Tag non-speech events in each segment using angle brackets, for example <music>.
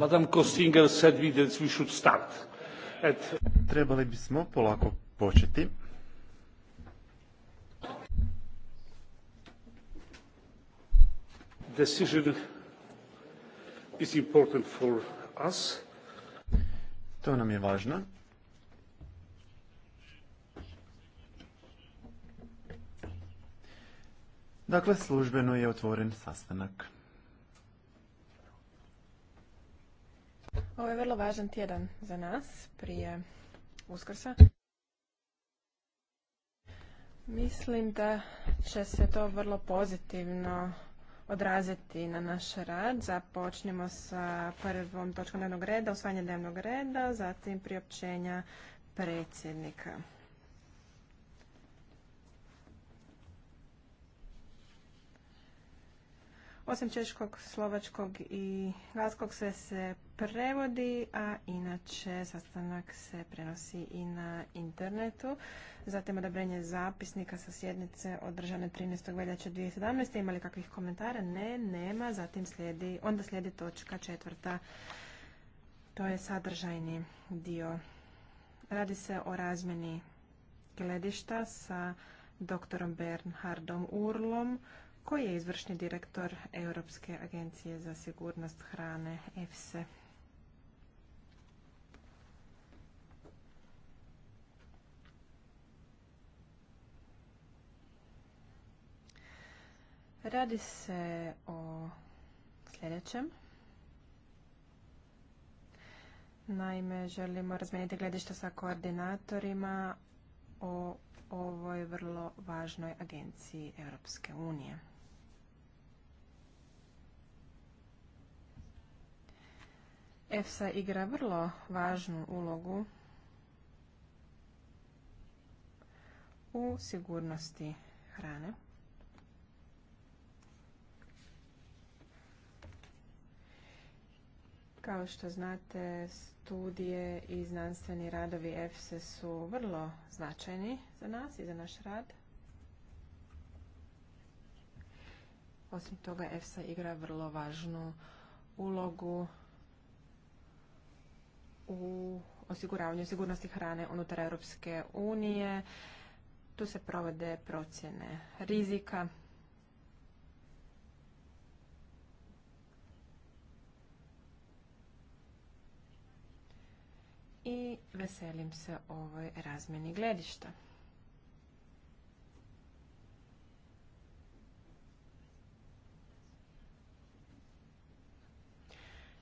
Madame Kostinger said we start. Trebali bismo polako početi. Decision is important for us. To nam je važno. Dakle, službeno je otvoren sastanak. Ovo je vrlo važan tjedan za nas prije Uskrsa. Mislim da će se to vrlo pozitivno odraziti na naš rad. Započnemo sa prvom točkom dnevnog reda, usvajanje dnevnog reda, zatim priopćenja predsjednika. Osim češkog, slovačkog i glaskog, sve se prevodi, a inače sastanak se prenosi i na internetu. Zatim odabrenje zapisnika sa sjednice održane 13. veljače 2017. Imali kakvih komentara? Ne, nema. Zatim slijedi, onda slijedi točka četvrta. To je sadržajni dio. Radi se o razmjeni gledišta sa doktorom Bernhardom Urlom, koji je izvršni direktor Europske agencije za sigurnost hrane EFSE. Radi se o sljedećem. Naime, želimo razmijeniti gledišta sa koordinatorima o ovoj vrlo važnoj agenciji Europske unije. EFSA igra vrlo važnu ulogu u sigurnosti hrane. Kao što znate, studije i znanstveni radovi EFSE su vrlo značajni za nas i za naš rad. Osim toga, EFSA igra vrlo važnu ulogu u osiguravanju sigurnosti hrane unutar Europske unije. Tu se provode procjene rizika. i veselim se ovoj razmjeni gledišta.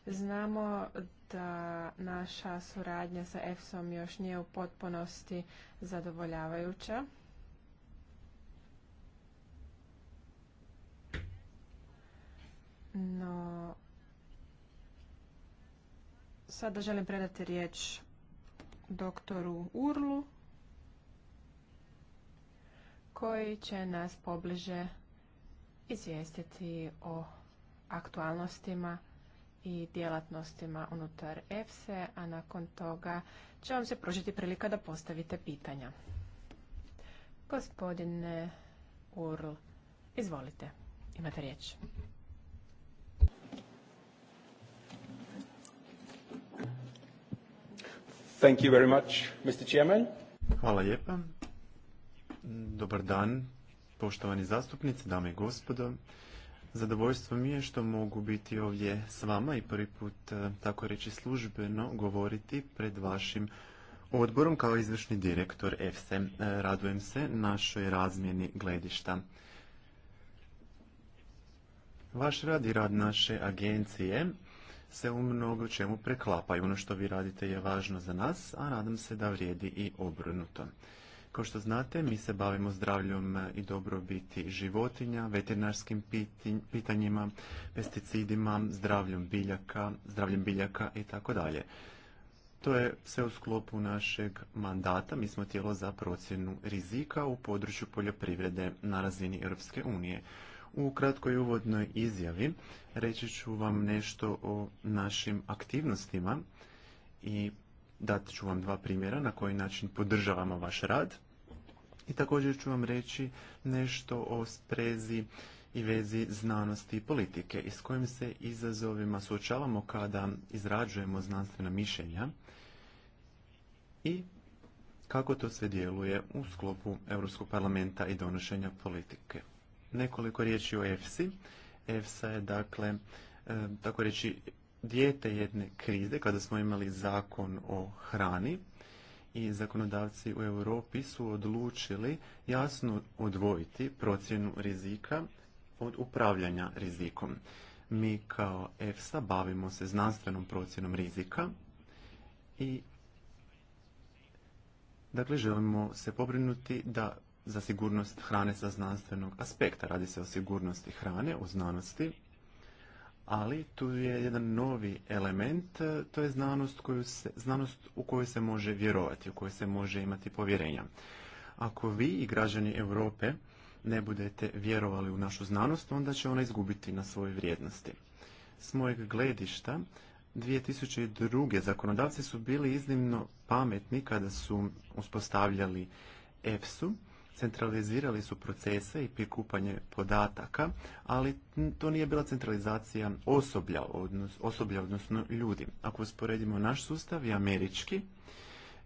Znamo da naša suradnja sa EFSOM još nije u potpunosti zadovoljavajuća. No, sada želim predati riječ doktoru Urlu koji će nas pobliže izvijestiti o aktualnostima i djelatnostima unutar EFSE, a nakon toga će vam se pružiti prilika da postavite pitanja. Gospodine Url, izvolite, imate riječ. Thank you very much, Mr. Chairman. Hvala lijepa. Dobar dan, poštovani zastupnici, dame i gospodo. Zadovoljstvo mi je što mogu biti ovdje s vama i prvi put, e, tako reći, službeno govoriti pred vašim odborom kao izvršni direktor EFSE. E, radujem se našoj razmjeni gledišta. Vaš rad i rad naše agencije se u mnogo čemu preklapaju. Ono što vi radite je važno za nas, a nadam se da vrijedi i obrnuto. Kao što znate, mi se bavimo zdravljom i dobrobiti životinja, veterinarskim pitanjima, pesticidima, zdravljem biljaka, zdravljem biljaka i tako dalje. To je sve u sklopu našeg mandata. Mi smo tijelo za procjenu rizika u području poljoprivrede na razini Europske unije. U kratkoj uvodnoj izjavi reći ću vam nešto o našim aktivnostima i dat ću vam dva primjera na koji način podržavamo vaš rad. I također ću vam reći nešto o sprezi i vezi znanosti i politike i s kojim se izazovima suočavamo kada izrađujemo znanstvena mišljenja i kako to sve djeluje u sklopu Europskog parlamenta i donošenja politike. Nekoliko riječi o EFSI. EFSA je dakle, e, tako reći, dijete jedne krize kada smo imali zakon o hrani i zakonodavci u Europi su odlučili jasno odvojiti procjenu rizika od upravljanja rizikom. Mi kao EFSA bavimo se znanstvenom procjenom rizika i dakle želimo se pobrinuti da za sigurnost hrane sa znanstvenog aspekta. Radi se o sigurnosti hrane u znanosti, ali tu je jedan novi element, to je znanost, koju se, znanost u kojoj se može vjerovati, u koju se može imati povjerenja. Ako vi i građani Europe ne budete vjerovali u našu znanost, onda će ona izgubiti na svojoj vrijednosti. S mojeg gledišta, 2002. zakonodavci su bili iznimno pametni kada su uspostavljali EFSU centralizirali su procese i prikupanje podataka, ali to nije bila centralizacija osoblja, odnos, osoblja, odnosno ljudi. Ako usporedimo naš sustav i američki,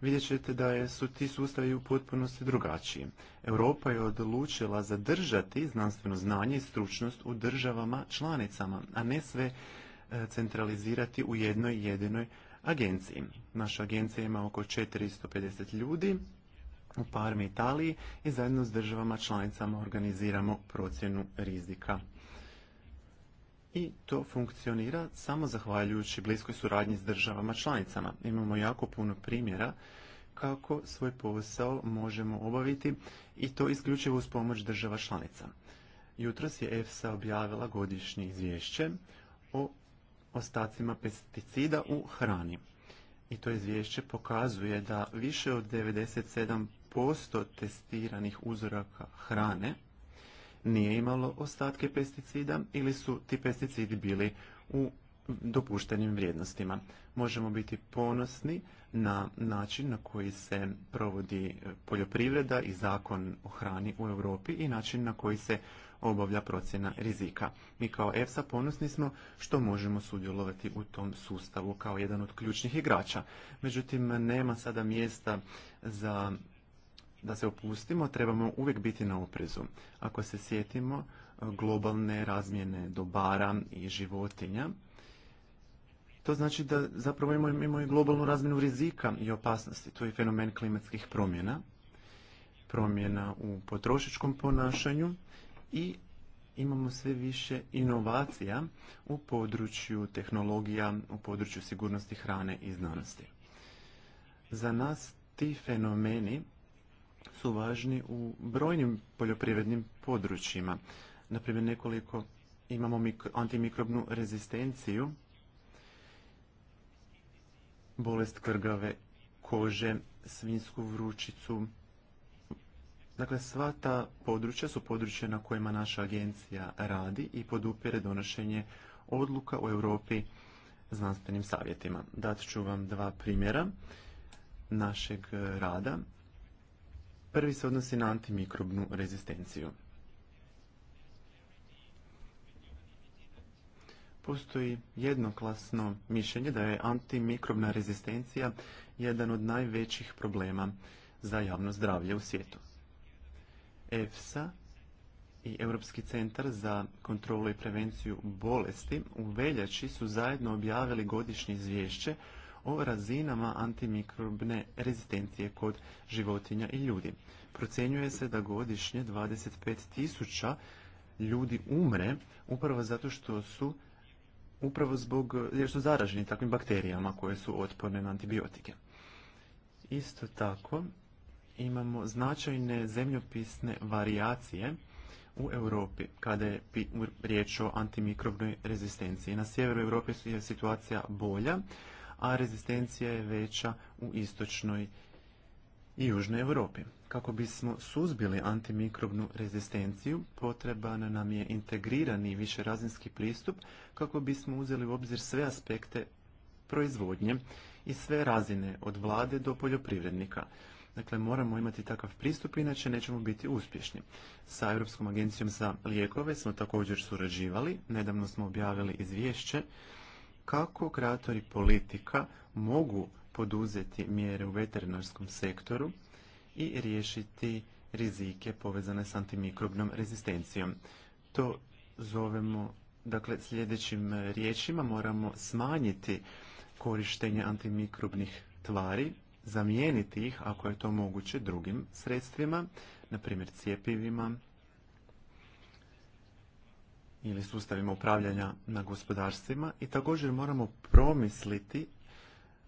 vidjet ćete da su ti sustavi u potpunosti drugačiji. Europa je odlučila zadržati znanstveno znanje i stručnost u državama članicama, a ne sve e, centralizirati u jednoj jedinoj agenciji. Naša agencija ima oko 450 ljudi, u Parmi Italiji i zajedno s državama članicama organiziramo procjenu rizika. I to funkcionira samo zahvaljujući bliskoj suradnji s državama članicama. Imamo jako puno primjera kako svoj posao možemo obaviti i to isključivo uz pomoć država članica. Jutros je EFSA objavila godišnje izvješće o ostacima pesticida u hrani. I to izvješće pokazuje da više od 97 posto testiranih uzoraka hrane nije imalo ostatke pesticida ili su ti pesticidi bili u dopuštenim vrijednostima. Možemo biti ponosni na način na koji se provodi poljoprivreda i zakon o hrani u Europi i način na koji se obavlja procjena rizika. Mi kao EFSA ponosni smo što možemo sudjelovati u tom sustavu kao jedan od ključnih igrača. Međutim, nema sada mjesta za da se opustimo, trebamo uvijek biti na oprezu. Ako se sjetimo e, globalne razmjene dobara i životinja, to znači da zapravo imamo i globalnu razmjenu rizika i opasnosti. To je fenomen klimatskih promjena, promjena u potrošačkom ponašanju i imamo sve više inovacija u području tehnologija, u području sigurnosti hrane i znanosti. Za nas ti fenomeni su važni u brojnim poljoprivrednim područjima. Naprimjer, nekoliko imamo antimikrobnu rezistenciju, bolest krgave kože, svinsku vrućicu. Dakle, sva ta područja su područja na kojima naša agencija radi i podupire donošenje odluka u Europi znanstvenim savjetima. Dat ću vam dva primjera našeg rada. Prvi se odnosi na antimikrobnu rezistenciju. Postoji jednoklasno mišljenje da je antimikrobna rezistencija jedan od najvećih problema za javno zdravlje u svijetu. EFSA i Europski centar za kontrolu i prevenciju bolesti u veljači su zajedno objavili godišnje izvješće o razinama antimikrobne rezistencije kod životinja i ljudi. Procenjuje se da godišnje 25 tisuća ljudi umre upravo zato što su upravo zbog, jer su zaraženi takvim bakterijama koje su otporne na antibiotike. Isto tako imamo značajne zemljopisne varijacije u Europi kada je riječ o antimikrobnoj rezistenciji. Na sjeveru Europe je situacija bolja, a rezistencija je veća u istočnoj i južnoj Europi. Kako bismo suzbili antimikrobnu rezistenciju, potreban nam je integrirani višerazinski pristup kako bismo uzeli u obzir sve aspekte proizvodnje i sve razine od vlade do poljoprivrednika. Dakle, moramo imati takav pristup, inače nećemo biti uspješni. Sa Europskom agencijom za lijekove smo također surađivali. Nedavno smo objavili izvješće kako kreatori politika mogu poduzeti mjere u veterinarskom sektoru i riješiti rizike povezane s antimikrobnom rezistencijom. To zovemo, dakle, sljedećim riječima moramo smanjiti korištenje antimikrobnih tvari, zamijeniti ih, ako je to moguće, drugim sredstvima, na primjer cijepivima, ili sustavima upravljanja na gospodarstvima i također moramo promisliti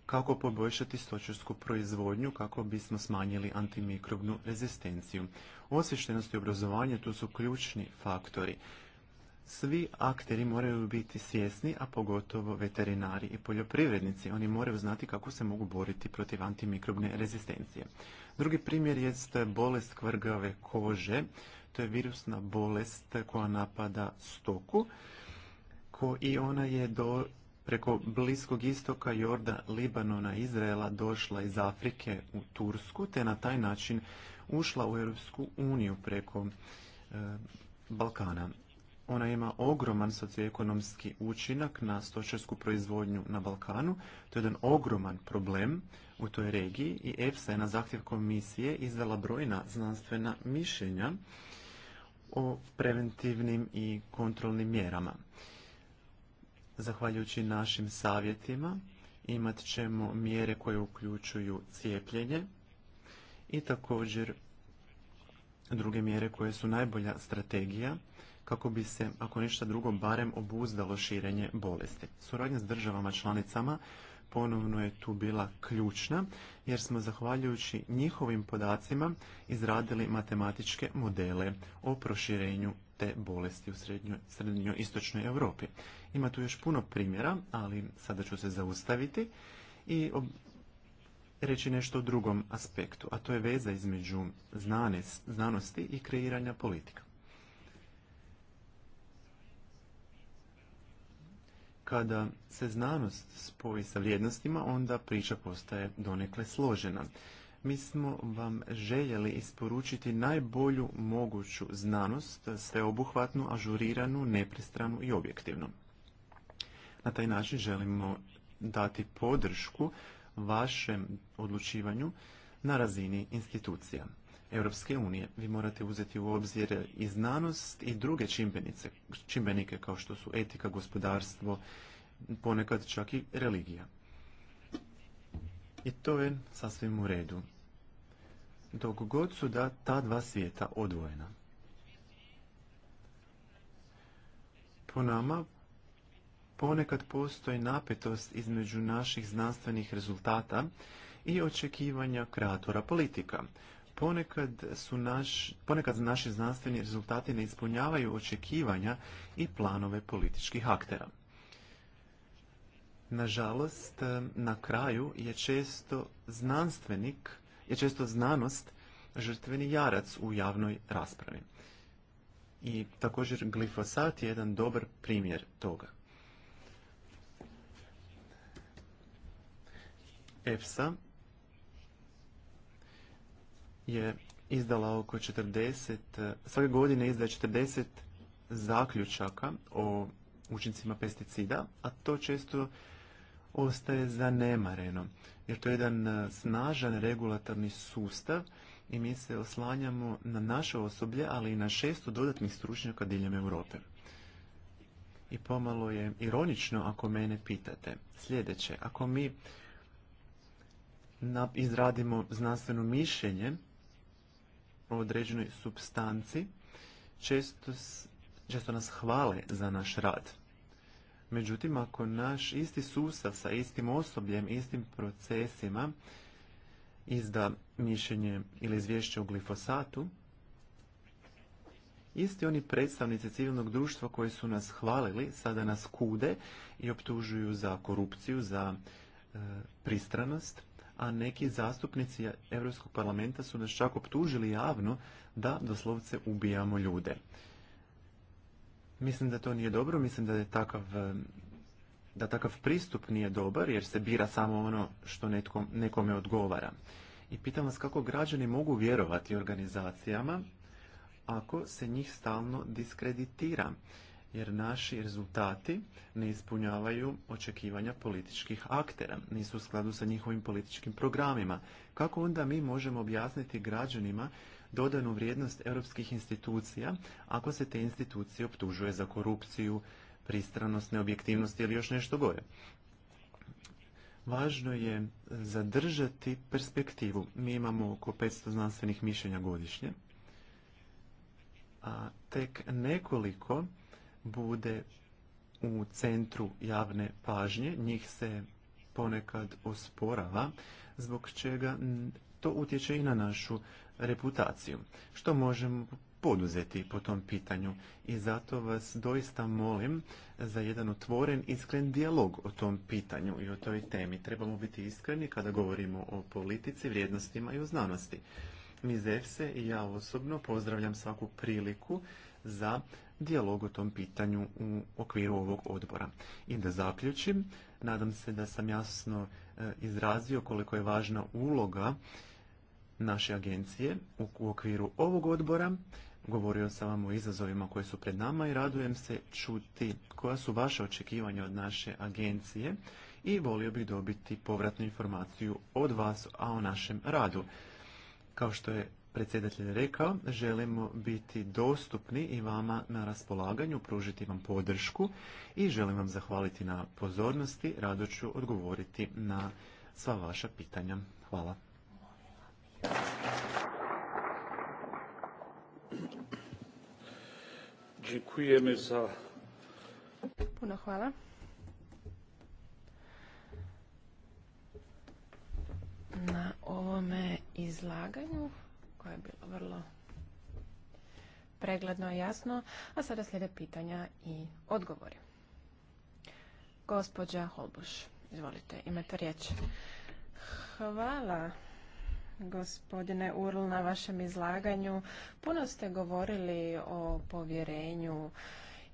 kako poboljšati stočarsku proizvodnju kako bismo smanjili antimikrobnu rezistenciju. Osvještenost i obrazovanje tu su ključni faktori. Svi akteri moraju biti svjesni, a pogotovo veterinari i poljoprivrednici. Oni moraju znati kako se mogu boriti protiv antimikrobne rezistencije. Drugi primjer je bolest kvrgave kože to je virusna bolest koja napada stoku i ona je do, preko Bliskog istoka, Jorda, Libanona, Izraela došla iz Afrike u Tursku te na taj način ušla u Europsku uniju preko e, Balkana. Ona ima ogroman socioekonomski učinak na stočarsku proizvodnju na Balkanu. To je jedan ogroman problem u toj regiji i EFSA je na zahtjev komisije izdala brojna znanstvena mišljenja o preventivnim i kontrolnim mjerama. Zahvaljujući našim savjetima imat ćemo mjere koje uključuju cijepljenje i također druge mjere koje su najbolja strategija kako bi se, ako ništa drugo, barem obuzdalo širenje bolesti. Suradnja s državama članicama ponovno je tu bila ključna jer smo zahvaljujući njihovim podacima izradili matematičke modele o proširenju te bolesti u srednjoistočnoj Europi. Ima tu još puno primjera, ali sada ću se zaustaviti i reći nešto o drugom aspektu, a to je veza između znanosti i kreiranja politika. kada se znanost spoji sa vrijednostima, onda priča postaje donekle složena. Mi smo vam željeli isporučiti najbolju moguću znanost, sveobuhvatnu, ažuriranu, nepristranu i objektivnu. Na taj način želimo dati podršku vašem odlučivanju na razini institucija. Europske unije. Vi morate uzeti u obzir i znanost i druge čimbenice, čimbenike kao što su etika, gospodarstvo, ponekad čak i religija. I to je sasvim u redu. Dok god su da ta dva svijeta odvojena. Po nama ponekad postoji napetost između naših znanstvenih rezultata i očekivanja kreatora politika. Ponekad, su naš, ponekad naši znanstveni rezultati ne ispunjavaju očekivanja i planove političkih aktera. Nažalost, na kraju je često znanstvenik, je često znanost žrtveni jarac u javnoj raspravi. I također glifosat je jedan dobar primjer toga. EFSA je izdala oko 40, svake godine izdaje 40 zaključaka o učincima pesticida, a to često ostaje zanemareno, jer to je jedan e, snažan regulatorni sustav i mi se oslanjamo na naše osoblje, ali i na šestu dodatnih stručnjaka diljem Europe. I pomalo je ironično ako mene pitate. Sljedeće, ako mi izradimo znanstveno mišljenje o određenoj substanci, često, često nas hvale za naš rad. Međutim, ako naš isti sustav sa istim osobljem, istim procesima izda mišljenje ili izvješće o glifosatu, isti oni predstavnici civilnog društva koji su nas hvalili, sada nas kude i optužuju za korupciju, za e, pristranost a neki zastupnici Europskog parlamenta su nas čak optužili javno da doslovce ubijamo ljude. Mislim da to nije dobro, mislim da je takav da takav pristup nije dobar jer se bira samo ono što netko, nekome odgovara. I pitam vas kako građani mogu vjerovati organizacijama ako se njih stalno diskreditira jer naši rezultati ne ispunjavaju očekivanja političkih aktera, nisu u skladu sa njihovim političkim programima. Kako onda mi možemo objasniti građanima dodanu vrijednost europskih institucija ako se te institucije optužuje za korupciju, pristranost, neobjektivnost ili još nešto gore? Važno je zadržati perspektivu. Mi imamo oko 500 znanstvenih mišljenja godišnje, a tek nekoliko bude u centru javne pažnje, njih se ponekad osporava, zbog čega to utječe i na našu reputaciju. Što možemo poduzeti po tom pitanju i zato vas doista molim za jedan otvoren, iskren dijalog o tom pitanju i o toj temi. Trebamo biti iskreni kada govorimo o politici, vrijednostima i o znanosti. Mizevse i ja osobno pozdravljam svaku priliku za dijalog o tom pitanju u okviru ovog odbora. I da zaključim, nadam se da sam jasno e, izrazio koliko je važna uloga naše agencije u okviru ovog odbora. Govorio sam vam o izazovima koji su pred nama i radujem se čuti koja su vaše očekivanja od naše agencije i volio bih dobiti povratnu informaciju od vas, a o našem radu. Kao što je predsjedatelj rekao, želimo biti dostupni i vama na raspolaganju, pružiti vam podršku i želim vam zahvaliti na pozornosti. Rado ću odgovoriti na sva vaša pitanja. Hvala. Dziękujemy za... Puno hvala. Na ovome izlaganju koje je bilo vrlo pregledno i jasno. A sada slijede pitanja i odgovori. Gospođa Holbuš, izvolite, imate riječ. Hvala gospodine Url na vašem izlaganju. Puno ste govorili o povjerenju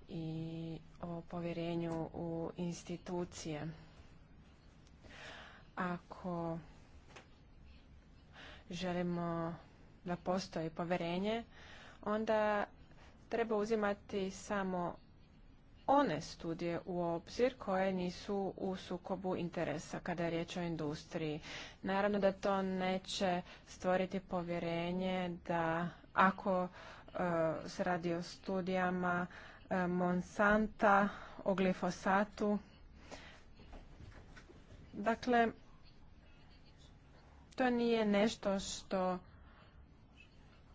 i o povjerenju u institucije. Ako želimo da postoji poverenje, onda treba uzimati samo one studije u obzir koje nisu u sukobu interesa kada je riječ o industriji. Naravno da to neće stvoriti povjerenje da ako e, se radi o studijama e, Monsanta o glifosatu, dakle, to nije nešto što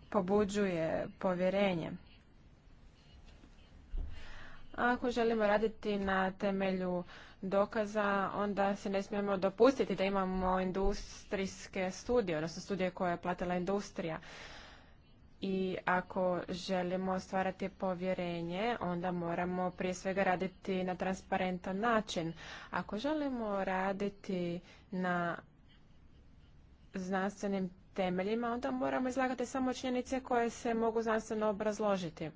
pobuđuje povjerenje. Ako želimo raditi na temelju dokaza, onda se ne smijemo dopustiti da imamo industrijske studije, odnosno studije koje je platila industrija. I ako želimo stvarati povjerenje, onda moramo prije svega raditi na transparentan način. Ako želimo raditi na znanstvenim temeljima, onda moramo izlagati samo činjenice koje se mogu znanstveno obrazložiti.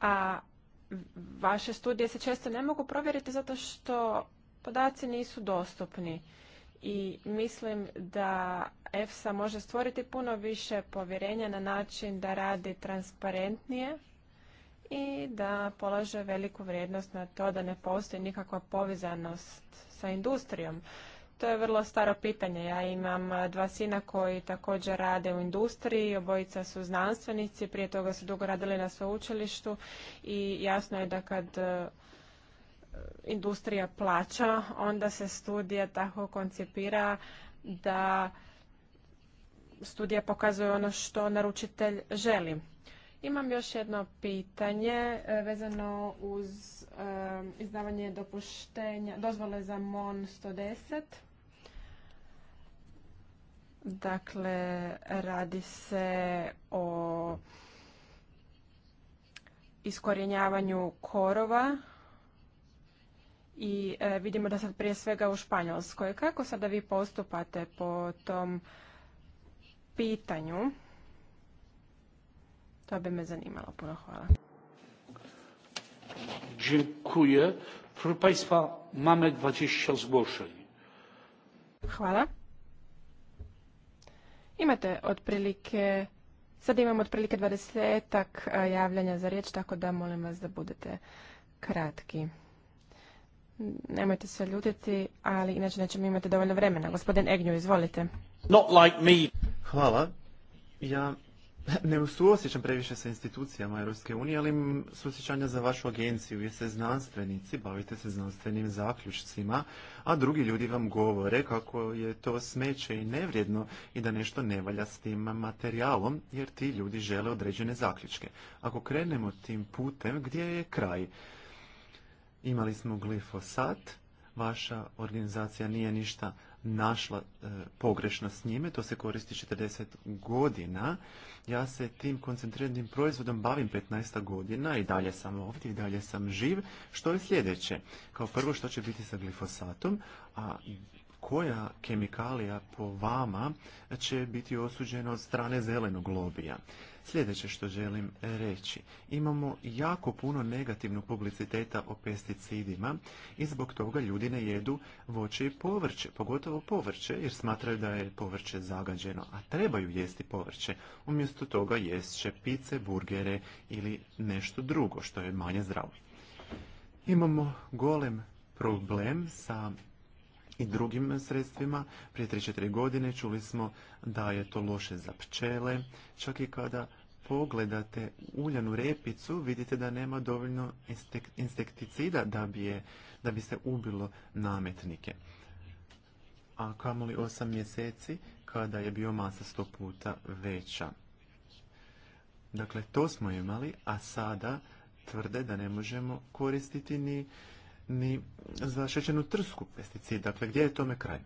A vaše studije se često ne mogu provjeriti zato što podaci nisu dostupni. I mislim da EFSA može stvoriti puno više povjerenja na način da radi transparentnije i da polaže veliku vrijednost na to da ne postoji nikakva povezanost sa industrijom to je vrlo staro pitanje. Ja imam dva sina koji također rade u industriji, obojica su znanstvenici, prije toga su dugo radili na sveučilištu i jasno je da kad industrija plaća, onda se studija tako koncipira da studija pokazuje ono što naručitelj želi. Imam još jedno pitanje e, vezano uz e, izdavanje dopuštenja, dozvole za MON 110. Dakle, radi se o iskorjenjavanju korova i e, vidimo da sad prije svega u Španjolskoj. Kako sada vi postupate po tom pitanju? To bi me zanimalo. Puno hvala. Dziękuję. Proszę Państwa, mamy 20 zgłoszeń. Hvala. Imate otprilike, sad imamo otprilike dvadesetak javljanja za riječ, tako da molim vas da budete kratki. Nemojte se ljutiti, ali inače nećemo imati dovoljno vremena. Gospodin Egnju, izvolite. me. Hvala. Ja <laughs> ne suosjećam previše sa institucijama Europske unije, ali suosjećanja za vašu agenciju jer ste znanstvenici, bavite se znanstvenim zaključcima, a drugi ljudi vam govore kako je to smeće i nevrijedno i da nešto ne valja s tim materijalom, jer ti ljudi žele određene zaključke. Ako krenemo tim putem, gdje je kraj? Imali smo glifosat, vaša organizacija nije ništa našla e, pogrešna s njime, to se koristi 40 godina. Ja se tim koncentriranim proizvodom bavim 15 godina i dalje sam ovdje i dalje sam živ. Što je sljedeće? Kao prvo što će biti sa glifosatom, a koja kemikalija po vama će biti osuđena od strane zelenog lobija. Sljedeće što želim reći. Imamo jako puno negativnog publiciteta o pesticidima i zbog toga ljudi ne jedu voće i povrće, pogotovo povrće jer smatraju da je povrće zagađeno, a trebaju jesti povrće. Umjesto toga jest će pice, burgere ili nešto drugo što je manje zdravo. Imamo golem problem sa i drugim sredstvima. Prije 3-4 godine čuli smo da je to loše za pčele. Čak i kada pogledate uljanu repicu, vidite da nema dovoljno insekticida da bi, je, da bi se ubilo nametnike. A kamoli 8 mjeseci kada je masa 100 puta veća. Dakle, to smo imali, a sada tvrde da ne možemo koristiti ni ni za šećernu trsku pesticid. Dakle, gdje je tome kraj?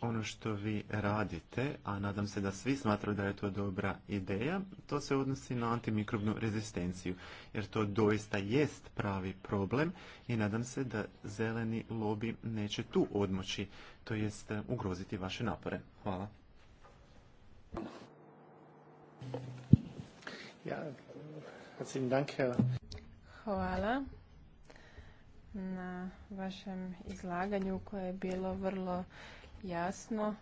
Ono što vi radite, a nadam se da svi smatraju da je to dobra ideja, to se odnosi na antimikrobnu rezistenciju, jer to doista jest pravi problem i nadam se da zeleni lobi neće tu odmoći, to jest eh, ugroziti vaše napore. Hvala. Ja, dank, Hvala na vašem izlaganju koje je bilo vrlo jasno.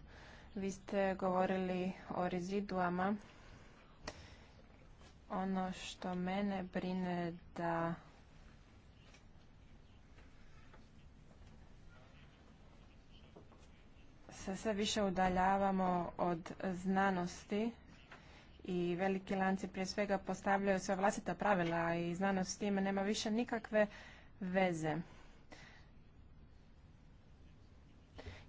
Vi ste govorili o reziduama. Ono što mene brine da se sve više udaljavamo od znanosti i veliki lanci prije svega postavljaju svoja vlastita pravila i znanost s time nema više nikakve veze.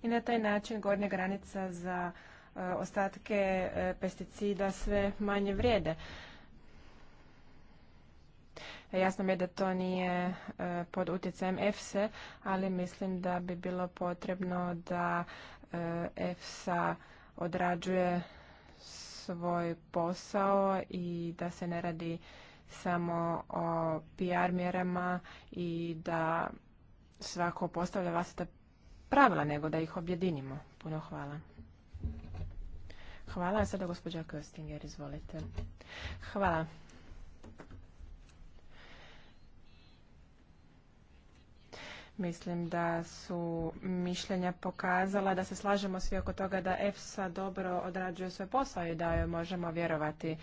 I na taj način gornja granica za e, ostatke e, pesticida sve manje vrijede. Jasno mi je da to nije e, pod utjecajem EFSA, ali mislim da bi bilo potrebno da EFSA odrađuje svoj posao i da se ne radi samo o PR mjerama i da svako postavlja vlastita pravila, nego da ih objedinimo. Puno hvala. Hvala. A sada gospođa Köstinger, izvolite. Hvala. Mislim da su mišljenja pokazala da se slažemo svi oko toga da EFSA dobro odrađuje svoj posao i da joj možemo vjerovati.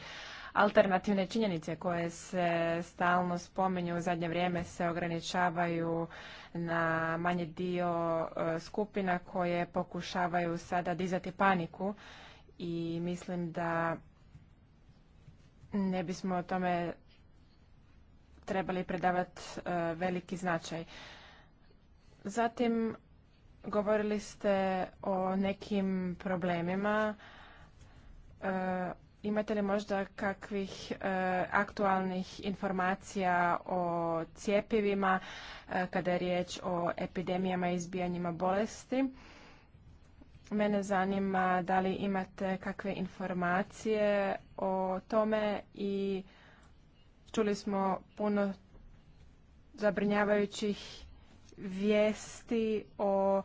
Alternativne činjenice koje se stalno spominju u zadnje vrijeme se ograničavaju na manji dio e, skupina koje pokušavaju sada dizati paniku i mislim da ne bismo o tome trebali predavati e, veliki značaj. Zatim govorili ste o nekim problemima. E, imate li možda kakvih e, aktualnih informacija o cjepivima e, kada je riječ o epidemijama i izbijanjima bolesti? Mene zanima da li imate kakve informacije o tome i čuli smo puno zabrinjavajućih vijesti o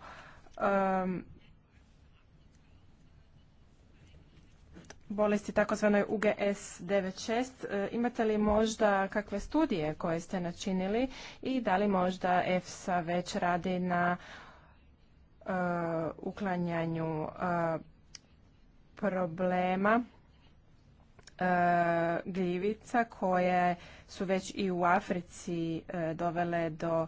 bolesti takozvanoj UGS 96. E, imate li možda kakve studije koje ste načinili i da li možda EFSA već radi na e, uklanjanju e, problema gljivica koje su već i u Africi dovele do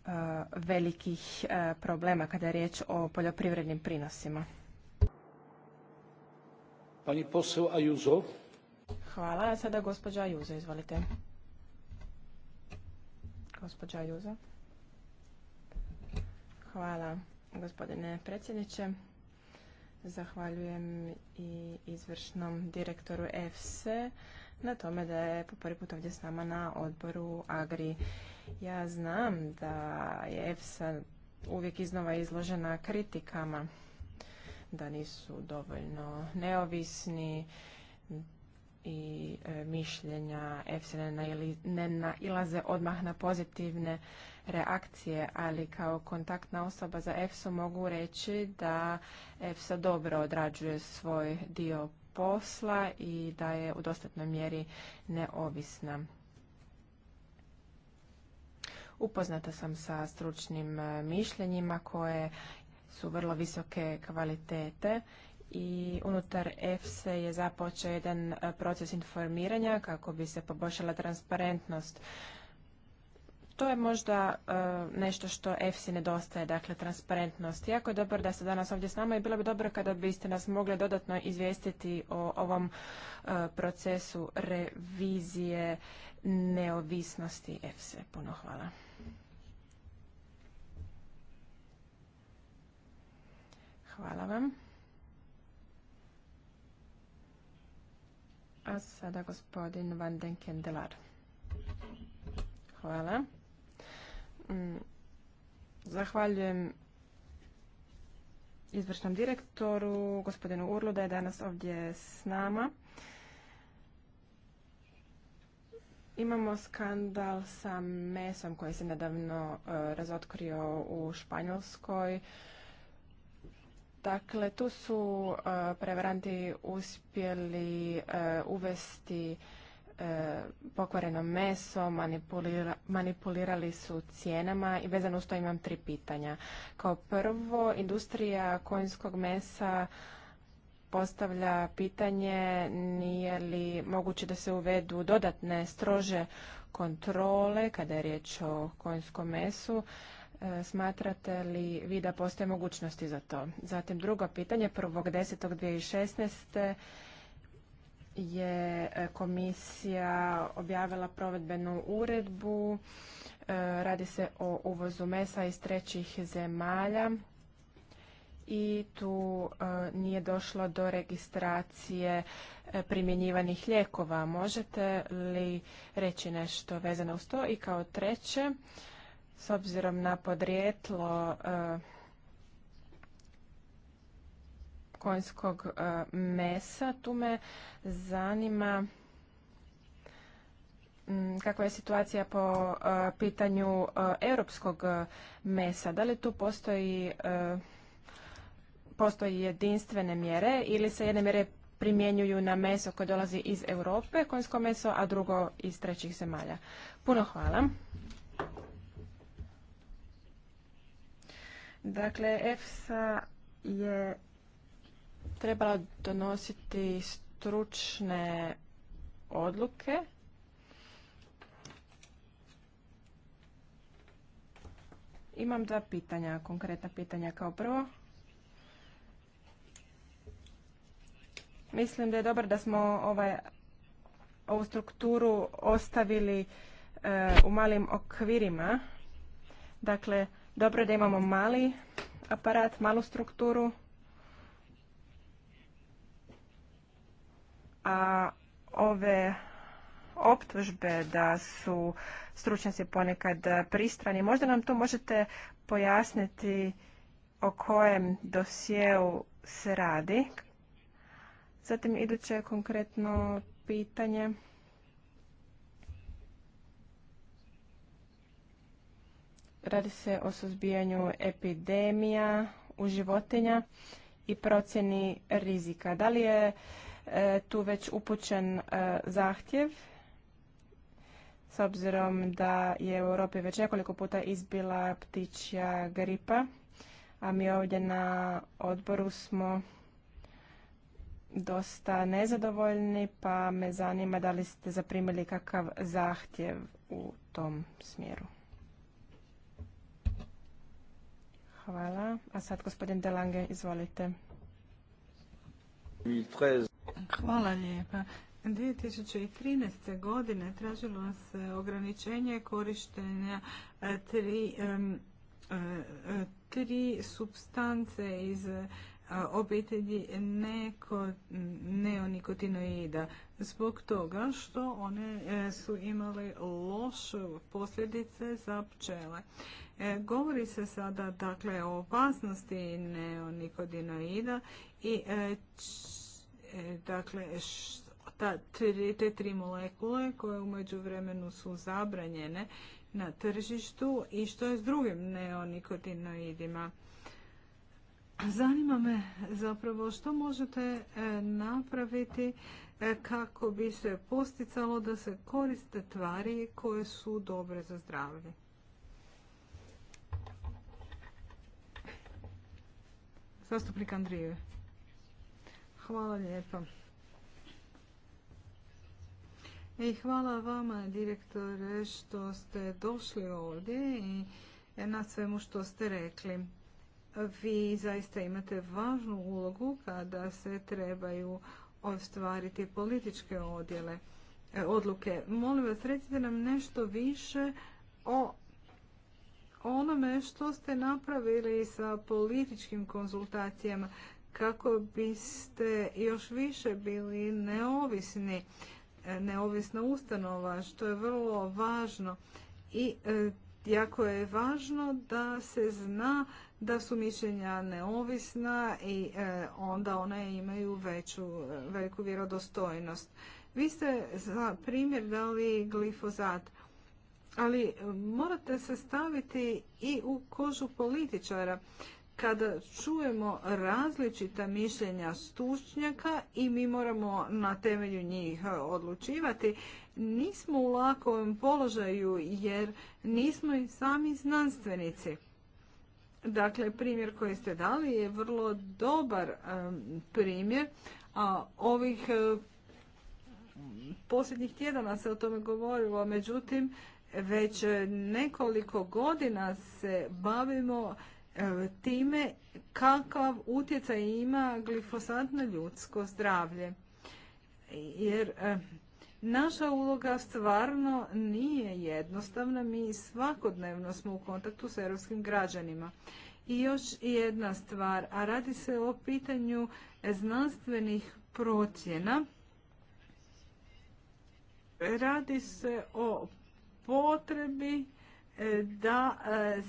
E, velikih e, problema kada je riječ o poljoprivrednim prinosima. Pani Ajuzo. Hvala. Sada gospođa Ajuzo, izvolite. Gospođa Ajuzo. Hvala gospodine predsjedniče. Zahvaljujem i izvršnom direktoru EFSE na tome da je po prvi put ovdje s nama na odboru Agri ja znam da je EFSA uvijek iznova izložena kritikama, da nisu dovoljno neovisni i e, mišljenja EFSA ne nailaze odmah na pozitivne reakcije, ali kao kontaktna osoba za EFSA mogu reći da EFSA dobro odrađuje svoj dio posla i da je u dostatnoj mjeri neovisna. Upoznata sam sa stručnim e, mišljenjima koje su vrlo visoke kvalitete i unutar EFSE je započeo jedan e, proces informiranja kako bi se poboljšala transparentnost. To je možda e, nešto što EFSE nedostaje, dakle transparentnost. Jako je dobro da ste danas ovdje s nama i bilo bi dobro kada biste nas mogli dodatno izvijestiti o ovom procesu revizije neovisnosti EFSE. Puno hvala. Hvala vam. A sada gospodin Van den Kendelar. Hvala. Mm, zahvaljujem izvršnom direktoru, gospodinu Urlu, da je danas ovdje s nama. Imamo skandal sa mesom koji se nedavno e, razotkrio u Španjolskoj. Dakle, tu su e, prevaranti uspjeli e, uvesti e, pokvareno meso, manipulirali su cijenama i vezano uz to imam tri pitanja. Kao prvo, industrija konjskog mesa postavlja pitanje nije li moguće da se uvedu dodatne strože kontrole kada je riječ o konjskom mesu E, smatrate li vi da postoje mogućnosti za to? Zatim drugo pitanje, 1.10.2016 je e, komisija objavila provedbenu uredbu. E, radi se o uvozu mesa iz trećih zemalja i tu nije došlo do registracije primjenjivanih lijekova. Možete li reći nešto vezano uz to? I kao treće, s obzirom na podrijetlo e, konjskog e, mesa. Tu me zanima kakva je situacija po e, pitanju europskog mesa. Da li tu postoji postoji jedinstvene mjere ili se jedne mjere primjenjuju na meso koje dolazi iz Europe, konjsko meso, a drugo iz trećih zemalja. Puno hvala. Dakle, EFSA je trebala donositi stručne odluke Imam dva pitanja, konkretna pitanja kao prvo. Mislim da je dobro da smo ovaj, ovu strukturu ostavili e, u malim okvirima. Dakle, dobro da imamo mali aparat, malu strukturu. A ove optužbe da su stručnjaci ponekad pristrani. Možda nam to možete pojasniti o kojem dosjeu se radi. Zatim iduće konkretno pitanje. Radi se o suzbijanju epidemija u životinja i procjeni rizika. Da li je e, tu već upućen e, zahtjev s obzirom da je u Europi već nekoliko puta izbila ptičja gripa, a mi ovdje na odboru smo dosta nezadovoljni, pa me zanima da li ste zaprimili kakav zahtjev u tom smjeru. Hvala. A sad gospodin Delange, izvolite. Hvala lijepa. 2013. godine tražilo se ograničenje korištenja e, tri, e, tri substance iz e, obitelji neko, neonikotinoida zbog toga što one su imale loše posljedice za pčele. E, govori se sada dakle o opasnosti neonikodinoida i e, e, dakle te tri molekule koje umeđu vremenu su zabranjene na tržištu i što je s drugim neonikotinoidima. Zanima me zapravo što možete napraviti kako bi se posticalo da se koriste tvari koje su dobre za zdravlje. Zastupnik Andrije. Hvala lijepo. I hvala vama, direktore, što ste došli ovdje i na svemu što ste rekli. Vi zaista imate važnu ulogu kada se trebaju ostvariti političke odjele, e, odluke. Molim vas, recite nam nešto više o onome što ste napravili sa političkim konzultacijama kako biste još više bili neovisni, e, neovisna ustanova, što je vrlo važno. I e, jako je važno da se zna da su mišljenja neovisna i e, onda one imaju veću, veliku vjerodostojnost. Vi ste za primjer dali glifozat ali e, morate se staviti i u kožu političara. Kada čujemo različita mišljenja stručnjaka i mi moramo na temelju njih e, odlučivati, nismo u lakovom položaju jer nismo i sami znanstvenici. Dakle, primjer koji ste dali je vrlo dobar e, primjer, a ovih posljednjih tjedana se o tome govorilo, međutim već e, nekoliko godina se bavimo e, time kakav utjecaj ima glifosat na ljudsko zdravlje. Jer e, naša uloga stvarno nije jednostavna. Mi svakodnevno smo u kontaktu s europskim građanima. I još jedna stvar, a radi se o pitanju znanstvenih procjena. Radi se o potrebi e, da e,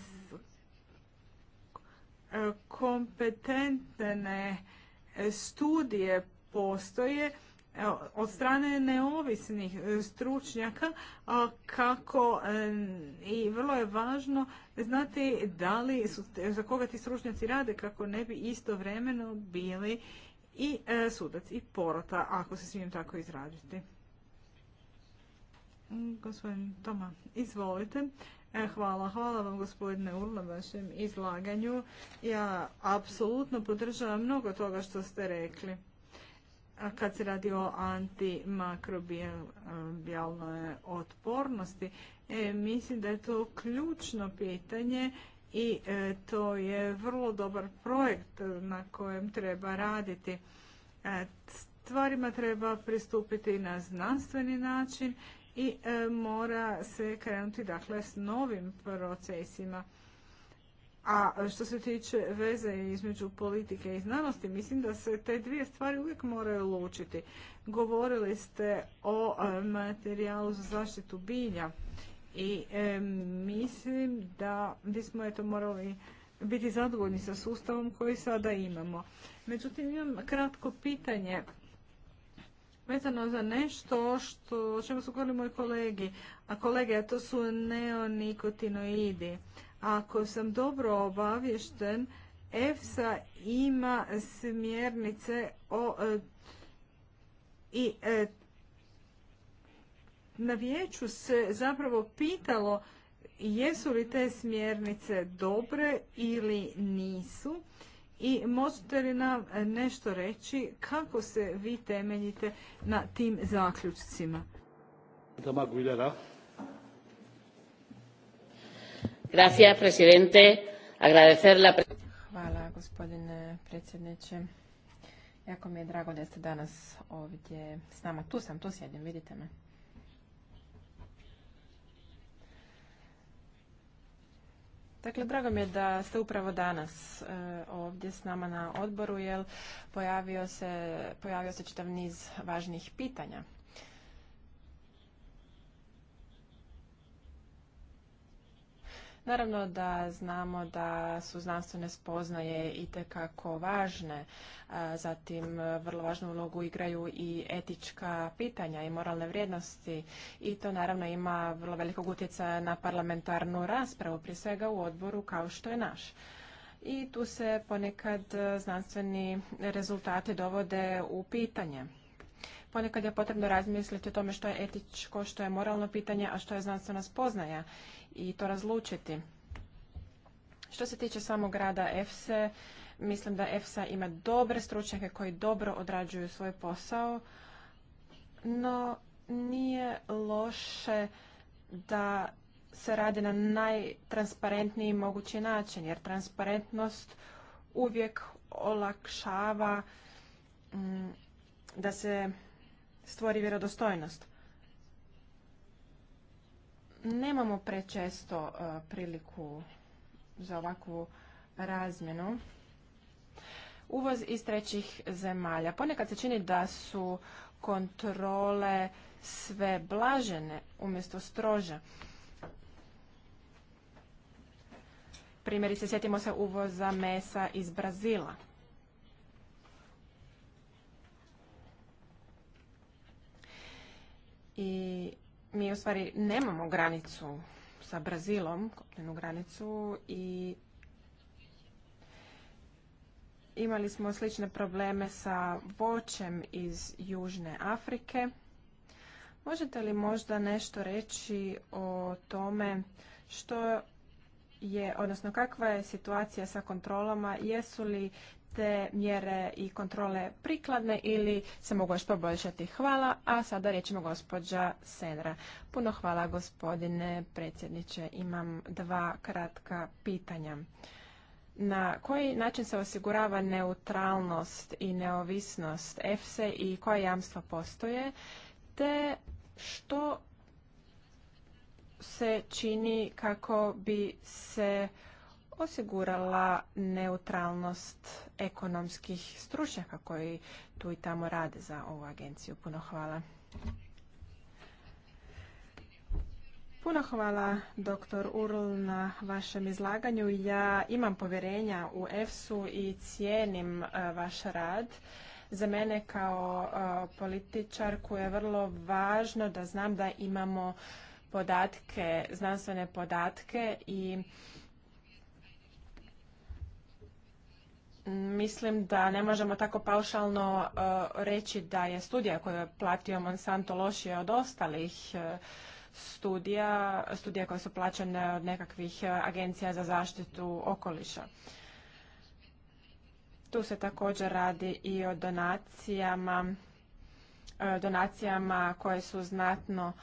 e, kompetentne studije postoje od strane neovisnih stručnjaka kako i vrlo je važno znati da li su, za koga ti stručnjaci rade kako ne bi istovremeno bili i sudac i porota ako se smijem tako izraziti. Gospodin Toma, izvolite. E, hvala, hvala vam gospodine na vašem izlaganju. Ja apsolutno podržavam mnogo toga što ste rekli. kad se radi o antimakrobijalnoj otpornosti, e, mislim da je to ključno pitanje i e, to je vrlo dobar projekt na kojem treba raditi. stvarima treba pristupiti na znanstveni način i e, mora se krenuti dakle s novim procesima. A što se tiče veze između politike i znanosti, mislim da se te dvije stvari uvijek moraju lučiti. Govorili ste o e, materijalu za zaštitu bilja i e, mislim da bismo eto morali biti zadovoljni sa sustavom koji sada imamo. Međutim, imam kratko pitanje vezano za nešto što, o čemu su govorili moji kolegi, a kolege, a to su neonikotinoidi. Ako sam dobro obavješten, EFSA ima smjernice o e, i e, na vijeću se zapravo pitalo jesu li te smjernice dobre ili nisu i možete li nam e, nešto reći kako se vi temeljite na tim zaključcima? Gracias, presidente. Agradecer la... Hvala, gospodine predsjedniče. Jako mi je drago da ste danas ovdje s nama. Tu sam, tu sjedim, vidite me. Dakle, drago mi je da ste upravo danas e, ovdje s nama na odboru, jer pojavio se, pojavio se čitav niz važnih pitanja. Naravno da znamo da su znanstvene spoznaje i tekako važne, zatim e, vrlo važnu ulogu igraju i etička pitanja i moralne vrijednosti i to naravno ima vrlo velikog utjecaja na parlamentarnu raspravu, prije svega u odboru kao što je naš i tu se ponekad e, znanstveni rezultati dovode u pitanje. Ponekad je potrebno razmisliti o tome što je etičko, što je moralno pitanje, a što je znanstvena spoznaja i to razlučiti. Što se tiče samog rada EFSE, mislim da EFSA ima dobre stručnjake koji dobro odrađuju svoj posao, no nije loše da se radi na najtransparentniji mogući način, jer transparentnost uvijek olakšava mm, da se stvori vjerodostojnost nemamo prečesto e, priliku za ovakvu razmjenu. Uvoz iz trećih zemalja. Ponekad se čini da su kontrole sve blažene umjesto strože. Primjerice, sjetimo se uvoza mesa iz Brazila. I mi u stvari nemamo granicu sa Brazilom, kopnenu granicu i imali smo slične probleme sa voćem iz Južne Afrike. Možete li možda nešto reći o tome što je, odnosno kakva je situacija sa kontrolama, jesu li te mjere i kontrole prikladne ili se mogu još poboljšati? Hvala, a sada riječ ima gospođa Senra. Puno hvala gospodine predsjedniče. Imam dva kratka pitanja. Na koji način se osigurava neutralnost i neovisnost EFSE i koje jamstva postoje, te što se čini kako bi se osigurala neutralnost ekonomskih stručnjaka koji tu i tamo rade za ovu agenciju. Puno hvala. Puno hvala doktor Url na vašem izlaganju. Ja imam povjerenja u EFSU i cijenim e, vaš rad. Za mene kao e, političarku je vrlo važno da znam da imamo podatke, znanstvene podatke i Mislim da ne možemo tako paušalno uh, reći da je studija koju je platio Monsanto lošija od ostalih uh, studija, studija koje su plaćene od nekakvih uh, agencija za zaštitu okoliša. Tu se također radi i o donacijama, donacijama koje su znatno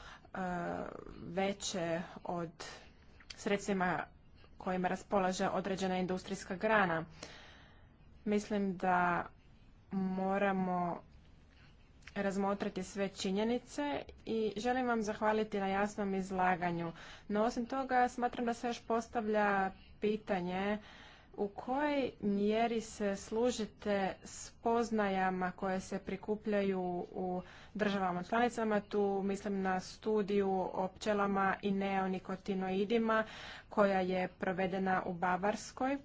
veće od sredstvima kojima raspolaže određena industrijska grana. Mislim da moramo razmotrati sve činjenice i želim vam zahvaliti na jasnom izlaganju. No osim toga smatram da se još postavlja pitanje u kojoj mjeri se služite spoznajama koje se prikupljaju u državama članicama? Tu mislim na studiju o pčelama i neonikotinoidima koja je provedena u Bavarskoj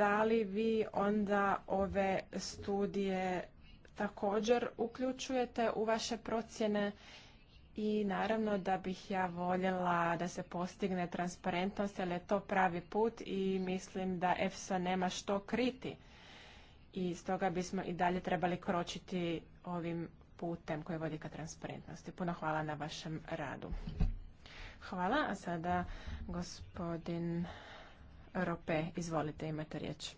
da li vi onda ove studije također uključujete u vaše procjene i naravno da bih ja voljela da se postigne transparentnost jer je to pravi put i mislim da EFSA nema što kriti i stoga bismo i dalje trebali kročiti ovim putem koji vodi ka transparentnosti. Puno hvala na vašem radu. Hvala, a sada gospodin Rope. Izvolite, imate riječ.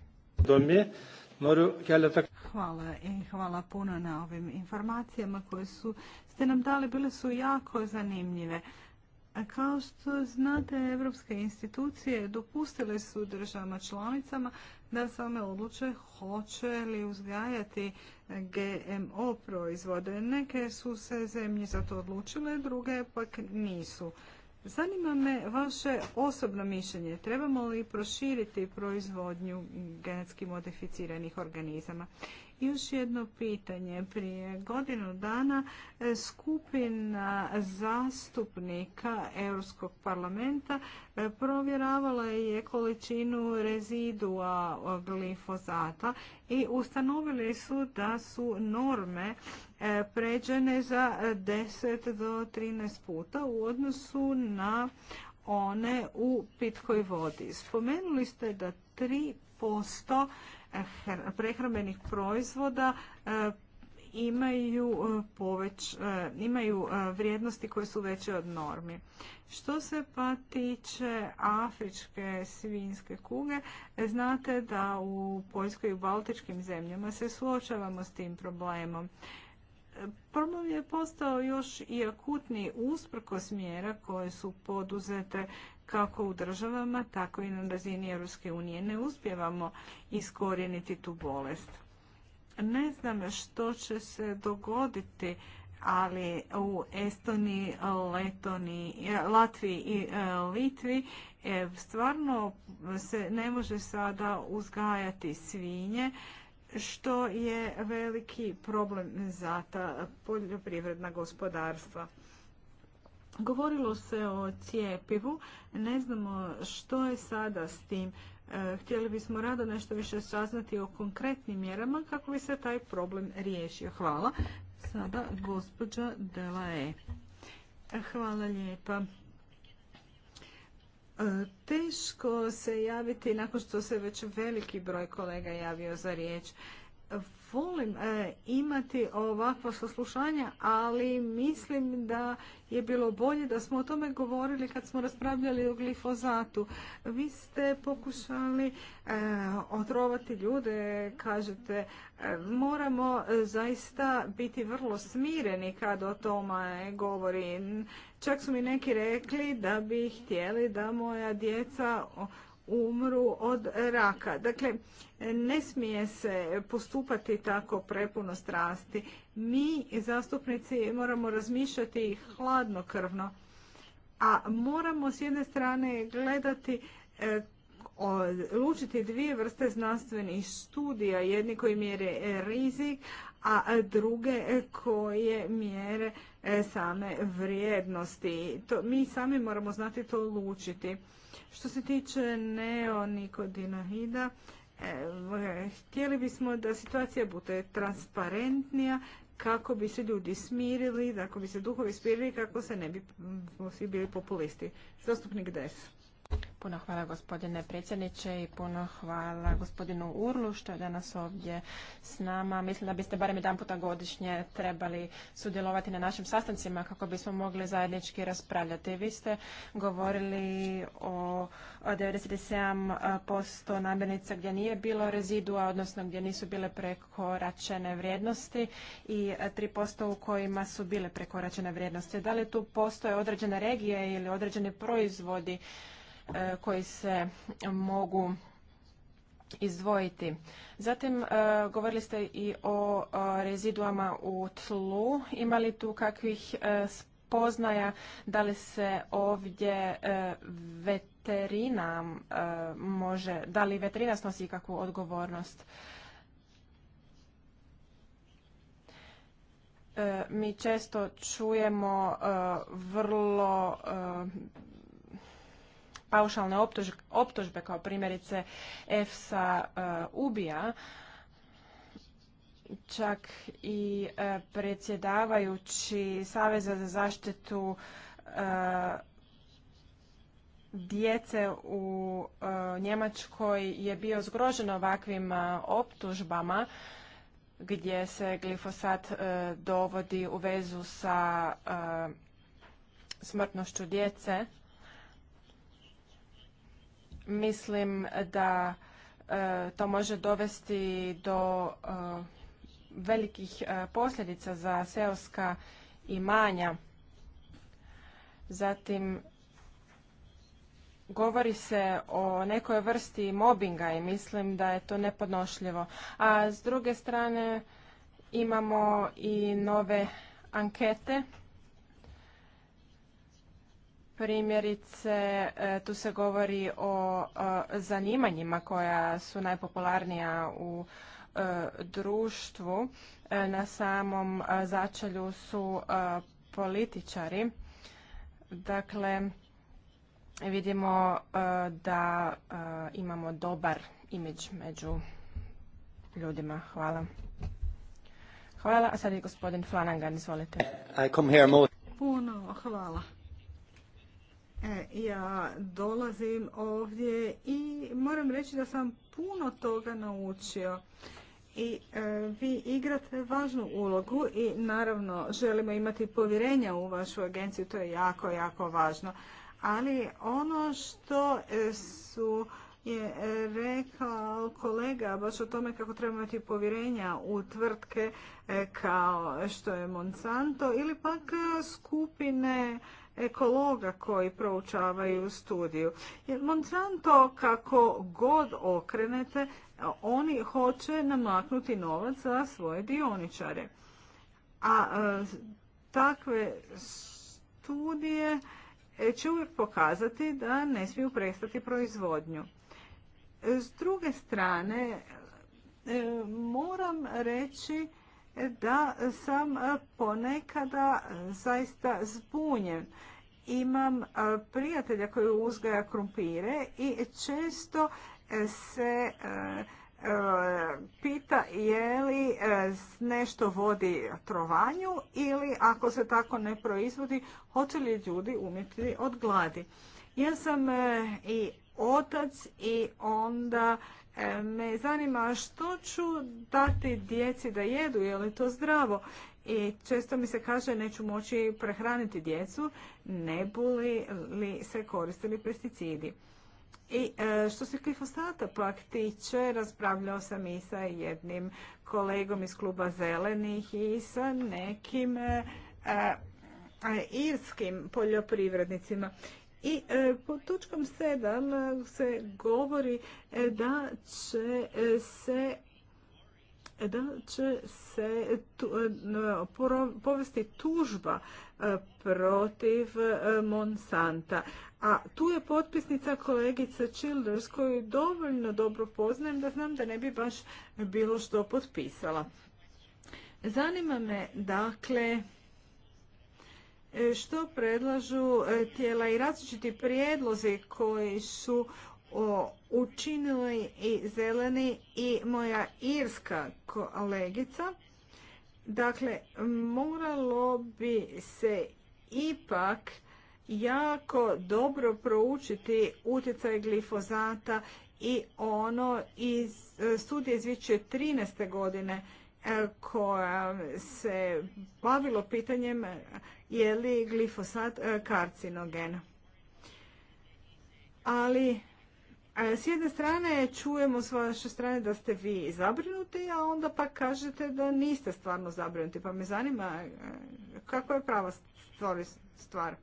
Hvala i hvala puno na ovim informacijama koje su, ste nam dali, bile su jako zanimljive. Kao što znate, evropske institucije dopustile su državama članicama da same odluče hoće li uzgajati GMO proizvode. Neke su se zemlje za to odlučile, druge pak nisu. Zanima me vaše osobno mišljenje. Trebamo li proširiti proizvodnju genetski modificiranih organizama? još jedno pitanje. Prije godinu dana e, skupina zastupnika Europskog parlamenta e, provjeravala je količinu rezidua glifozata i ustanovili su da su norme E, pređene za 10 do 13 puta u odnosu na one u pitkoj vodi. Spomenuli ste da 3% e, prehrambenih proizvoda e, imaju, imaju vrijednosti koje su veće od normi. Što se pa tiče afričke svinjske kuge, znate da u Poljskoj i u Baltičkim zemljama se suočavamo s tim problemom. Problem je postao još i akutni usprkos mjera koje su poduzete kako u državama, tako i na razini Europske unije. Ne uspjevamo iskorijeniti tu bolest. Ne znam što će se dogoditi, ali u Estoniji, Letoni, Latviji i e, Litvi e, stvarno se ne može sada uzgajati svinje što je veliki problem za ta poljoprivredna gospodarstva. Govorilo se o cijepivu, ne znamo što je sada s tim. E, htjeli bismo rado nešto više saznati o konkretnim mjerama kako bi se taj problem riješio. Hvala. Sada gospođa Delae. Hvala lijepa. E, teško se javiti nakon što se već veliki broj kolega javio za riječ volim e, imati ovakva saslušanja, ali mislim da je bilo bolje da smo o tome govorili kad smo raspravljali o glifozatu. Vi ste pokušali e, otrovati ljude, kažete, e, moramo zaista biti vrlo smireni kad o tome govorim. Čak su mi neki rekli da bi htjeli da moja djeca umru od raka. Dakle, ne smije se postupati tako prepuno strasti. Mi, zastupnici, moramo razmišljati hladnokrvno, a moramo s jedne strane gledati e, lučiti dvije vrste znanstvenih studija, jedni koji mjere rizik, a druge koje mjere E, same vrijednosti. To, mi sami moramo znati to lučiti. Što se tiče neonikodinohida, e, htjeli bismo da situacija bude transparentnija kako bi se ljudi smirili, kako bi se duhovi smirili, kako se ne bi svi bili populisti. Zastupnik Des. Puno hvala gospodine predsjedniče i puno hvala gospodinu Urlu što je danas ovdje s nama. Mislim da biste barem jedan puta godišnje trebali sudjelovati na našim sastancima kako bismo mogli zajednički raspravljati. Vi ste govorili o 97% namirnica gdje nije bilo rezidua, odnosno gdje nisu bile prekoračene vrijednosti i 3% u kojima su bile prekoračene vrijednosti. Da li tu postoje određene regije ili određeni proizvodi E, koji se mogu izdvojiti. Zatim e, govorili ste i o e, reziduama u tlu. Ima li tu kakvih spoznaja da li se ovdje veterina može, da li veterina snosi kakvu odgovornost? Mi često čujemo vrlo paušalne optužbe kao primjerice EFSA uh, ubija, čak i uh, predsjedavajući Saveza za zaštitu uh, djece u Njemačkoj je bio zgrožen ovakvim optužbama gdje se glifosat dovodi u vezu sa smrtnošću djece Mislim da e, to može dovesti do e, velikih e, posljedica za seoska imanja. Zatim, govori se o nekoj vrsti mobinga i mislim da je to nepodnošljivo. A s druge strane imamo i nove ankete Primjerice, e, tu se govori o e, zanimanjima koja su najpopularnija u e, društvu. Na samom začelju su političari. Dakle, vidimo da imamo dobar imidž među ljudima. Hvala. Hvala, a sad je gospodin Flanagan, izvolite. Puno hvala. E, ja dolazim ovdje i moram reći da sam puno toga naučio. I e, vi igrate važnu ulogu i naravno želimo imati povjerenja u vašu agenciju, to je jako, jako važno. Ali ono što e, su je rekao kolega baš o tome kako trebamo imati povjerenja u tvrtke kao što je Monsanto ili pak skupine ekologa koji proučavaju studiju. Jer Monsanto kako god okrenete, oni hoće namaknuti novac za svoje dioničare. A e, takve studije e, će uvijek pokazati da ne smiju prestati proizvodnju. S druge strane, e, moram reći da sam e, ponekada zaista zbunjen. Imam e, prijatelja koji uzgaja krumpire i često e, se pita je li nešto vodi trovanju ili ako se tako ne proizvodi, hoće li ljudi umjeti od gladi. Ja sam i otac i onda E, me zanima što ću dati djeci da jedu, je li to zdravo? I često mi se kaže neću moći prehraniti djecu, ne boli li se koristili pesticidi. I e, što se glifosata pak tiče, raspravljao sam i sa jednim kolegom iz kluba zelenih i sa nekim e, irskim poljoprivrednicima. I e, pod točkom 7 e, se govori e, da će se da će se povesti tužba protiv Monsanta. A tu je potpisnica kolegica Childers koju dovoljno dobro poznajem da znam da ne bi baš bilo što potpisala. Zanima me dakle što predlažu e, tijela i različiti prijedlozi koji su učinili i zeleni i moja irska kolegica. Dakle, moralo bi se ipak jako dobro proučiti utjecaj glifozata i ono iz e, studije iz 2013. godine koja se bavilo pitanjem je li glifosat e, karcinogen. Ali e, s jedne strane čujemo s vaše strane da ste vi zabrinuti, a onda pa kažete da niste stvarno zabrinuti. Pa me zanima e, kako je prava stvar.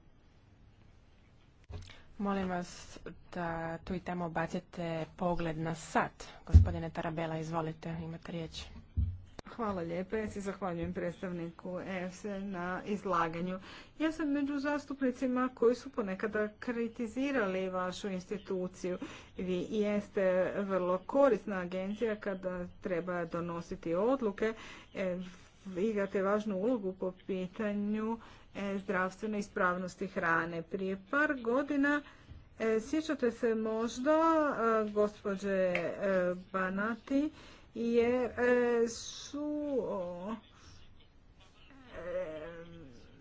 Molim vas da tu i tamo bacite pogled na sat. Gospodine Tarabela, izvolite, imate riječ. Hvala lijepa. Ja se zahvaljujem predstavniku EFS na izlaganju. Ja sam među zastupnicima koji su ponekada kritizirali vašu instituciju. Vi jeste vrlo korisna agencija kada treba donositi odluke. E, igrate važnu ulogu po pitanju e, zdravstvene ispravnosti hrane. Prije par godina e, sjećate se možda gospođe Banati jer e, su e,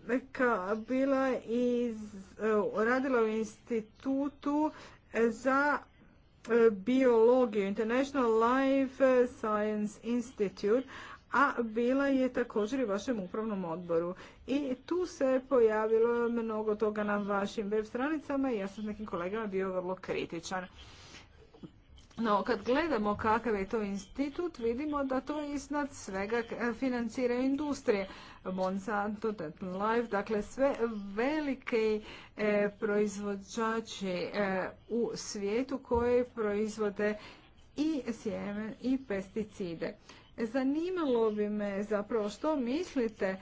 neka bila iz, e, radila u institutu za biologiju, International Life Science Institute, a bila je također i vašem upravnom odboru. I tu se pojavilo mnogo toga na vašim web stranicama i ja sam s nekim kolegama bio vrlo kritičan. No, kad gledamo kakav je to institut, vidimo da to iznad svega financiraju industrije. Monsanto, Tetan Life, dakle sve velike e, proizvođači e, u svijetu koje proizvode i sjemen i pesticide. Zanimalo bi me zapravo što mislite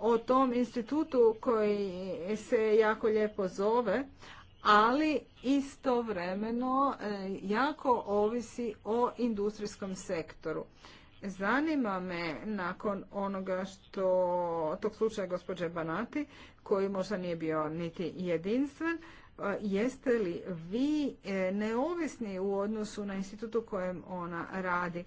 o tom institutu koji se jako lijepo zove, ali istovremeno e, jako ovisi o industrijskom sektoru. Zanima me nakon onoga što tog slučaja gospođe Banati, koji možda nije bio niti jedinstven, e, jeste li vi e, neovisni u odnosu na institutu u kojem ona radi?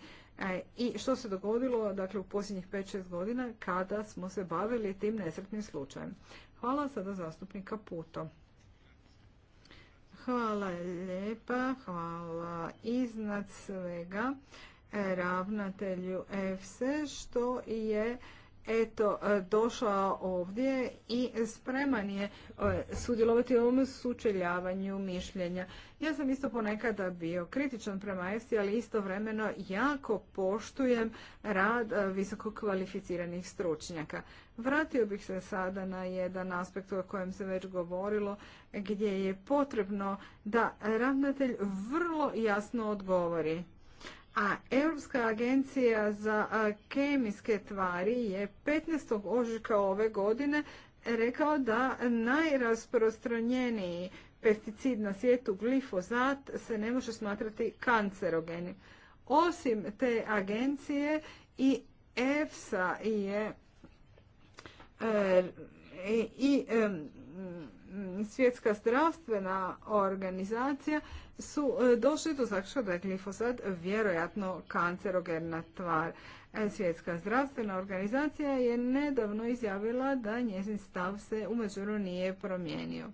I što se dogodilo dakle, u posljednjih 5-6 godina kada smo se bavili tim nesretnim slučajem? Hvala sada zastupnika Puto. Hvala lijepa, hvala iznad svega e, ravnatelju EFSE što je eto došao ovdje i spreman je e, sudjelovati u ovom sučeljavanju mišljenja. Ja sam isto ponekada bio kritičan prema EFSI, ali istovremeno jako poštujem rad visoko kvalificiranih stručnjaka. Vratio bih se sada na jedan aspekt o kojem se već govorilo, gdje je potrebno da ravnatelj vrlo jasno odgovori. A Europska agencija za kemijske tvari je 15. ožujka ove godine rekao da najrasprostranjeniji pesticid na svijetu glifozat se ne može smatrati kancerogenim. Osim te agencije i EFSA je e, i svjetska zdravstvena organizacija su e, došli do zaključka da je glifosat vjerojatno kancerogerna tvar. E, svjetska zdravstvena organizacija je nedavno izjavila da njezin stav se u nije promijenio.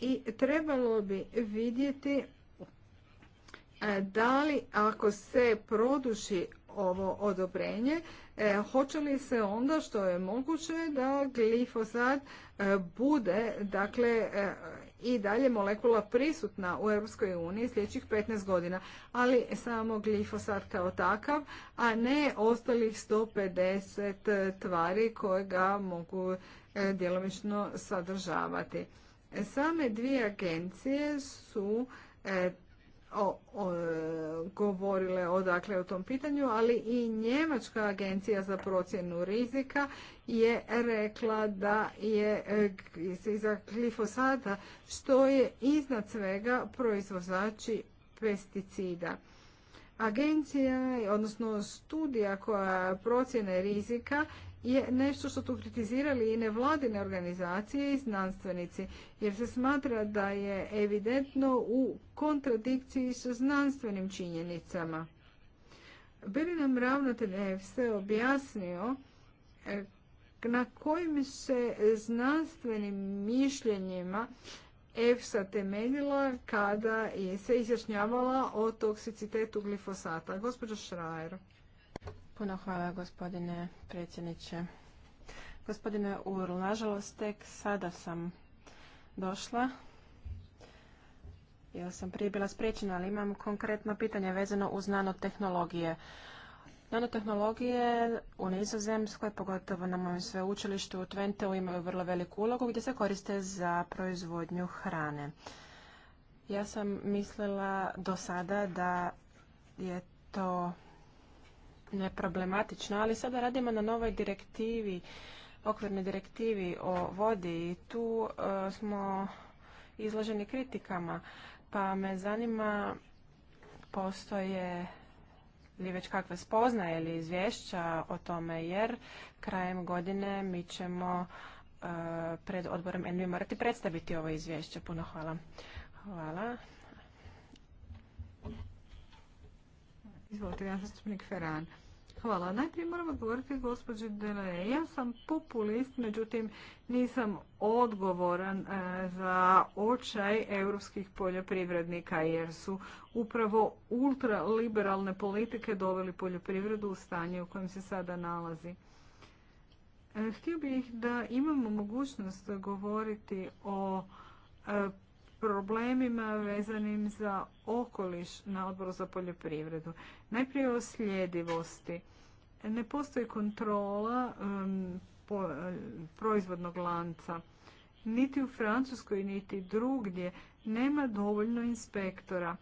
I trebalo bi vidjeti e, da li ako se produši ovo odobrenje, E, hoće li se onda što je moguće da glifosat e, bude dakle e, i dalje molekula prisutna u Europskoj uniji sljedećih 15 godina, ali samo glifosat kao takav, a ne ostalih 150 tvari koje ga mogu e, djelomično sadržavati. Same dvije agencije su o, o, govorile odakle o tom pitanju, ali i Njemačka agencija za procjenu rizika je rekla da je e, iza glifosata što je iznad svega proizvozači pesticida. Agencija, odnosno studija koja procjene rizika je nešto što su kritizirali i nevladine organizacije i znanstvenici, jer se smatra da je evidentno u kontradikciji sa znanstvenim činjenicama. Bili nam ravnatelj se objasnio e, na kojim se znanstvenim mišljenjima EFSA temeljila kada se izjašnjavala o toksicitetu glifosata. Gospođo Šrajer. Puno hvala gospodine predsjedniče. Gospodine Url, nažalost tek sada sam došla jer sam prije bila spriječena, ali imam konkretno pitanje vezano uz nanotehnologije. Nanotehnologije u Nizozemskoj, pogotovo na mojem sveučilištu u Twenteu, imaju vrlo veliku ulogu gdje se koriste za proizvodnju hrane. Ja sam mislila do sada da je to neproblematično. ali sada radimo na novoj direktivi, okvirnoj direktivi o vodi i tu e, smo izloženi kritikama, pa me zanima postoje li već kakve spoznaje ili izvješća o tome, jer krajem godine mi ćemo e, pred odborom NV morati predstaviti ovo izvješće. Puno hvala. Hvala. Izvolite, ja zastupnik Feran. Hvala. Najprije moram odgovoriti gospođi Dele. Ja sam populist, međutim nisam odgovoran e, za očaj europskih poljoprivrednika jer su upravo ultraliberalne politike doveli poljoprivredu u stanje u kojem se sada nalazi. E, htio bih da imamo mogućnost govoriti o e, problemima vezanim za okoliš na odboru za poljoprivredu. Najprije o sljedivosti ne postoji kontrola eh, proizvodnog lanca. Niti u Francuskoj, niti drugdje nema dovoljno inspektora.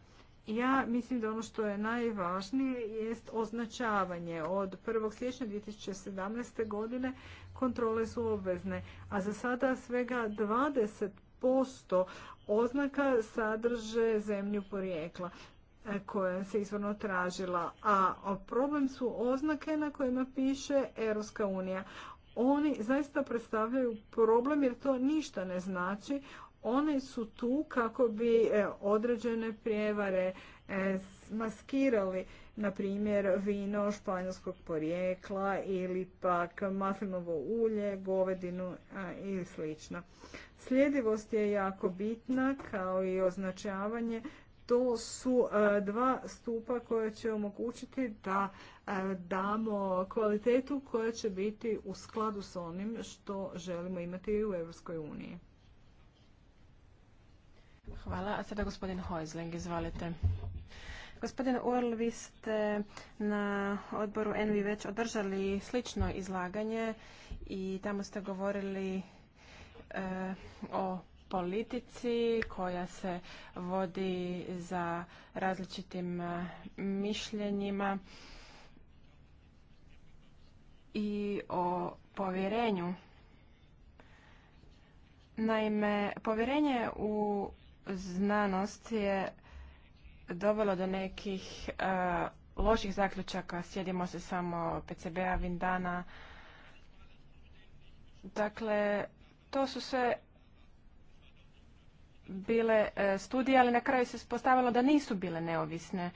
Ja mislim da ono što je najvažnije jest označavanje. Od 1. siječnja 2017. godine kontrole su obvezne, a za sada svega 20% oznaka sadrže zemlju porijekla koja se izvorno tražila, a problem su oznake na kojima piše Europska unija. Oni zaista predstavljaju problem jer to ništa ne znači. One su tu kako bi e, određene prijevare e, maskirali, na primjer vino španjolskog porijekla ili pak maslinovo ulje, govedinu ili sl. Sljedivost je jako bitna kao i označavanje to su e, dva stupa koja će omogućiti da e, damo kvalitetu koja će biti u skladu s onim što želimo imati u Europskoj uniji. Hvala. A sada gospodin Hojzling, izvalite. Gospodin Orl, vi ste na odboru Envi već održali slično izlaganje i tamo ste govorili e, o politici koja se vodi za različitim e, mišljenjima i o povjerenju. Naime, povjerenje u znanost je dovelo do nekih e, loših zaključaka. Sjedimo se samo PCB-a, Vindana. Dakle, to su sve bile e, studije, ali na kraju se postavilo da nisu bile neovisne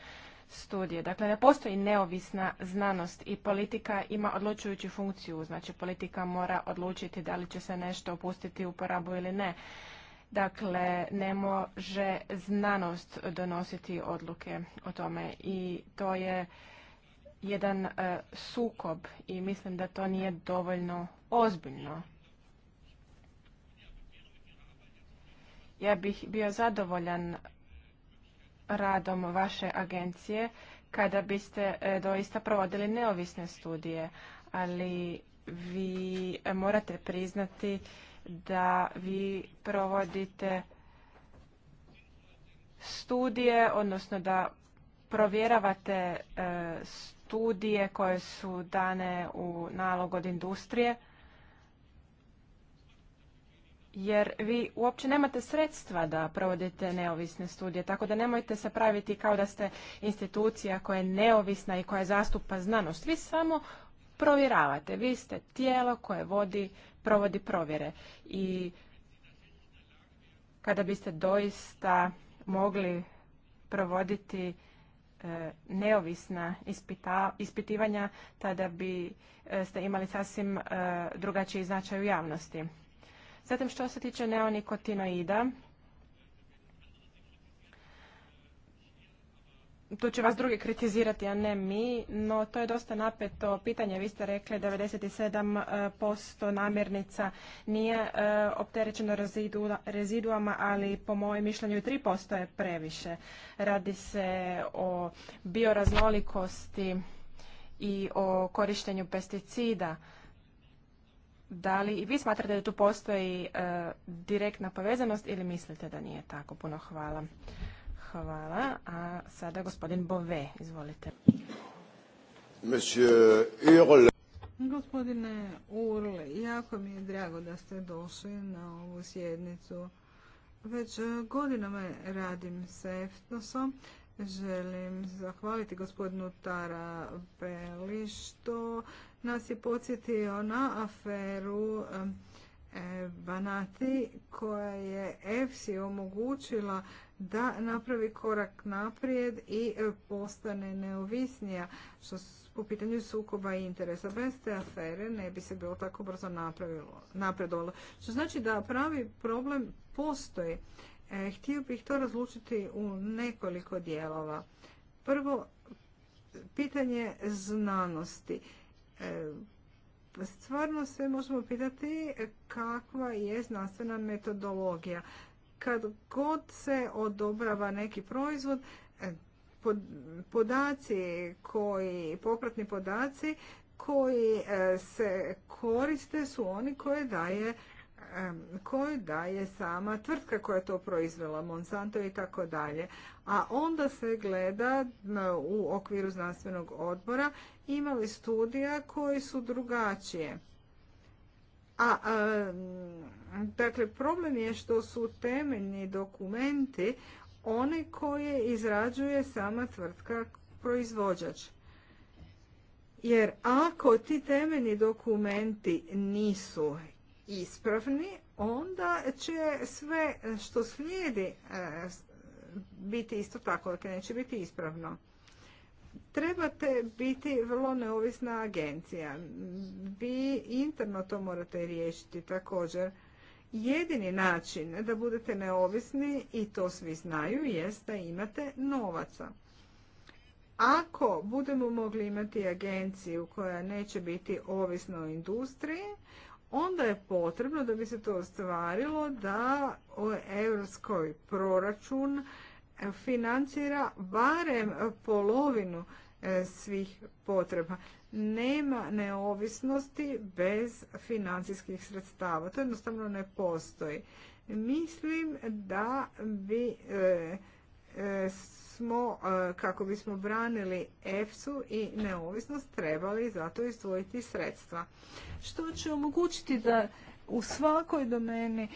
studije. Dakle, ne postoji neovisna znanost i politika ima odlučujuću funkciju. Znači, politika mora odlučiti da li će se nešto opustiti u porabu ili ne. Dakle, ne može znanost donositi odluke o tome i to je jedan e, sukob i mislim da to nije dovoljno ozbiljno Ja bih bio zadovoljan radom vaše agencije kada biste e, doista provodili neovisne studije, ali vi morate priznati da vi provodite studije, odnosno da provjeravate e, studije koje su dane u nalog od industrije jer vi uopće nemate sredstva da provodite neovisne studije, tako da nemojte se praviti kao da ste institucija koja je neovisna i koja zastupa znanost. Vi samo provjeravate. Vi ste tijelo koje vodi, provodi provjere. I kada biste doista mogli provoditi e, neovisna ispitivanja, tada bi e, ste imali sasvim e, drugačiji značaj u javnosti. Zatim što se tiče neonikotinoida, tu će vas drugi kritizirati, a ne mi, no to je dosta napeto pitanje. Vi ste rekli 97% namirnica nije e, opterećeno reziduama, ali po mojem mišljenju 3% je previše. Radi se o bioraznolikosti i o korištenju pesticida da li i vi smatrate da tu postoji e, direktna povezanost ili mislite da nije tako? Puno hvala. Hvala. A sada gospodin Bove, izvolite. Gospodine Urle, jako mi je drago da ste došli na ovu sjednicu. Već godinama radim sa EFTOSom želim zahvaliti gospodinu Tara Beli što nas je podsjetio na aferu Banati koja je EFSI omogućila da napravi korak naprijed i e, postane neovisnija što po pitanju sukoba interesa. Bez te afere ne bi se bilo tako brzo napredovalo. Što znači da pravi problem postoji. E, htio bih to razlučiti u nekoliko dijelova. Prvo, pitanje znanosti. E, stvarno sve možemo pitati kakva je znanstvena metodologija. Kad god se odobrava neki proizvod, e, podaci koji, popratni podaci koji se koriste su oni koje daje koju daje sama tvrtka koja je to proizvela, Monsanto i tako dalje. A onda se gleda u okviru znanstvenog odbora imali studija koji su drugačije. A, dakle, problem je što su temeljni dokumenti one koje izrađuje sama tvrtka proizvođač. Jer ako ti temeljni dokumenti nisu ispravni, onda će sve što slijedi e, biti isto tako, dakle neće biti ispravno. Trebate biti vrlo neovisna agencija. Vi interno to morate riješiti također. Jedini način da budete neovisni, i to svi znaju, jest da imate novaca. Ako budemo mogli imati agenciju koja neće biti ovisna o industriji, onda je potrebno da bi se to ostvarilo da ovaj europskoj proračun financira barem polovinu e, svih potreba. Nema neovisnosti bez financijskih sredstava. To jednostavno ne postoji. Mislim da bi e, E, smo, e, kako bismo branili EFSU i neovisnost, trebali zato izdvojiti sredstva. Što će omogućiti da u svakoj domeni e,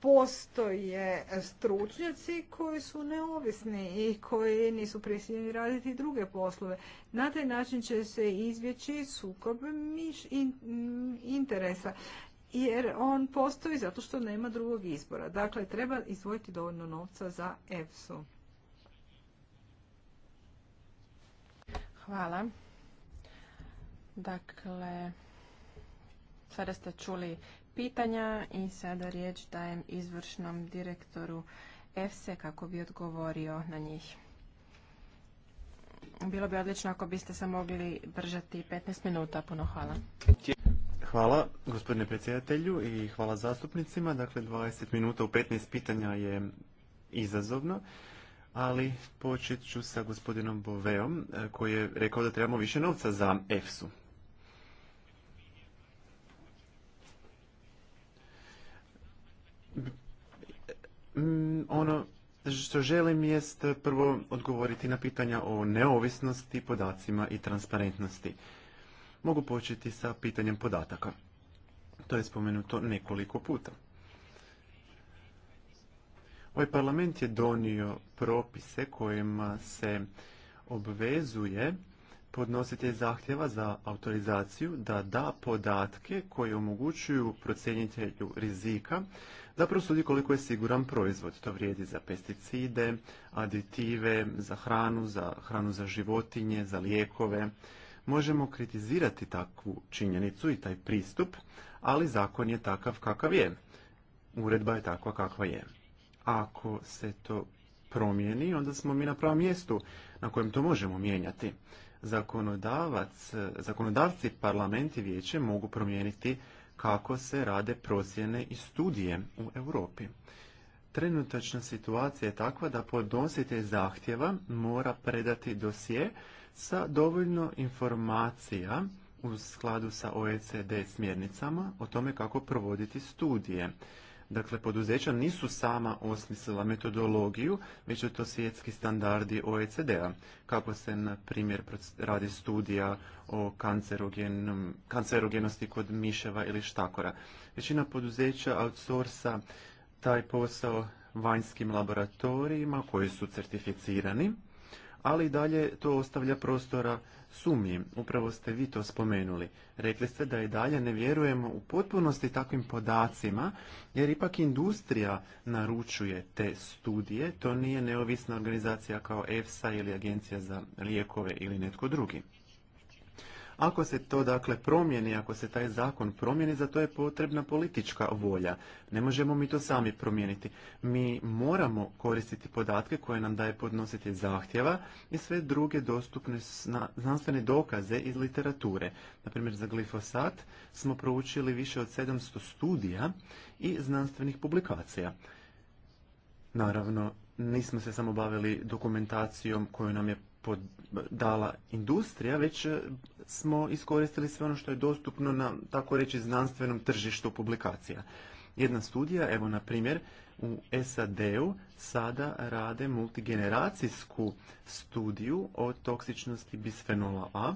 postoje stručnjaci koji su neovisni i koji nisu prisiljeni raditi druge poslove. Na taj način će se izbjeći sukob interesa jer on postoji zato što nema drugog izbora. Dakle, treba izvojiti dovoljno novca za EFSU. Hvala. Dakle, sada ste čuli pitanja i sada riječ dajem izvršnom direktoru EFSE kako bi odgovorio na njih. Bilo bi odlično ako biste se mogli držati 15 minuta. Puno hvala. Hvala gospodine predsjedatelju i hvala zastupnicima. Dakle, 20 minuta u 15 pitanja je izazovno, ali počet ću sa gospodinom Boveom e, koji je rekao da trebamo više novca za EFSU. Mm, ono što želim jest prvo odgovoriti na pitanja o neovisnosti, podacima i transparentnosti. Mogu početi sa pitanjem podataka. To je spomenuto nekoliko puta. Ovaj parlament je donio propise kojima se obvezuje podnositelj zahtjeva za autorizaciju da da podatke koje omogućuju procjenitelju rizika da prosudi koliko je siguran proizvod. To vrijedi za pesticide, aditive, za hranu, za hranu za životinje, za lijekove. Možemo kritizirati takvu činjenicu i taj pristup, ali zakon je takav kakav je. Uredba je takva kakva je. Ako se to promijeni, onda smo mi na pravom mjestu na kojem to možemo mijenjati. Zakonodavac, zakonodavci, parlament i vijeće mogu promijeniti kako se rade procjene i studije u Europi. Trenutačna situacija je takva da podnositelj zahtjeva mora predati dosje sa dovoljno informacija u skladu sa OECD smjernicama o tome kako provoditi studije. Dakle, poduzeća nisu sama osmislila metodologiju, već je to svjetski standardi OECD-a. Kako se, na primjer, radi studija o kancerogenosti kod miševa ili štakora. Većina poduzeća outsourca taj posao vanjskim laboratorijima koji su certificirani ali i dalje to ostavlja prostora sumnji. Upravo ste vi to spomenuli. Rekli ste da i dalje ne vjerujemo u potpunosti takvim podacima, jer ipak industrija naručuje te studije. To nije neovisna organizacija kao EFSA ili Agencija za lijekove ili netko drugi. Ako se to dakle promijeni, ako se taj zakon promijeni, za to je potrebna politička volja. Ne možemo mi to sami promijeniti. Mi moramo koristiti podatke koje nam daje podnositelj zahtjeva i sve druge dostupne znanstvene dokaze iz literature. Naprimjer, za glifosat smo proučili više od 700 studija i znanstvenih publikacija. Naravno, nismo se samo bavili dokumentacijom koju nam je dala industrija, već e, smo iskoristili sve ono što je dostupno na, tako reći, znanstvenom tržištu publikacija. Jedna studija, evo na primjer, u SAD-u sada rade multigeneracijsku studiju o toksičnosti bisfenola A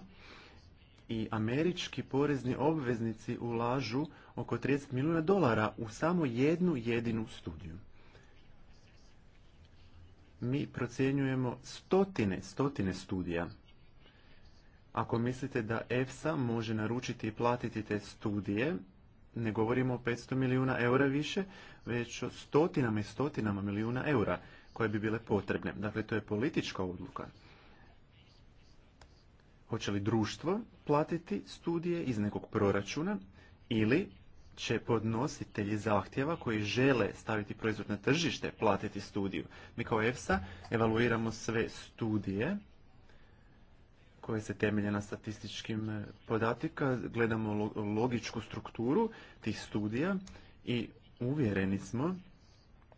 i američki porezni obveznici ulažu oko 30 milijuna dolara u samo jednu jedinu studiju mi procjenjujemo stotine, stotine studija. Ako mislite da EFSA može naručiti i platiti te studije, ne govorimo o 500 milijuna eura više, već o stotinama i stotinama milijuna eura koje bi bile potrebne. Dakle, to je politička odluka. Hoće li društvo platiti studije iz nekog proračuna ili će podnositelji zahtjeva koji žele staviti proizvod na tržište platiti studiju. Mi kao EFSA evaluiramo sve studije koje se temelje na statističkim podatika, gledamo logičku strukturu tih studija i uvjereni smo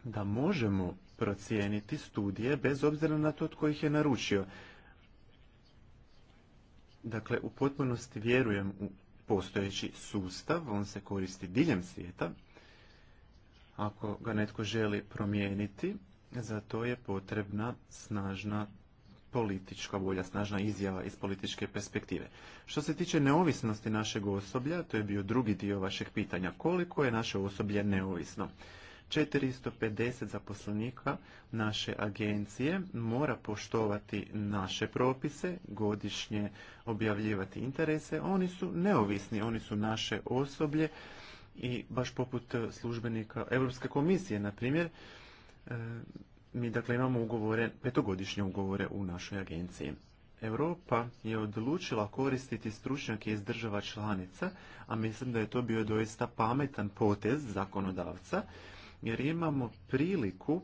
da možemo procijeniti studije bez obzira na to tko ih je naručio. Dakle, u potpunosti vjerujem u postojeći sustav, on se koristi diljem svijeta. Ako ga netko želi promijeniti, za to je potrebna snažna politička volja, snažna izjava iz političke perspektive. Što se tiče neovisnosti našeg osoblja, to je bio drugi dio vašeg pitanja, koliko je naše osoblje neovisno. 450 zaposlenika naše agencije mora poštovati naše propise, godišnje objavljivati interese. Oni su neovisni, oni su naše osoblje i baš poput službenika Europske komisije, na primjer, e, mi dakle imamo ugovore, petogodišnje ugovore u našoj agenciji. Europa je odlučila koristiti stručnjake iz država članica, a mislim da je to bio doista pametan potez zakonodavca, jer imamo priliku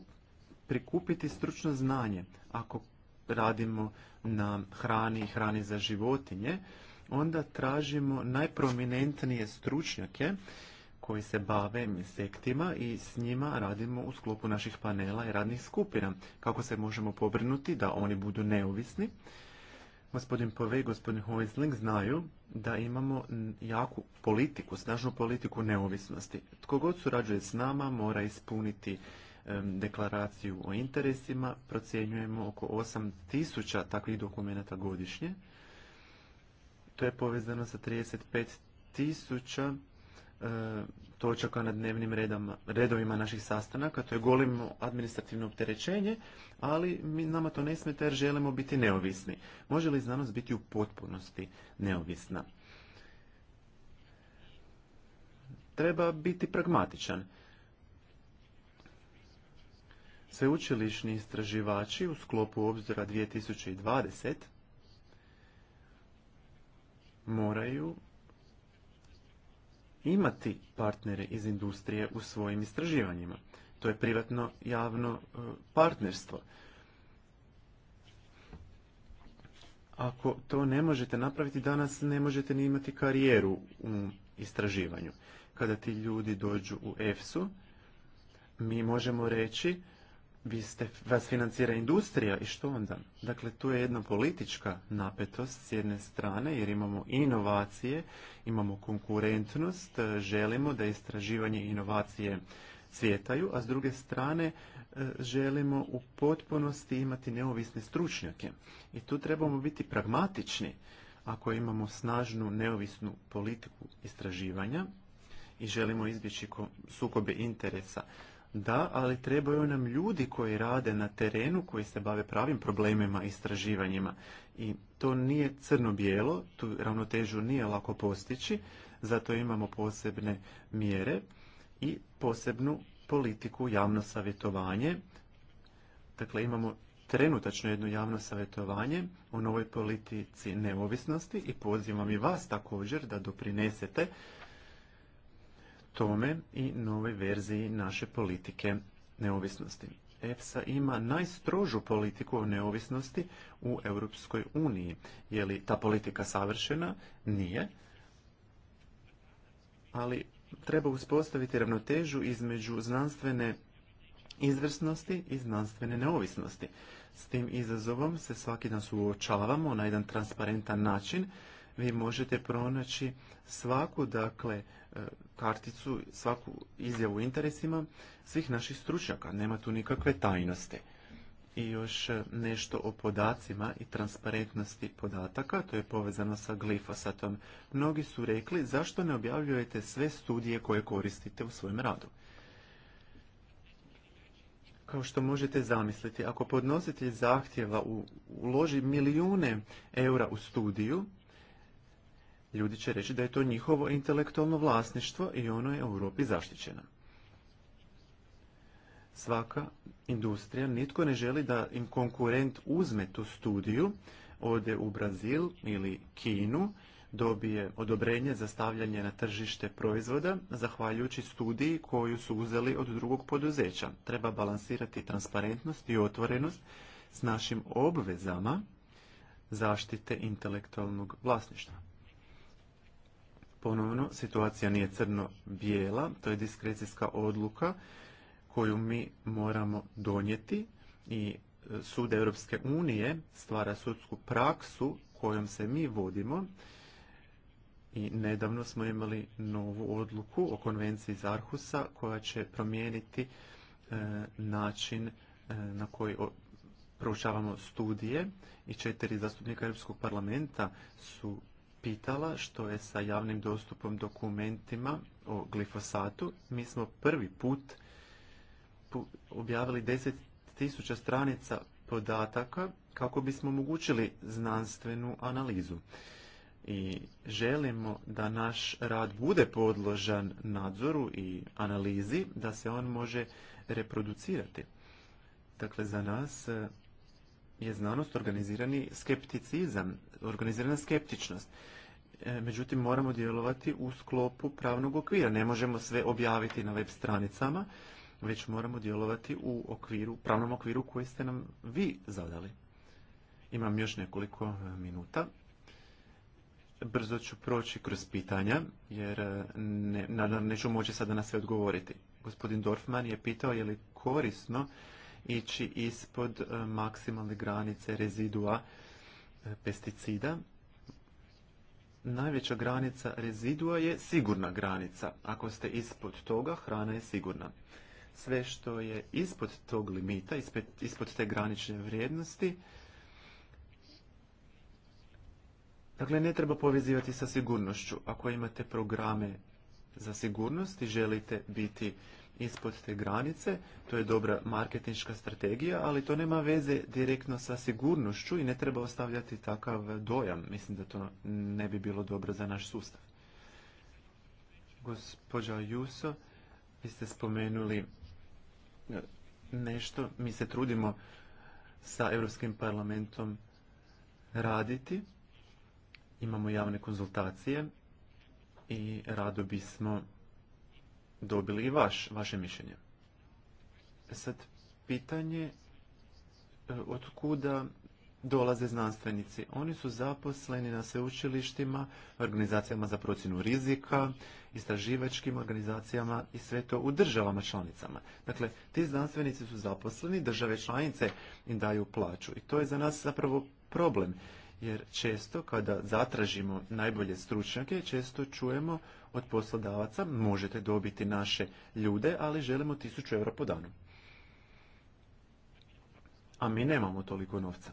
prikupiti stručno znanje. Ako radimo na hrani i hrani za životinje, onda tražimo najprominentnije stručnjake koji se bave insektima i s njima radimo u sklopu naših panela i radnih skupina. Kako se možemo pobrinuti da oni budu neovisni, gospodin Pove i gospodin Hoisling znaju da imamo jaku politiku, snažnu politiku neovisnosti. Tko god surađuje s nama mora ispuniti deklaraciju o interesima. Procjenjujemo oko 8000 takvih dokumenata godišnje. To je povezano sa 35 tisuća E, točaka na dnevnim redama, redovima naših sastanaka. To je golimo administrativno opterećenje, ali mi, nama to ne smeta jer želimo biti neovisni. Može li znanost biti u potpunosti neovisna? Treba biti pragmatičan. Sveučilišni istraživači u sklopu obzora 2020 moraju imati partnere iz industrije u svojim istraživanjima. To je privatno javno e, partnerstvo. Ako to ne možete napraviti danas, ne možete ni imati karijeru u istraživanju. Kada ti ljudi dođu u EFSU, mi možemo reći vi ste, vas financira industrija i što onda? Dakle, tu je jedna politička napetost s jedne strane jer imamo inovacije, imamo konkurentnost, želimo da istraživanje i inovacije cvjetaju, a s druge strane e, želimo u potpunosti imati neovisne stručnjake. I tu trebamo biti pragmatični ako imamo snažnu neovisnu politiku istraživanja i želimo izbjeći sukobe interesa. Da, ali trebaju nam ljudi koji rade na terenu, koji se bave pravim problemima i istraživanjima. I to nije crno-bijelo, tu ravnotežu nije lako postići, zato imamo posebne mjere i posebnu politiku javno savjetovanje. Dakle, imamo trenutačno jedno javno savjetovanje o novoj politici neovisnosti i pozivam i vas također da doprinesete tome i nove verziji naše politike neovisnosti. EFSA ima najstrožu politiku o neovisnosti u Europskoj uniji. Je li ta politika savršena? Nije. Ali treba uspostaviti ravnotežu između znanstvene izvrsnosti i znanstvene neovisnosti. S tim izazovom se svaki dan suočavamo na jedan transparentan način vi možete pronaći svaku dakle e, karticu, svaku izjavu interesima svih naših stručnjaka. Nema tu nikakve tajnosti. I još e, nešto o podacima i transparentnosti podataka, to je povezano sa glifosatom. Mnogi su rekli zašto ne objavljujete sve studije koje koristite u svojem radu. Kao što možete zamisliti, ako podnositelj zahtjeva uloži milijune eura u studiju, Ljudi će reći da je to njihovo intelektualno vlasništvo i ono je u Europi zaštićeno. Svaka industrija, nitko ne želi da im konkurent uzme tu studiju, ode u Brazil ili Kinu, dobije odobrenje za stavljanje na tržište proizvoda zahvaljujući studiji koju su uzeli od drugog poduzeća. Treba balansirati transparentnost i otvorenost s našim obvezama zaštite intelektualnog vlasništva. Ponovno, situacija nije crno-bijela, to je diskrecijska odluka koju mi moramo donijeti i e, sud Europske unije stvara sudsku praksu kojom se mi vodimo i nedavno smo imali novu odluku o konvenciji iz Arhusa koja će promijeniti e, način e, na koji proučavamo studije i četiri zastupnika Europskog parlamenta su pitala što je sa javnim dostupom dokumentima o glifosatu. Mi smo prvi put objavili tisuća stranica podataka kako bismo omogućili znanstvenu analizu. I želimo da naš rad bude podložan nadzoru i analizi, da se on može reproducirati. Dakle, za nas eh, je znanost organizirani skepticizam organizirana skeptičnost. E, međutim, moramo djelovati u sklopu pravnog okvira. Ne možemo sve objaviti na web stranicama, već moramo djelovati u okviru, pravnom okviru koji ste nam vi zadali. Imam još nekoliko e, minuta. Brzo ću proći kroz pitanja, jer e, ne, nadam neću moći sada na sve odgovoriti. Gospodin Dorfman je pitao je li korisno ići ispod maksimalne granice rezidua E, pesticida, najveća granica rezidua je sigurna granica. Ako ste ispod toga, hrana je sigurna. Sve što je ispod tog limita, ispod te granične vrijednosti, dakle ne treba povezivati sa sigurnošću. Ako imate programe za sigurnost i želite biti ispod te granice, to je dobra marketinška strategija, ali to nema veze direktno sa sigurnošću i ne treba ostavljati takav dojam. Mislim da to ne bi bilo dobro za naš sustav. Gospođa Juso, vi ste spomenuli e, nešto, mi se trudimo sa Europskim parlamentom raditi, imamo javne konzultacije i rado bismo dobili i vaš, vaše mišljenje. E sad, pitanje e, od kuda dolaze znanstvenici. Oni su zaposleni na sveučilištima, organizacijama za procjenu rizika, istraživačkim organizacijama i sve to u državama članicama. Dakle, ti znanstvenici su zaposleni, države članice im daju plaću i to je za nas zapravo problem jer često kada zatražimo najbolje stručnjake, često čujemo od poslodavaca možete dobiti naše ljude, ali želimo 1000 eura po danu. A mi nemamo toliko novca.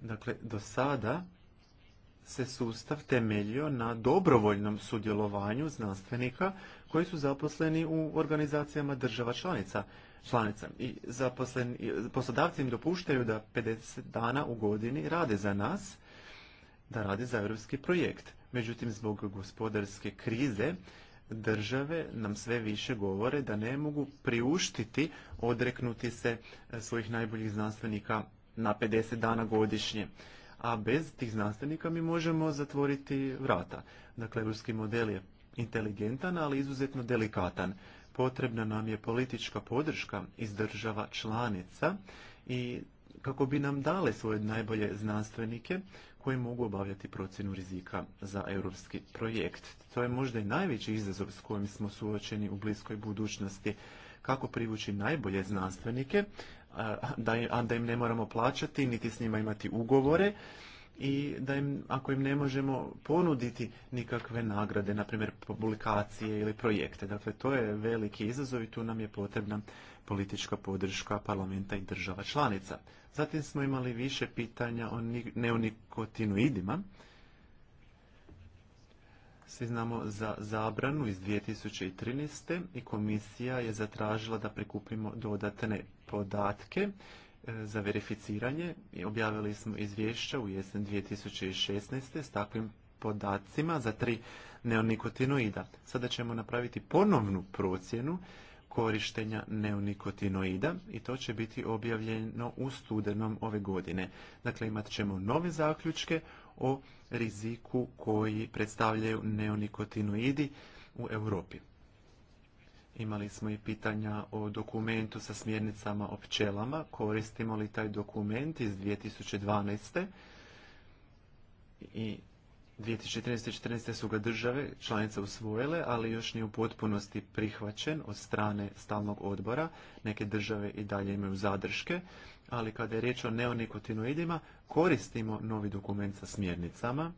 Dakle, do sada se sustav temeljio na dobrovoljnom sudjelovanju znanstvenika koji su zaposleni u organizacijama država članica članica. I poslodavci im dopuštaju da 50 dana u godini rade za nas, da rade za europski projekt. Međutim, zbog gospodarske krize države nam sve više govore da ne mogu priuštiti odreknuti se e, svojih najboljih znanstvenika na 50 dana godišnje. A bez tih znanstvenika mi možemo zatvoriti vrata. Dakle, ruski model je inteligentan, ali izuzetno delikatan potrebna nam je politička podrška iz država članica i kako bi nam dale svoje najbolje znanstvenike koji mogu obavljati procjenu rizika za europski projekt. To je možda i najveći izazov s kojim smo suočeni u bliskoj budućnosti. Kako privući najbolje znanstvenike, a da im ne moramo plaćati, niti s njima imati ugovore, i da im, ako im ne možemo ponuditi nikakve nagrade, na primjer publikacije ili projekte. Dakle, to je veliki izazov i tu nam je potrebna politička podrška parlamenta i država članica. Zatim smo imali više pitanja o neonikotinoidima. Svi znamo za zabranu iz 2013. i komisija je zatražila da prikupimo dodatne podatke za verificiranje i objavili smo izvješća u jesen 2016. s takvim podacima za tri neonikotinoida. Sada ćemo napraviti ponovnu procjenu korištenja neonikotinoida i to će biti objavljeno u studenom ove godine. Dakle, imat ćemo nove zaključke o riziku koji predstavljaju neonikotinoidi u Europi. Imali smo i pitanja o dokumentu sa smjernicama o pčelama. Koristimo li taj dokument iz 2012. I 2013. i 2014. su ga države članice usvojile, ali još nije u potpunosti prihvaćen od strane stalnog odbora. Neke države i dalje imaju zadrške, ali kada je riječ o neonikotinoidima, koristimo novi dokument sa smjernicama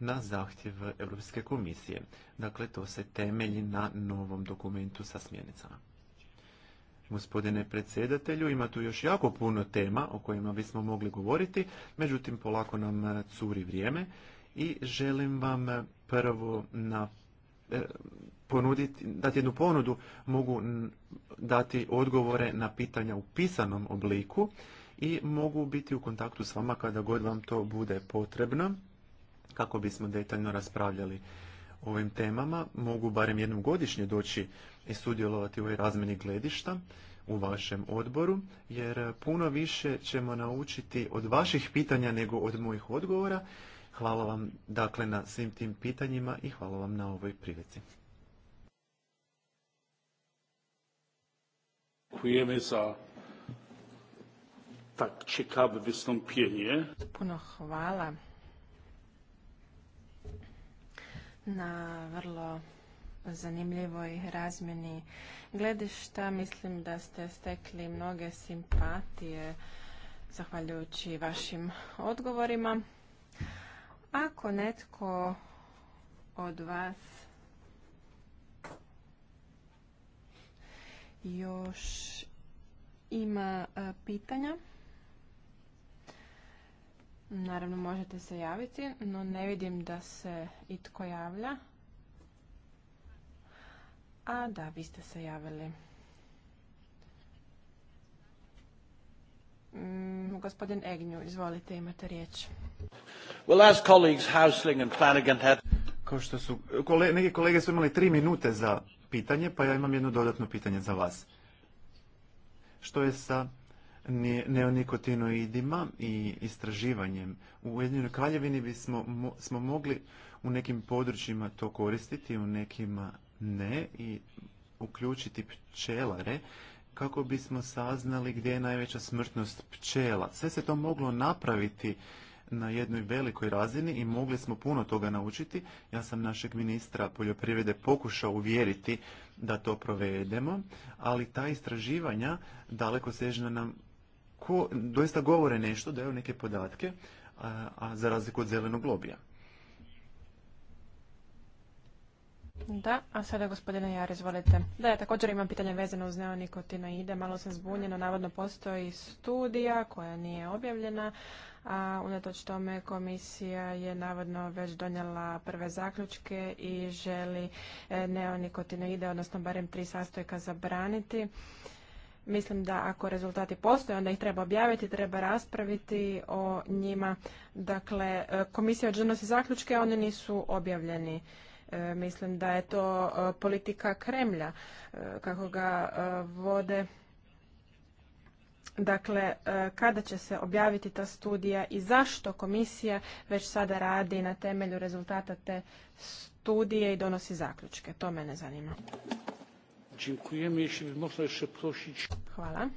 na zahtjev Europske komisije. Dakle, to se temelji na novom dokumentu sa smjernicama. Gospodine predsjedatelju, ima tu još jako puno tema o kojima bismo mogli govoriti, međutim polako nam e, curi vrijeme i želim vam e, prvo na e, ponuditi, dati jednu ponudu, mogu dati odgovore na pitanja u pisanom obliku i mogu biti u kontaktu s vama kada god vam to bude potrebno kako bismo detaljno raspravljali o ovim temama. Mogu barem jednom godišnje doći i sudjelovati u ovoj razmeni gledišta u vašem odboru, jer puno više ćemo naučiti od vaših pitanja nego od mojih odgovora. Hvala vam dakle na svim tim pitanjima i hvala vam na ovoj prilici. za tak ciekawe wystąpienie. Puno hvala na vrlo zanimljivoj razmjeni gledišta. Mislim da ste stekli mnoge simpatije zahvaljujući vašim odgovorima. Ako netko od vas još ima e, pitanja, Naravno možete se javiti, no ne vidim da se itko javlja. A da, vi ste se javili. Mm, gospodin Egnju, izvolite, imate riječ. Well, as Kao što su, kole, neki kolege su imali tri minute za pitanje, pa ja imam jedno dodatno pitanje za vas. Što je sa neonikotinoidima i istraživanjem. U Ujedinjenoj kraljevini bismo smo mogli u nekim područjima to koristiti, u nekima ne i uključiti pčelare kako bismo saznali gdje je najveća smrtnost pčela. Sve se to moglo napraviti na jednoj velikoj razini i mogli smo puno toga naučiti. Ja sam našeg ministra poljoprivrede pokušao uvjeriti da to provedemo, ali ta istraživanja daleko sežna nam ko, doista govore nešto, daju neke podatke, a, a za razliku od zelenog lobija. Da, a sada gospodine Jar, izvolite. Da, ja također imam pitanje vezano uz neonikotinoide. Malo sam zbunjena, navodno postoji studija koja nije objavljena, a unatoč tome komisija je navodno već donijela prve zaključke i želi e, neonikotinoide, odnosno barem tri sastojka zabraniti. Mislim da ako rezultati postoje, onda ih treba objaviti, treba raspraviti o njima. Dakle, komisija donosi zaključke, oni nisu objavljeni. E, mislim da je to e, politika Kremlja, e, kako ga vode Dakle, kada će se objaviti ta studija i zašto komisija već sada radi na temelju rezultata te studije i donosi zaključke? To mene zanima. Dziękujemy. Jeśli Hvala.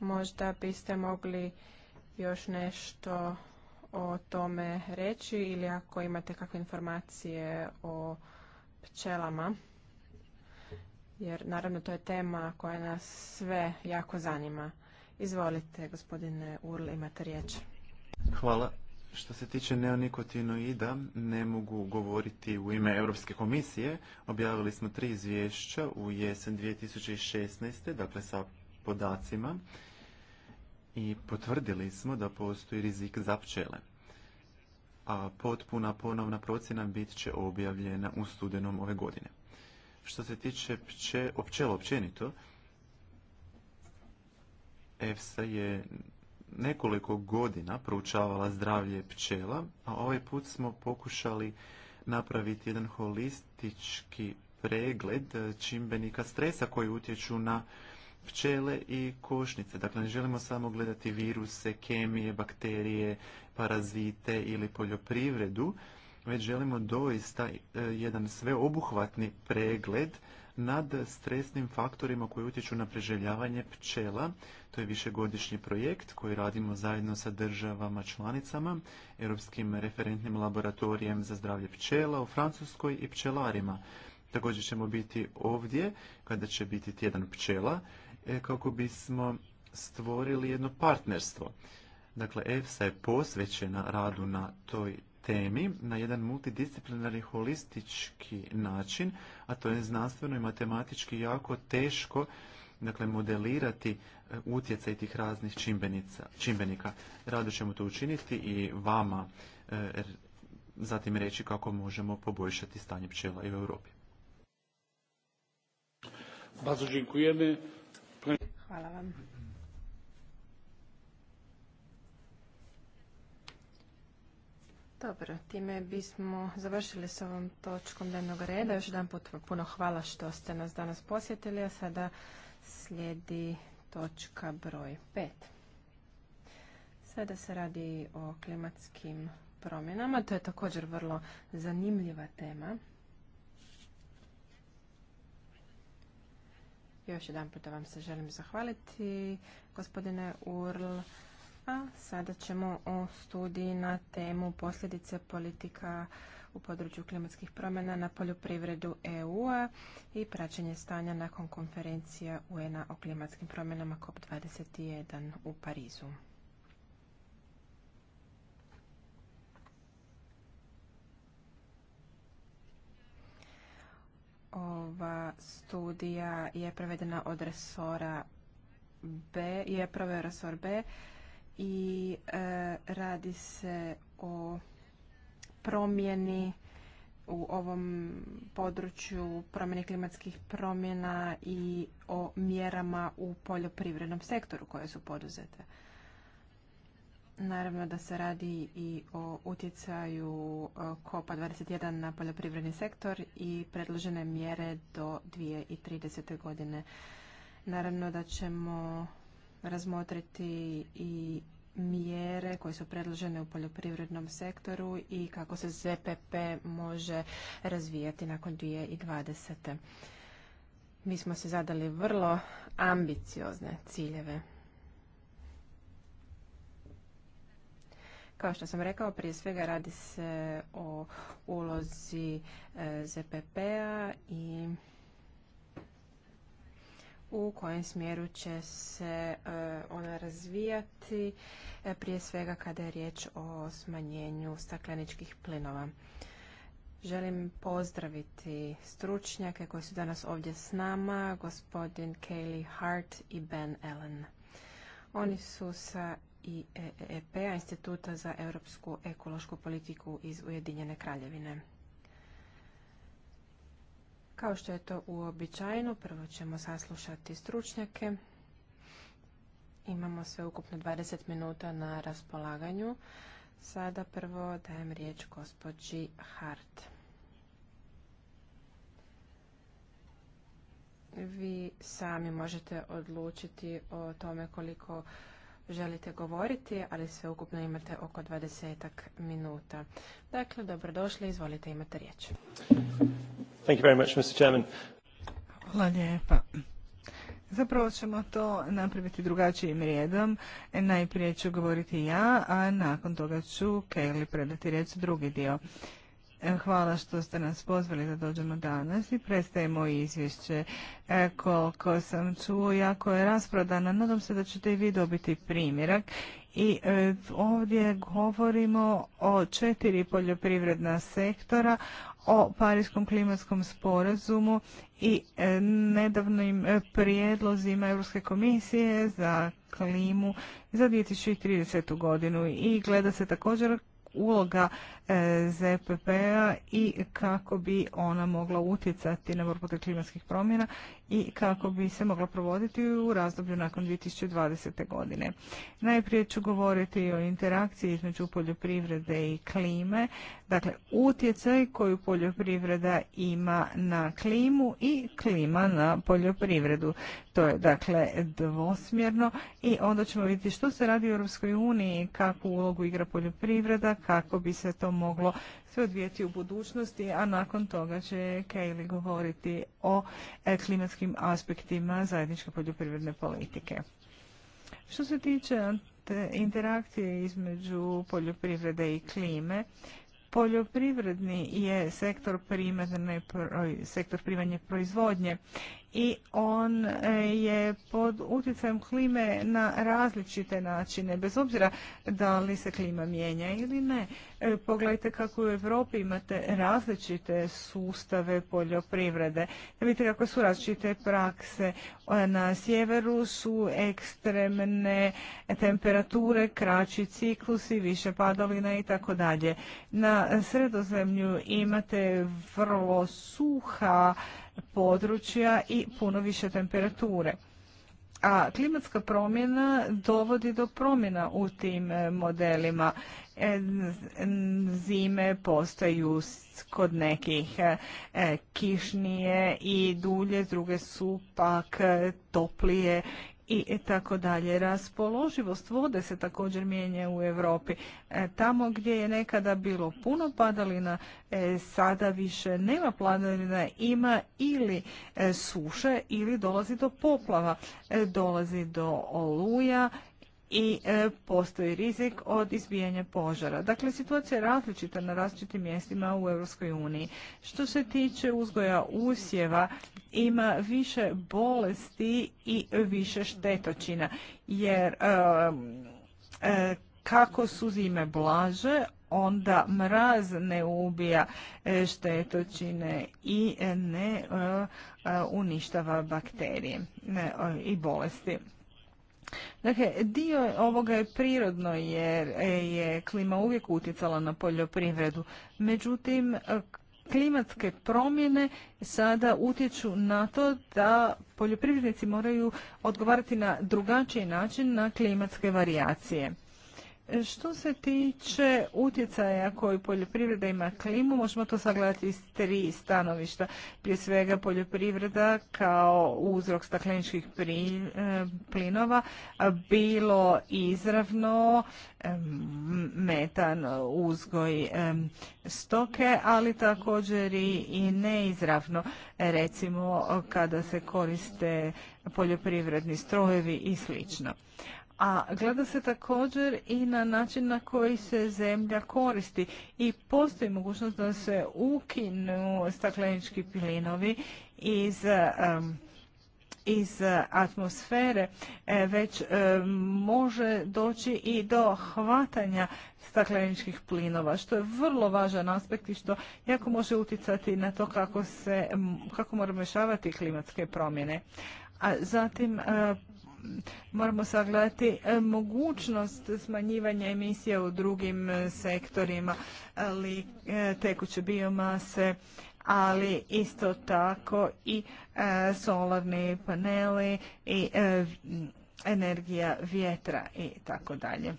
Možda biste mogli još nešto o tome reći ili ako imate kakve informacije o pčelama. Jer naravno to je tema koja nas sve jako zanima. Izvolite, gospodine Url, imate riječ. Hvala. Što se tiče neonikotinoida, ne mogu govoriti u ime Europske komisije. Objavili smo tri izvješća u jesen 2016. dakle sa podacima i potvrdili smo da postoji rizik za pčele. A potpuna ponovna procjena bit će objavljena u studenom ove godine. Što se tiče pče, općenito, EFSA je nekoliko godina proučavala zdravlje pčela, a ovaj put smo pokušali napraviti jedan holistički pregled čimbenika stresa koji utječu na pčele i košnice. Dakle, ne želimo samo gledati viruse, kemije, bakterije, parazite ili poljoprivredu, već želimo doista e, jedan sveobuhvatni pregled nad stresnim faktorima koji utječu na preživljavanje pčela. To je višegodišnji projekt koji radimo zajedno sa državama članicama, Europskim referentnim laboratorijem za zdravlje pčela u Francuskoj i pčelarima. Također ćemo biti ovdje kada će biti tjedan pčela e, kako bismo stvorili jedno partnerstvo. Dakle, EFSA je posvećena radu na toj temi na jedan multidisciplinarni holistički način, a to je znanstveno i matematički jako teško dakle, modelirati e, utjecaj tih raznih čimbenika. Rado ćemo to učiniti i vama e, zatim reći kako možemo poboljšati stanje pčela i u Europi. Hvala vam. Dobro, time bismo završili s ovom točkom dnevnog reda. Još jedan put puno hvala što ste nas danas posjetili, a sada slijedi točka broj 5. Sada se radi o klimatskim promjenama. To je također vrlo zanimljiva tema. Još jedan put vam se želim zahvaliti, gospodine Url sada ćemo o studiji na temu posljedice politika u području klimatskih promjena na poljoprivredu EU-a i praćenje stanja nakon konferencija UN-a o klimatskim promjenama COP21 u Parizu. Ova studija je provedena od resora B, je proveo resor B i e, radi se o promjeni u ovom području promjeni klimatskih promjena i o mjerama u poljoprivrednom sektoru koje su poduzete. Naravno da se radi i o utjecaju COPA e, 21 na poljoprivredni sektor i predložene mjere do 2030. godine. Naravno da ćemo razmotriti i mjere koje su predložene u poljoprivrednom sektoru i kako se ZPP može razvijati nakon 2020. Mi smo se zadali vrlo ambiciozne ciljeve. Kao što sam rekao, prije svega radi se o ulozi eh, ZPP-a i u kojem smjeru će se e, ona razvijati, e, prije svega kada je riječ o smanjenju stakleničkih plinova. Želim pozdraviti stručnjake koji su danas ovdje s nama, gospodin Kaylee Hart i Ben Allen. Oni su sa IEEP-a, Instituta za europsku ekološku politiku iz Ujedinjene kraljevine. Kao što je to uobičajeno, prvo ćemo saslušati stručnjake. Imamo sve ukupno 20 minuta na raspolaganju. Sada prvo dajem riječ gospođi Hart. Vi sami možete odlučiti o tome koliko želite govoriti, ali sve ukupno imate oko 20 minuta. Dakle, dobrodošli, izvolite, imate riječ. Thank you very much, Mr. Chairman. Hvala lijepa. Zapravo ćemo to napraviti drugačijim rijedom. Najprije ću govoriti ja, a nakon toga ću Kelly predati riječ drugi dio. E, hvala što ste nas pozvali da dođemo danas i predstavimo izvješće. E, koliko sam čuo, jako je rasprodana. Nadam se da ćete i vi dobiti primjerak. I e, ovdje govorimo o četiri poljoprivredna sektora, o Parijskom klimatskom sporazumu i nedavnim prijedlozima Europske komisije za klimu za 2030. godinu i gleda se također uloga ZPP-a i kako bi ona mogla utjecati na borbu protiv klimatskih promjena i kako bi se mogla provoditi u razdoblju nakon 2020. godine. Najprije ću govoriti o interakciji između poljoprivrede i klime, dakle utjecaj koju poljoprivreda ima na klimu i klima na poljoprivredu. To je dakle dvosmjerno i onda ćemo vidjeti što se radi u Europskoj uniji, kakvu ulogu igra poljoprivreda, kako bi se to moglo se odvijeti u budućnosti, a nakon toga će Kejli govoriti o e, klimatskim aspektima zajedničke poljoprivredne politike. Što se tiče interakcije između poljoprivrede i klime, Poljoprivredni je sektor, sektor primanje proizvodnje i on e, je pod utjecajem klime na različite načine, bez obzira da li se klima mijenja ili ne. E, pogledajte kako u Europi imate različite sustave poljoprivrede. Vidite kako su različite prakse. E, na sjeveru su ekstremne temperature, kraći ciklusi, više padovina i tako dalje. Na sredozemlju imate vrlo suha područja i puno više temperature. A klimatska promjena dovodi do promjena u tim e, modelima. E, zime postaju kod nekih e, kišnije i dulje, druge su pak toplije i tako dalje. Raspoloživost vode se također mijenja u Europi. E, tamo gdje je nekada bilo puno padalina, e, sada više nema padalina, ima ili e, suše ili dolazi do poplava, dolazi do oluja i e, postoji rizik od izbijanja požara. Dakle, situacija je različita na različitim mjestima u Europskoj uniji. Što se tiče uzgoja usjeva, ima više bolesti i više štetočina, jer e, e, kako su zime blaže, onda mraz ne ubija štetočine i ne uništava bakterije i bolesti. Dakle, dio ovoga je prirodno jer e, je klima uvijek utjecala na poljoprivredu. Međutim, e, klimatske promjene sada utječu na to da poljoprivrednici moraju odgovarati na drugačiji način na klimatske varijacije. Što se tiče utjecaja koji poljoprivreda ima klimu, možemo to sagledati iz tri stanovišta. Prije svega poljoprivreda kao uzrok stakleničkih e, plinova, bilo izravno e, metan uzgoj e, stoke, ali također i neizravno, recimo kada se koriste poljoprivredni strojevi i slično a gleda se također i na način na koji se zemlja koristi i postoji mogućnost da se ukinu staklenički plinovi iz iz atmosfere e, već može doći i do hvatanja stakleničkih plinova što je vrlo važan aspekt i što jako može utjecati na to kako se kako moramo rješavati klimatske promjene a zatim moramo sagledati e, mogućnost smanjivanja emisija u drugim e, sektorima, ali e, tekuće biomase, ali isto tako i solarni paneli i energija vjetra i tako dalje.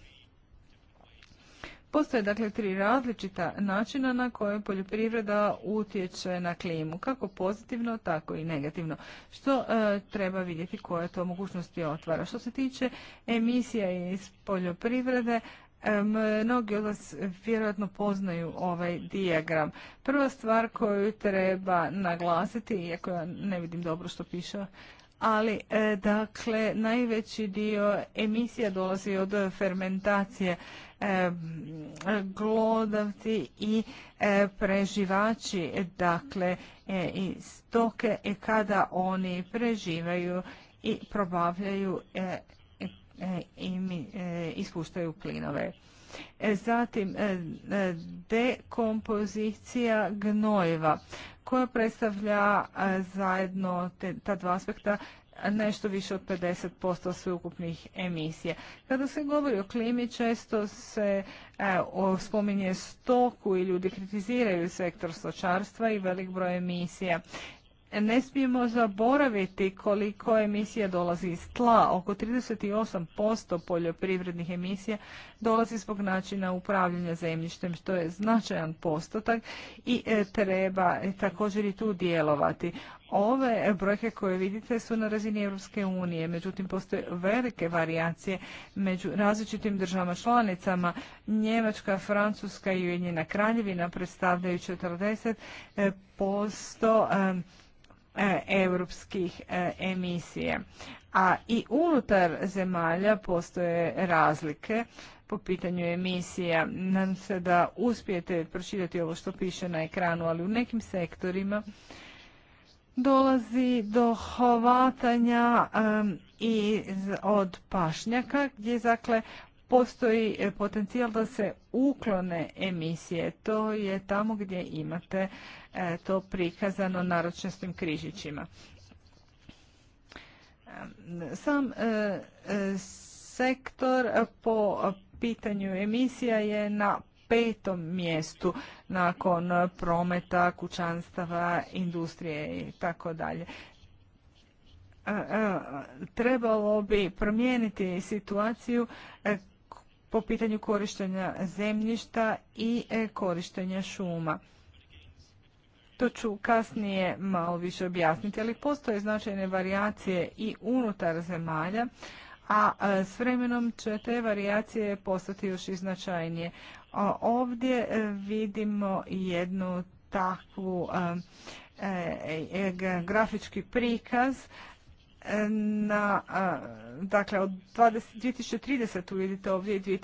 Postoje dakle tri različita načina na koje poljoprivreda utječe na klimu, kako pozitivno, tako i negativno. Što e, treba vidjeti koje to mogućnosti otvara. Što se tiče emisija iz poljoprivrede, e, Mnogi od vas vjerojatno poznaju ovaj dijagram. Prva stvar koju treba naglasiti, iako ja ne vidim dobro što piše, ali e, dakle najveći dio emisija dolazi od fermentacije E, glodavci i e, preživači, dakle e, i stoke kada oni preživaju i probavljaju i ispuštaju plinove. Zatim dekompozicija gnojeva koja predstavlja zajedno ta dva aspekta nešto više od 50% sveukupnih emisija. Kada se govori o klimi, često se e, spominje stoku i ljudi kritiziraju sektor stočarstva i velik broj emisija ne smijemo zaboraviti koliko emisija dolazi iz tla. Oko 38% poljoprivrednih emisija dolazi zbog načina upravljanja zemljištem, što je značajan postotak i e, treba e, također i tu djelovati. Ove brojke koje vidite su na razini Europske unije, međutim postoje velike varijacije među različitim državama članicama. Njemačka, Francuska i Ujedinjena Kraljevina predstavljaju 40% europskih e, emisije. A i unutar zemalja postoje razlike po pitanju emisija. Nadam se da uspijete pročitati ovo što piše na ekranu, ali u nekim sektorima dolazi do hovatanja e, i od pašnjaka gdje dakle postoji e, potencijal da se uklone emisije. To je tamo gdje imate e, to prikazano naročastim križićima. Sam e, sektor po pitanju emisija je na petom mjestu nakon prometa, kućanstava, industrije i tako dalje. Trebalo bi promijeniti situaciju po pitanju korištenja zemljišta i e, korištenja šuma. To ću kasnije malo više objasniti, ali postoje značajne varijacije i unutar zemalja, a e, s vremenom će te varijacije postati još i značajnije. Ovdje e, vidimo jednu takvu grafički prikaz na, dakle od 20, 2030 vidite ovdje i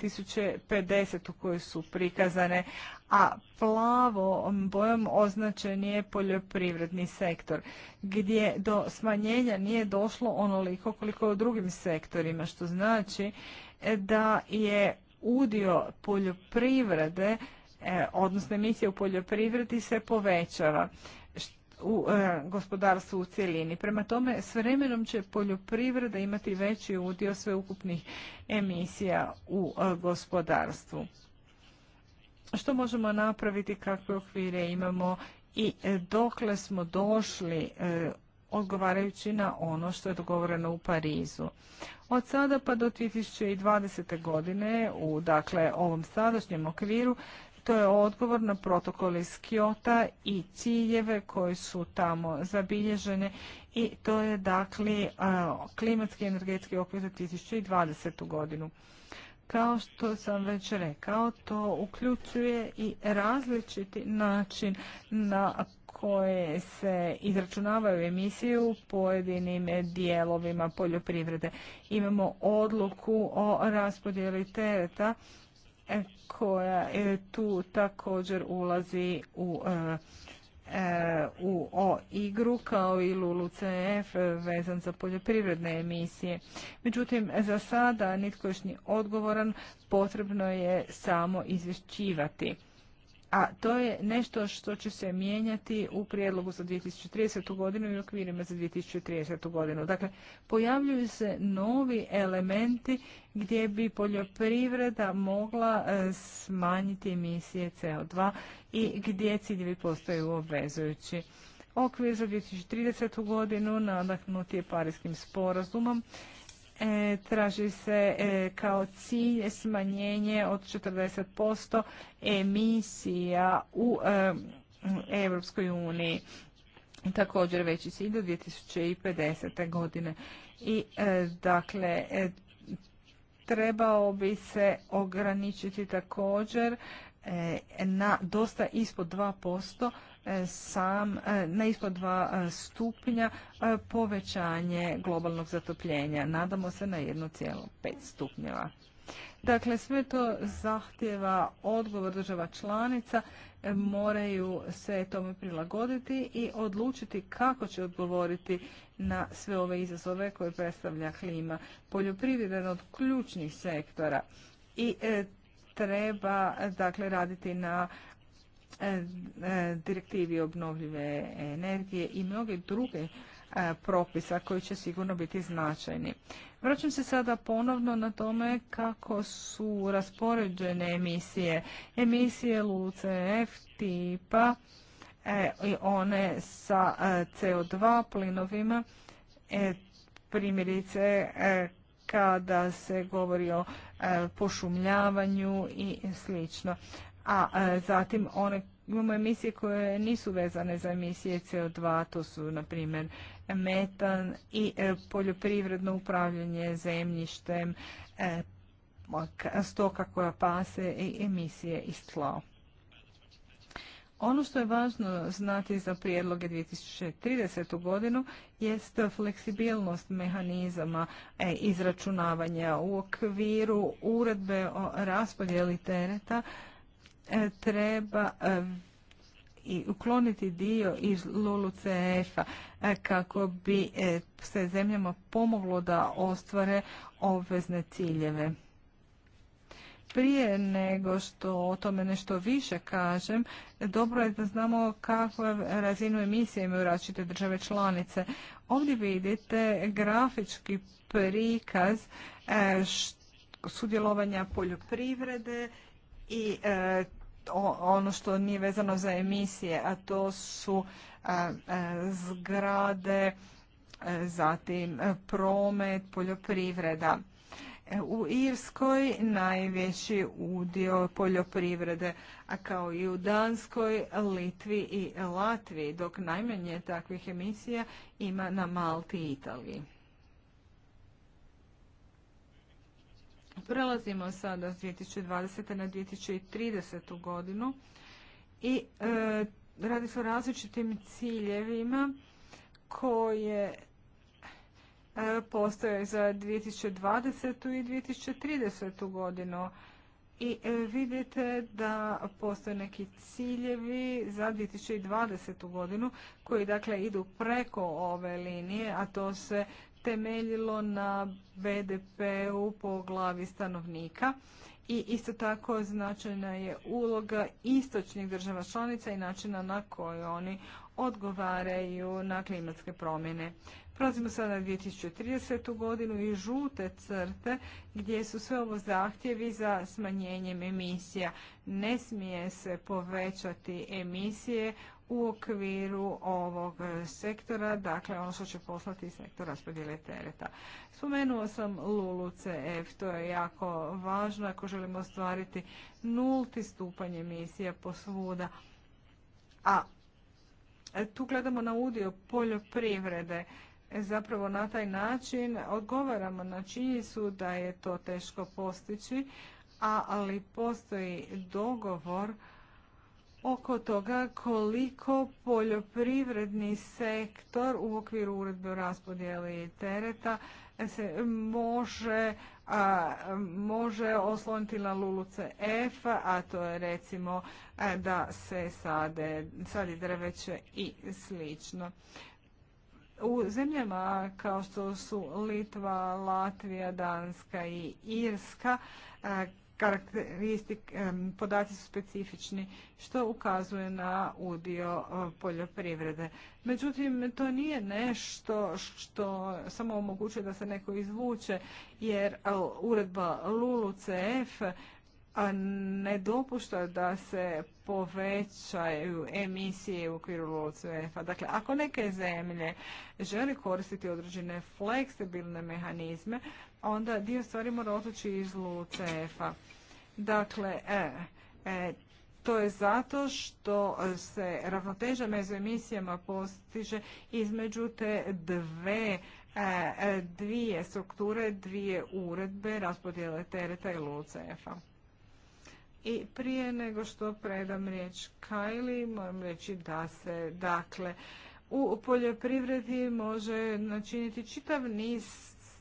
u koje su prikazane, a plavom bojom označen je poljoprivredni sektor, gdje do smanjenja nije došlo onoliko koliko u drugim sektorima, što znači e, da je udio poljoprivrede, e, odnosno emisija u poljoprivredi se povećava u e, gospodarstvu u cjelini. Prema tome, s vremenom će poljoprivreda imati veći udio sveukupnih emisija u e, gospodarstvu. Što možemo napraviti, kakve okvire imamo i e, dokle smo došli odgovarajući na ono što je dogovoreno u Parizu. Od sada pa do 2020. godine u dakle, ovom sadašnjem okviru to je odgovor na protokol iz Kiota i ciljeve koji su tamo zabilježene i to je dakle klimatski energetski okvir za 2020. godinu. Kao što sam već rekao, to uključuje i različiti način na koje se izračunavaju emisije u pojedinim dijelovima poljoprivrede. Imamo odluku o raspodjeli tereta koja e, tu također ulazi u e, e, u o igru kao i LULU-CF vezan za poljoprivredne emisije. Međutim, za sada nitko još ni odgovoran, potrebno je samo izvješćivati a to je nešto što će se mijenjati u prijedlogu za 2030. godinu i okvirima za 2030. godinu. Dakle, pojavljuju se novi elementi gdje bi poljoprivreda mogla e, smanjiti emisije CO2 i gdje ciljevi postaju obvezujući. Okvir za 2030. godinu nadahnuti je Parijskim sporazumom E, traži se e, kao cilj smanjenje od 40% emisija u Europskoj uniji. Također veći cilj do 2050. godine. I e, dakle, trebao bi se ograničiti također na dosta ispod 2% E, sam e, na ispod dva e, stupnja povećanje globalnog zatopljenja. Nadamo se na 1,5 stupnjeva. Dakle, sve to zahtjeva odgovor država članica, moraju se tome prilagoditi i odlučiti kako će odgovoriti na sve ove izazove koje predstavlja klima. Poljoprivreda je od ključnih sektora i treba dakle raditi na E, direktivi obnovljive energije i mnoge druge e, propisa koji će sigurno biti značajni. Vraćam se sada ponovno na tome kako su raspoređene emisije. Emisije LUCF tipa e, i one sa CO2 plinovima, primjerice kada se govori o pošumljavanju i slično a e, zatim one imamo emisije koje nisu vezane za emisije CO2, to su na primjer metan i e, poljoprivredno upravljanje zemljištem, e, stoka koja pase i emisije iz tla. Ono što je važno znati za prijedloge 2030. godinu jest fleksibilnost mehanizama izračunavanja u okviru uredbe o raspodjeli tereta E, treba e, i ukloniti dio iz LULUCF-a e, kako bi se zemljama pomoglo da ostvare obvezne ciljeve. Prije nego što o tome nešto više kažem, dobro je da znamo kakvu razinu emisije imaju različite države članice. Ovdje vidite grafički prikaz sudjelovanja poljoprivrede i ono što nije vezano za emisije, a to su zgrade, e, zatim e, promet, poljoprivreda. E, u Irskoj najveći udio poljoprivrede, a kao i u Danskoj, Litvi i Latviji, dok najmanje takvih emisija ima na Malti i Italiji. Prelazimo sada s 2020. na 2030. godinu i e, radi se o različitim ciljevima koje e, postoje za 2020. i 2030. godinu. I e, vidite da postoje neki ciljevi za 2020. godinu koji dakle idu preko ove linije, a to se temeljilo na BDP-u po glavi stanovnika i isto tako značajna je uloga istočnih država članica i načina na koji oni odgovaraju na klimatske promjene. Prolazimo sada na 2030. godinu i žute crte gdje su sve ovo zahtjevi za smanjenjem emisija. Ne smije se povećati emisije u okviru ovog e, sektora, dakle ono što će poslati iz sektora raspodjele tereta. Spomenuo sam LULU-CF, to je jako važno ako želimo ostvariti nulti stupanj emisija posvuda, a tu gledamo na udio poljoprivrede. E, zapravo na taj način odgovaramo na činjenicu da je to teško postići, ali postoji dogovor oko toga koliko poljoprivredni sektor u okviru uredbe o raspodjeli tereta se može, a, može osloniti na F, a to je recimo da se sade, sadi drveće i slično. U zemljama kao što su Litva, Latvija, Danska i Irska, karakteristik, podaci su specifični, što ukazuje na udio e, poljoprivrede. Međutim, to nije nešto što samo omogućuje da se neko izvuče, jer e, uredba LULU-CF ne dopušta da se povećaju emisije u okviru lulucf Dakle, ako neke zemlje žele koristiti određene fleksibilne mehanizme, onda dio stvari mora otići iz Lucefa. Dakle, e, e, to je zato što se ravnoteža među emisijama postiže između te dve e, dvije strukture, dvije uredbe raspodjele tereta i Lucefa. I prije nego što predam riječ Kajli, moram reći da se, dakle, u poljoprivredi može načiniti čitav niz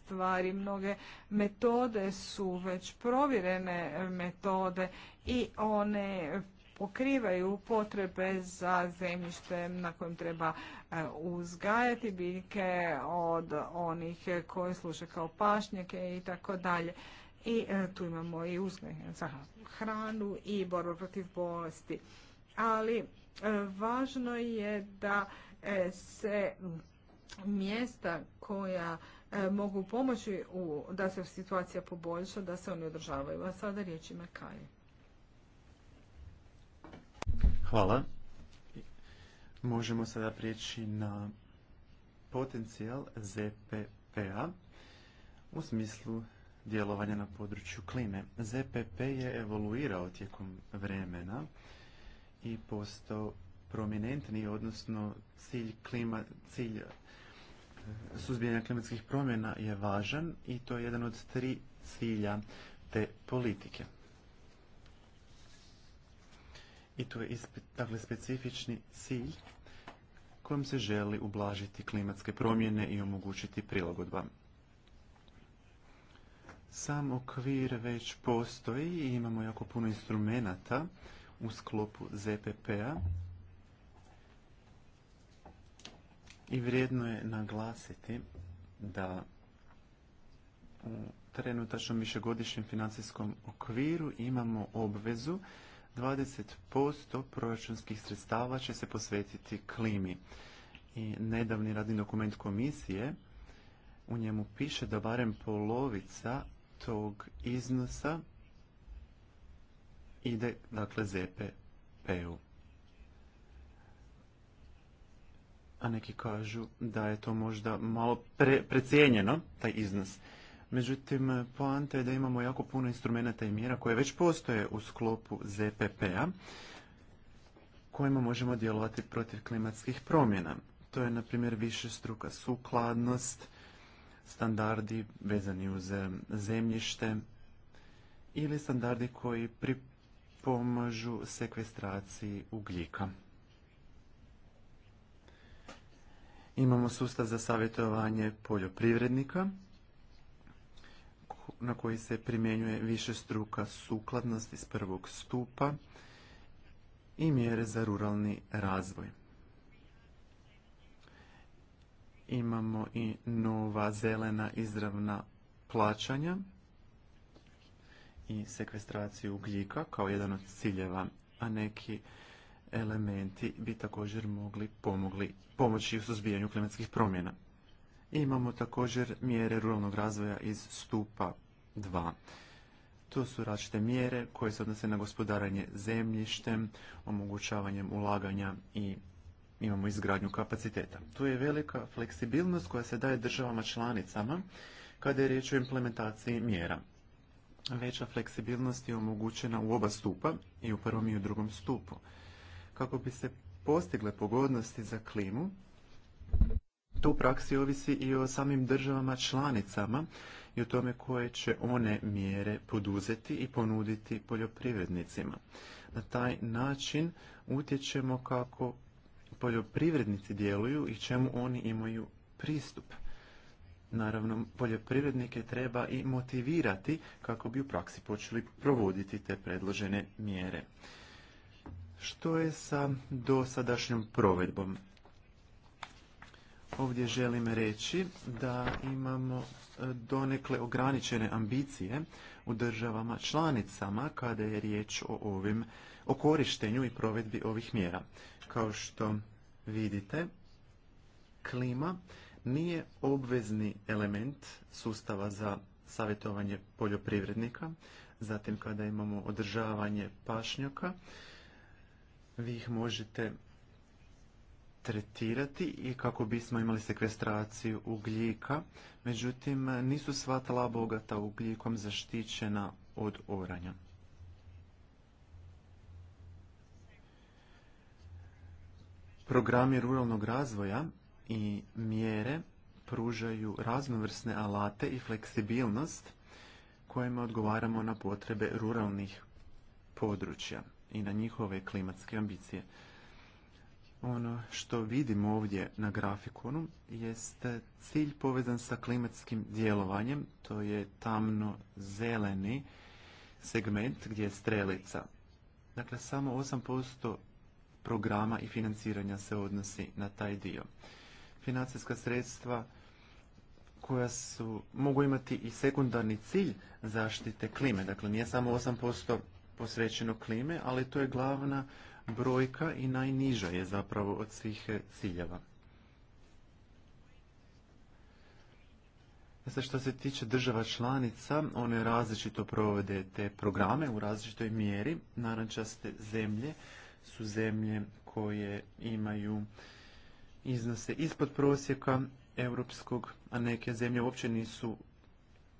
stvari. Mnoge metode su već provjerene metode i one pokrivaju potrebe za zemljištem na kojem treba e, uzgajati biljke od onih koje služe kao pašnjake i tako dalje i e, tu imamo i uzgoj za hranu i borbu protiv bolesti. Ali e, važno je da e, se mjesta koja mogu pomoći u, da se situacija poboljša, da se oni održavaju. A sada riječ ima Kaj. Hvala. Možemo sada prijeći na potencijal ZPPA u smislu djelovanja na području klime. ZPP je evoluirao tijekom vremena i postao prominentni, odnosno cilj, klima, cilj e, suzbijanja klimatskih promjena je važan i to je jedan od tri cilja te politike. I to je dakle, specifični cilj kojim se želi ublažiti klimatske promjene i omogućiti prilagodba. Sam okvir već postoji i imamo jako puno instrumenata u sklopu ZPP-a. I vrijedno je naglasiti da u trenutačnom višegodišnjem financijskom okviru imamo obvezu 20% proračunskih sredstava će se posvetiti klimi. I nedavni radni dokument komisije u njemu piše da barem polovica tog iznosa ide dakle ZPP-u. A neki kažu da je to možda malo precijenjeno, taj iznos. Međutim, poanta je da imamo jako puno instrumenta i mjera koje već postoje u sklopu ZPP-a kojima možemo djelovati protiv klimatskih promjena. To je, na primjer, više struka sukladnost, standardi vezani uz zemljište ili standardi koji pripomažu sekvestraciji ugljika. Imamo sustav za savjetovanje poljoprivrednika na koji se primjenjuje više struka sukladnost iz prvog stupa i mjere za ruralni razvoj. Imamo i nova zelena izravna plaćanja i sekvestraciju ugljika kao jedan od ciljeva, a neki elementi bi također mogli pomogli, pomoći u suzbijanju klimatskih promjena. imamo također mjere ruralnog razvoja iz stupa 2. To su različite mjere koje se odnose na gospodaranje zemljištem, omogućavanjem ulaganja i imamo izgradnju kapaciteta. Tu je velika fleksibilnost koja se daje državama članicama kada je riječ o implementaciji mjera. Veća fleksibilnost je omogućena u oba stupa i u prvom i u drugom stupu. Kako bi se postigle pogodnosti za klimu, to u praksi ovisi i o samim državama članicama i o tome koje će one mjere poduzeti i ponuditi poljoprivrednicima. Na taj način utječemo kako poljoprivrednici djeluju i čemu oni imaju pristup. Naravno, poljoprivrednike treba i motivirati kako bi u praksi počeli provoditi te predložene mjere. Što je sa dosadašnjom provedbom? Ovdje želim reći da imamo e, donekle ograničene ambicije u državama članicama kada je riječ o ovim o korištenju i provedbi ovih mjera. Kao što vidite, klima nije obvezni element sustava za savjetovanje poljoprivrednika, zatim kada imamo održavanje pašnjaka, vi ih možete tretirati i kako bismo imali sekvestraciju ugljika, međutim nisu sva tla bogata ugljikom zaštićena od oranja. Programi ruralnog razvoja i mjere pružaju raznovrsne alate i fleksibilnost kojima odgovaramo na potrebe ruralnih područja i na njihove klimatske ambicije. Ono što vidimo ovdje na grafikonu jest cilj povezan sa klimatskim djelovanjem, to je tamno zeleni segment gdje je strelica. Dakle, samo 8% programa i financiranja se odnosi na taj dio. Financijska sredstva koja su, mogu imati i sekundarni cilj zaštite klime. Dakle, nije samo 8% posvećeno klime, ali to je glavna brojka i najniža je zapravo od svih ciljeva. što se tiče država članica, one različito provode te programe u različitoj mjeri. Narančaste zemlje su zemlje koje imaju iznose ispod prosjeka europskog, a neke zemlje uopće nisu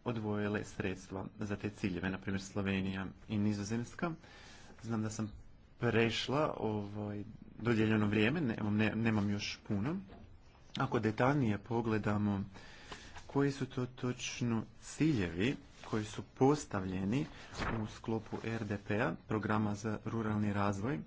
odvojile sredstva za te ciljeve, na primjer Slovenija i Nizozemska. Znam da sam prešla ovaj, dodjeljeno vrijeme, nemam, nemam još puno. Ako detaljnije pogledamo koji su to točno ciljevi koji su postavljeni u sklopu RDP-a, programa za ruralni razvoj,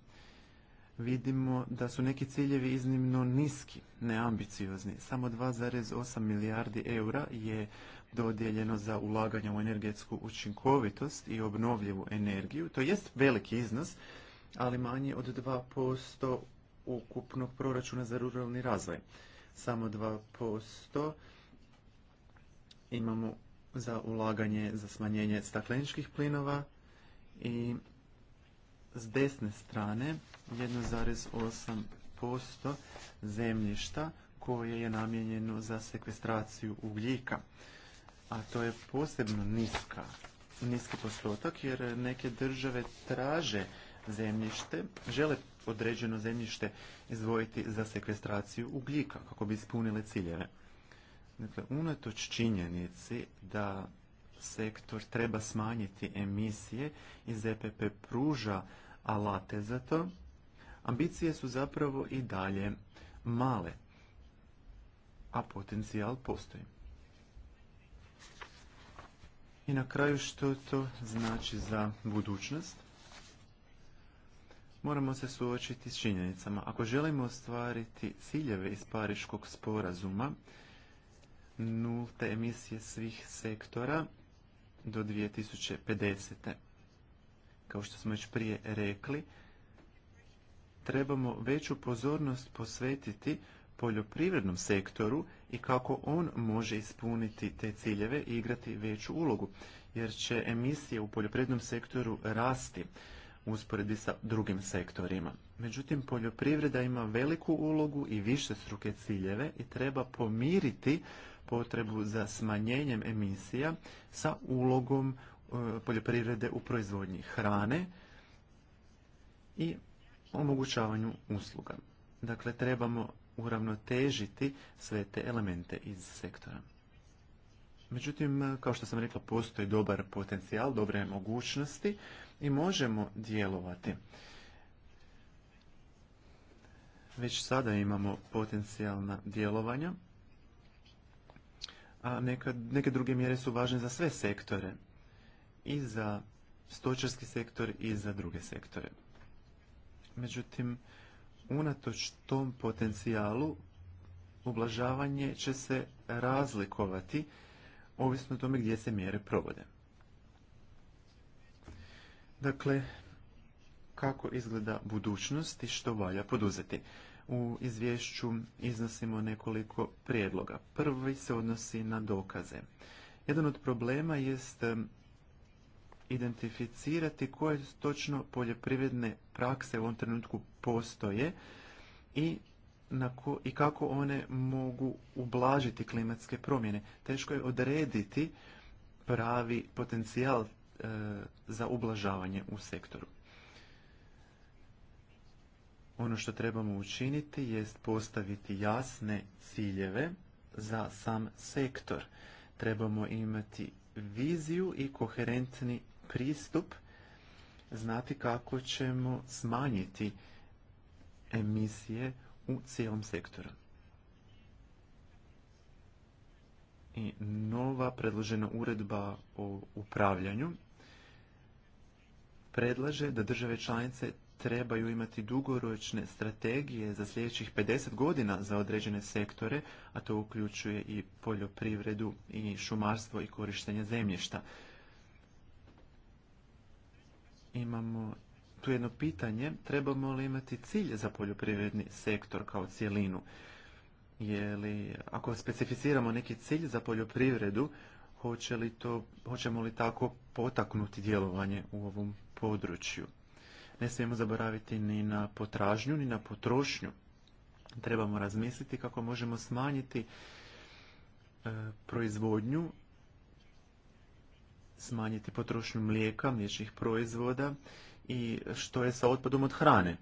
vidimo da su neki ciljevi iznimno niski, neambiciozni. Samo 2,8 milijardi eura je dodijeljeno za ulaganje u energetsku učinkovitost i obnovljivu energiju. To jest veliki iznos, ali manje od 2% ukupnog proračuna za ruralni razvoj. Samo 2% imamo za ulaganje za smanjenje stakleničkih plinova i s desne strane 1,8% zemljišta koje je namijenjeno za sekvestraciju ugljika. A to je posebno niska, niski postotak jer neke države traže zemljište, žele određeno zemljište izdvojiti za sekvestraciju ugljika kako bi ispunile ciljeve. Dakle, unatoč činjenici da sektor treba smanjiti emisije i ZPP pruža alate za to, ambicije su zapravo i dalje male, a potencijal postoji. I na kraju što to znači za budućnost? Moramo se suočiti s činjenicama. Ako želimo ostvariti ciljeve iz Pariškog sporazuma, nulte emisije svih sektora, do 2050. Kao što smo već prije rekli, trebamo veću pozornost posvetiti poljoprivrednom sektoru i kako on može ispuniti te ciljeve i igrati veću ulogu, jer će emisije u poljoprivrednom sektoru rasti u usporedbi sa drugim sektorima. Međutim, poljoprivreda ima veliku ulogu i više struke ciljeve i treba pomiriti potrebu za smanjenjem emisija sa ulogom e, poljoprivrede u proizvodnji hrane i omogućavanju usluga. Dakle, trebamo uravnotežiti sve te elemente iz sektora. Međutim, kao što sam rekla, postoji dobar potencijal, dobre mogućnosti i možemo djelovati. Već sada imamo potencijalna djelovanja a neka, neke druge mjere su važne za sve sektore. I za stočarski sektor i za druge sektore. Međutim, unatoč tom potencijalu ublažavanje će se razlikovati ovisno o tome gdje se mjere provode. Dakle, kako izgleda budućnost i što valja poduzeti u izvješću iznosimo nekoliko prijedloga. Prvi se odnosi na dokaze. Jedan od problema jest identificirati koje točno poljoprivredne prakse u ovom trenutku postoje i na i kako one mogu ublažiti klimatske promjene. Teško je odrediti pravi potencijal e, za ublažavanje u sektoru. Ono što trebamo učiniti jest postaviti jasne ciljeve za sam sektor. Trebamo imati viziju i koherentni pristup, znati kako ćemo smanjiti emisije u cijelom sektoru. I nova predložena uredba o upravljanju predlaže da države članice trebaju imati dugoročne strategije za sljedećih 50 godina za određene sektore, a to uključuje i poljoprivredu i šumarstvo i korištenje zemljišta. Imamo tu jedno pitanje, trebamo li imati cilj za poljoprivredni sektor kao cijelinu? Je li, ako specificiramo neki cilj za poljoprivredu, hoće to, hoćemo li tako potaknuti djelovanje u ovom području? Ne smijemo zaboraviti ni na potražnju, ni na potrošnju. Trebamo razmisliti kako možemo smanjiti e, proizvodnju, smanjiti potrošnju mlijeka, mliječnih proizvoda i što je sa otpadom od hrane.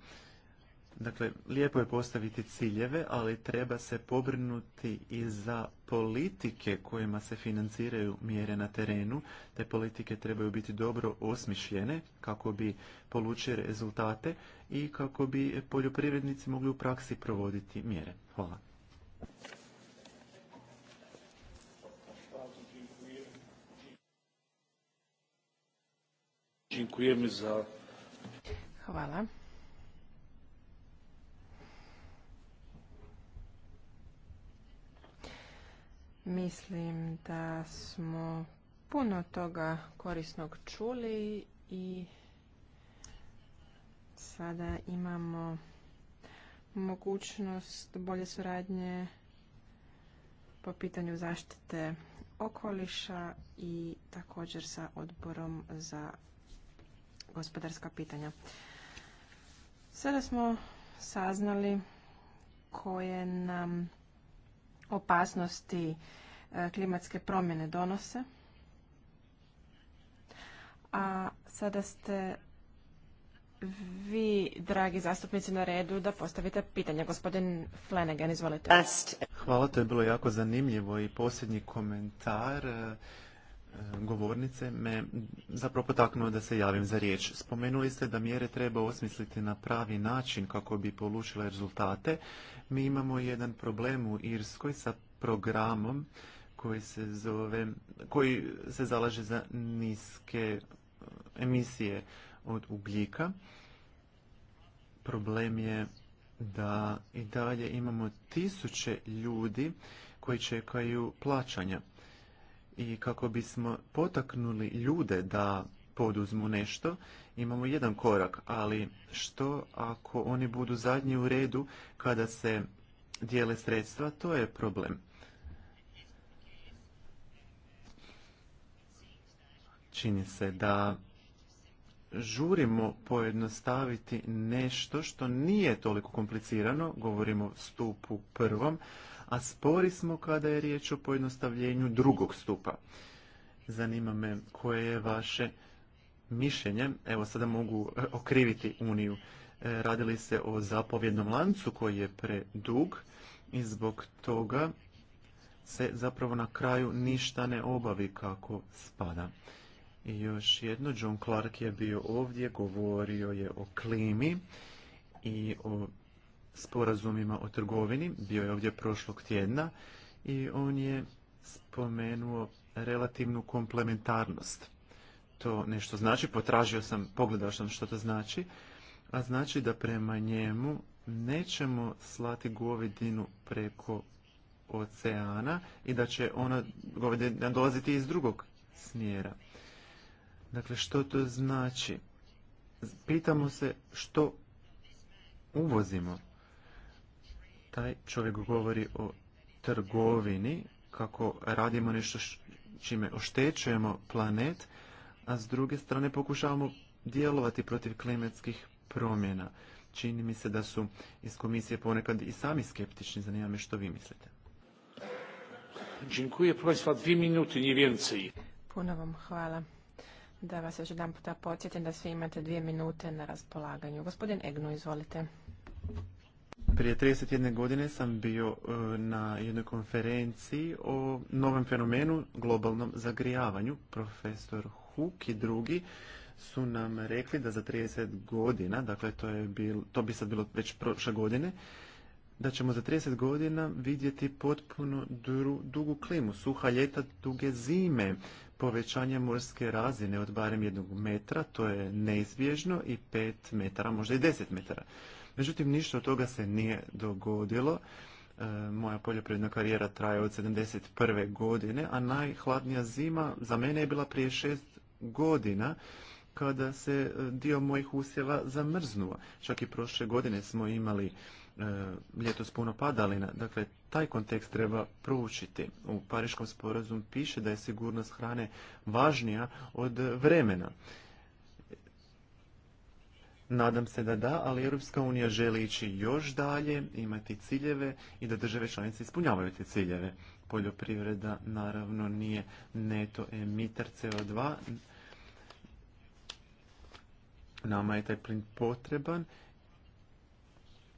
Dakle, lijepo je postaviti ciljeve, ali treba se pobrinuti i za politike kojima se financiraju mjere na terenu. Te politike trebaju biti dobro osmišljene kako bi polučile rezultate i kako bi poljoprivrednici mogli u praksi provoditi mjere. Hvala. Hvala. Mislim da smo puno toga korisnog čuli i sada imamo mogućnost bolje suradnje po pitanju zaštite okoliša i također sa odborom za gospodarska pitanja. Sada smo saznali koje nam opasnosti e, klimatske promjene donose. A sada ste vi, dragi zastupnici, na redu da postavite pitanje. Gospodin Flanagan, izvolite. Hvala, to je bilo jako zanimljivo i posljednji komentar. E, govornice me zapravo potaknuo da se javim za riječ. Spomenuli ste da mjere treba osmisliti na pravi način kako bi polučile rezultate. Mi imamo jedan problem u Irskoj sa programom koji se zove, koji se zalaže za niske emisije od ugljika. Problem je da i dalje imamo tisuće ljudi koji čekaju plaćanja i kako bismo potaknuli ljude da poduzmu nešto, imamo jedan korak, ali što ako oni budu zadnji u redu kada se dijele sredstva, to je problem. Čini se da žurimo pojednostaviti nešto što nije toliko komplicirano, govorimo stupu prvom, a spori smo kada je riječ o pojednostavljenju drugog stupa. Zanima me koje je vaše mišljenje, evo sada mogu e, okriviti Uniju, e, radili se o zapovjednom lancu koji je predug i zbog toga se zapravo na kraju ništa ne obavi kako spada. I još jedno, John Clark je bio ovdje, govorio je o klimi i o sporazumima o trgovini, bio je ovdje prošlog tjedna i on je spomenuo relativnu komplementarnost. To nešto znači, potražio sam, pogledao sam što to znači, a znači da prema njemu nećemo slati govedinu preko oceana i da će ona govedina dolaziti iz drugog smjera. Dakle, što to znači? Pitamo se što uvozimo taj čovjek govori o trgovini, kako radimo nešto čime oštećujemo planet, a s druge strane pokušavamo djelovati protiv klimatskih promjena. Čini mi se da su iz komisije ponekad i sami skeptični. Zanima me što vi mislite. Dziękuję Państwa, minuty, nie więcej. Puno vam hvala. Da vas još jedan puta podsjetim da svi imate dvije minute na raspolaganju. Gospodin Egnu, izvolite. Prije 31 godine sam bio e, na jednoj konferenciji o novom fenomenu globalnom zagrijavanju. Profesor Huk i drugi su nam rekli da za 30 godina, dakle to, je to bi sad bilo već prošle godine, da ćemo za 30 godina vidjeti potpuno dugu klimu, suha ljeta, duge zime, povećanje morske razine od barem jednog metra, to je neizbježno, i 5 metara, možda i 10 metara. Međutim, ništa od toga se nije dogodilo. E, moja poljoprivredna karijera traje od 71. godine, a najhladnija zima za mene je bila prije šest godina kada se e, dio mojih usjeva zamrznuo. Čak i prošle godine smo imali e, s puno padalina. Dakle, taj kontekst treba proučiti. U Pariškom sporazum piše da je sigurnost hrane važnija od vremena. Nadam se da da, ali Europska unija želi ići još dalje, imati ciljeve i da države članice ispunjavaju te ciljeve. Poljoprivreda naravno nije neto emitar CO2. Nama je taj plin potreban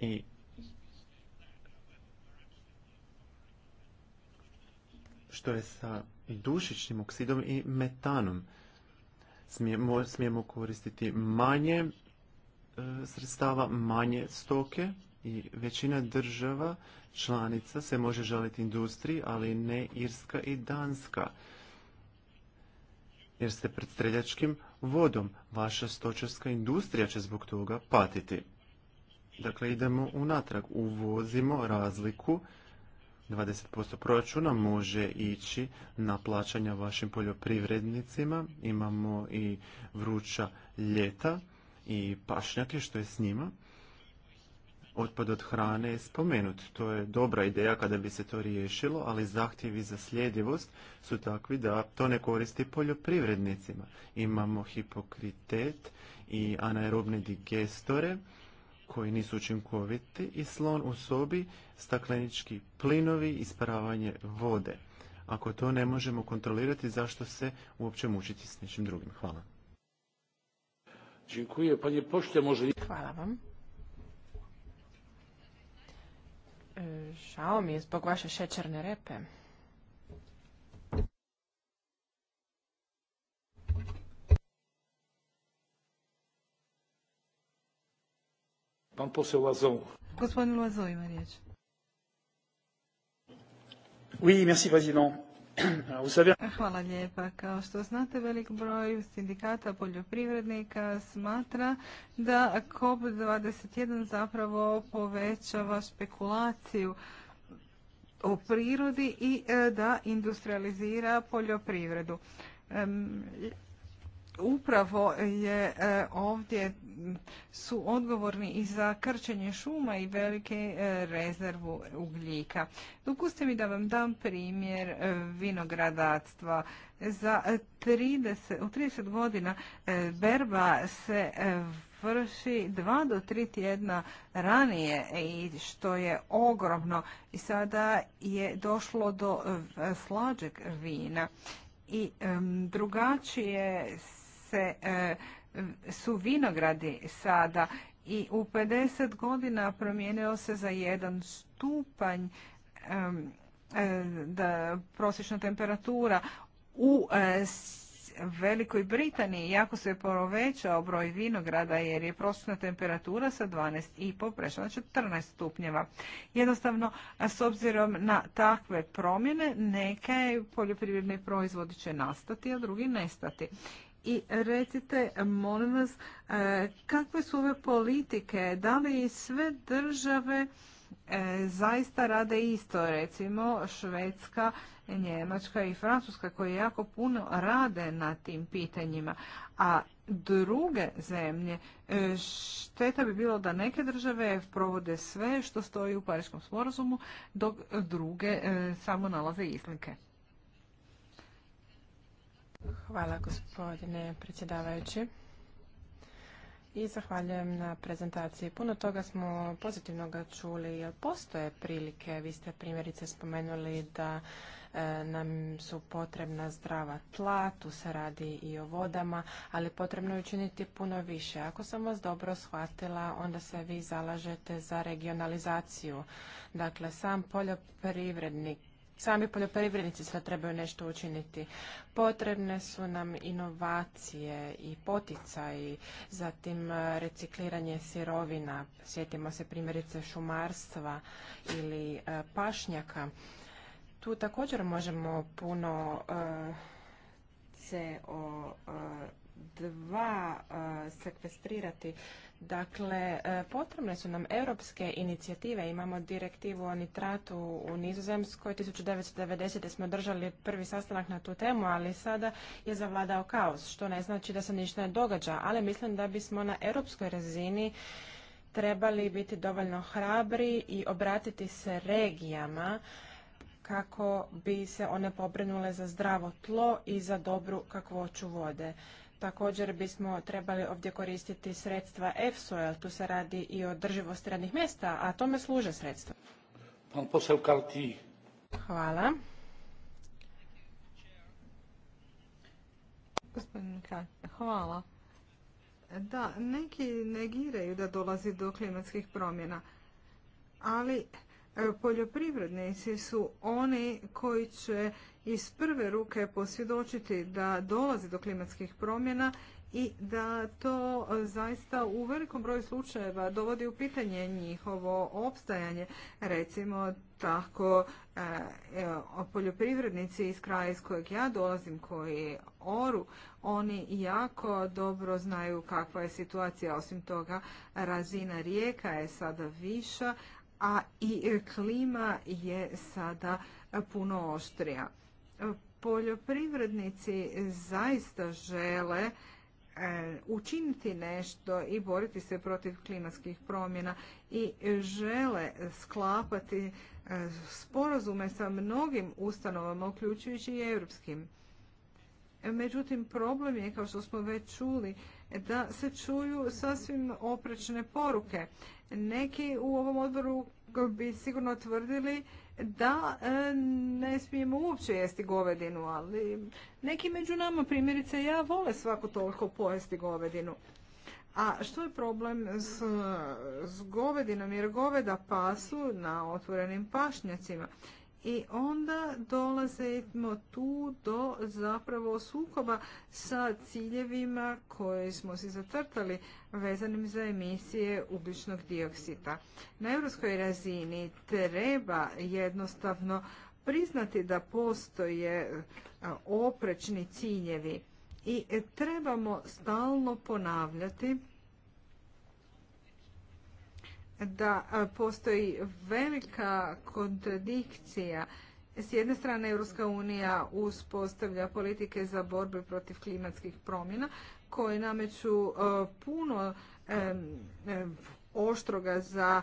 i što je sa dušičnim oksidom i metanom. Smijemo, smijemo koristiti manje E, sredstava, manje stoke i većina država članica se može žaliti industriji, ali ne Irska i Danska. Jer ste pred streljačkim vodom. Vaša stočarska industrija će zbog toga patiti. Dakle, idemo unatrag. Uvozimo razliku. 20% proračuna može ići na plaćanja vašim poljoprivrednicima. Imamo i vruća ljeta i pašnjake, što je s njima. Otpad od hrane je spomenut. To je dobra ideja kada bi se to riješilo, ali zahtjevi za sljedivost su takvi da to ne koristi poljoprivrednicima. Imamo hipokritet i anaerobne digestore koji nisu učinkoviti i slon u sobi, staklenički plinovi i spravanje vode. Ako to ne možemo kontrolirati, zašto se uopće mučiti s nečim drugim? Hvala. Dziękuję. Panie pośle, może... Hvala Wam. Žao mi je zbog vaše repe. Pan poseł Lazon. Gospodin Lazon ima riječ. Oui, merci, président. Hvala lijepa. Kao što znate, velik broj sindikata poljoprivrednika smatra da COP21 zapravo povećava špekulaciju o prirodi i e, da industrializira poljoprivredu upravo je e, ovdje su odgovorni i za krčenje šuma i velike e, rezervu ugljika. Dopustite mi da vam dam primjer e, vinogradatstva. Za 30, u 30 godina berba se vrši dva do tri tjedna ranije i što je ogromno i sada je došlo do slađeg vina i drugačije se e, su vinogradi sada i u 50 godina promijenio se za jedan stupanj e, e, da prosječna temperatura u Velikoj Britaniji jako se povećao broj vinograda jer je prosječna temperatura sa 12,5 prešla na 14 stupnjeva. Jednostavno, s obzirom na takve promjene, neke poljoprivredne proizvodi će nastati, a drugi nestati. I recite, molim vas, e, kakve su ove politike? Da li sve države e, zaista rade isto? Recimo Švedska, Njemačka i Francuska koje jako puno rade na tim pitanjima. A druge zemlje, e, šteta bi bilo da neke države provode sve što stoji u Pariškom sporazumu, dok druge samo nalaze izlike. Hvala gospodine predsjedavajući i zahvaljujem na prezentaciji. Puno toga smo pozitivno ga čuli, jer postoje prilike, vi ste primjerice spomenuli da e, nam su potrebna zdrava tla, tu se radi i o vodama, ali potrebno je učiniti puno više. Ako sam vas dobro shvatila, onda se vi zalažete za regionalizaciju. Dakle, sam poljoprivrednik sami poljoprivrednici sve trebaju nešto učiniti. Potrebne su nam inovacije i poticaji, zatim e, recikliranje sirovina, sjetimo se primjerice šumarstva ili e, pašnjaka. Tu također možemo puno e, CO2 sekvestrirati Dakle, e, potrebne su nam europske inicijative. Imamo direktivu o nitratu u Nizozemskoj. 1990. smo držali prvi sastanak na tu temu, ali sada je zavladao kaos, što ne znači da se ništa ne događa. Ali mislim da bismo na europskoj razini trebali biti dovoljno hrabri i obratiti se regijama kako bi se one pobrinule za zdravo tlo i za dobru kakvoću vode. Također bismo trebali ovdje koristiti sredstva EFSO, jer tu se radi i o drživosti radnih mjesta, a tome služe sredstva. Hvala. hvala. Da, neki negiraju da dolazi do klimatskih promjena, ali e, poljoprivrednici su oni koji će iz prve ruke posvjedočiti da dolazi do klimatskih promjena i da to zaista u velikom broju slučajeva dovodi u pitanje njihovo opstajanje. Recimo tako e, e, poljoprivrednici iz kraja iz kojeg ja dolazim koji oru, oni jako dobro znaju kakva je situacija. Osim toga razina rijeka je sada viša, a i klima je sada puno oštrija poljoprivrednici zaista žele e, učiniti nešto i boriti se protiv klimatskih promjena i žele sklapati e, sporazume sa mnogim ustanovama, uključujući i europskim. Međutim, problem je, kao što smo već čuli, da se čuju sasvim oprečne poruke. Neki u ovom odboru bi sigurno tvrdili da e, ne smijemo uopće jesti govedinu, ali neki među nama primjerice ja vole svako toliko pojesti govedinu. A što je problem s, s govedinom? Jer goveda pasu na otvorenim pašnjacima i onda dolazimo tu do zapravo sukoba sa ciljevima koje smo si zatrtali vezanim za emisije ugljičnog dioksida. Na europskoj razini treba jednostavno priznati da postoje oprečni ciljevi i trebamo stalno ponavljati da postoji velika kontradikcija. S jedne strane Europska unija uspostavlja politike za borbe protiv klimatskih promjena koje nameću puno oštroga za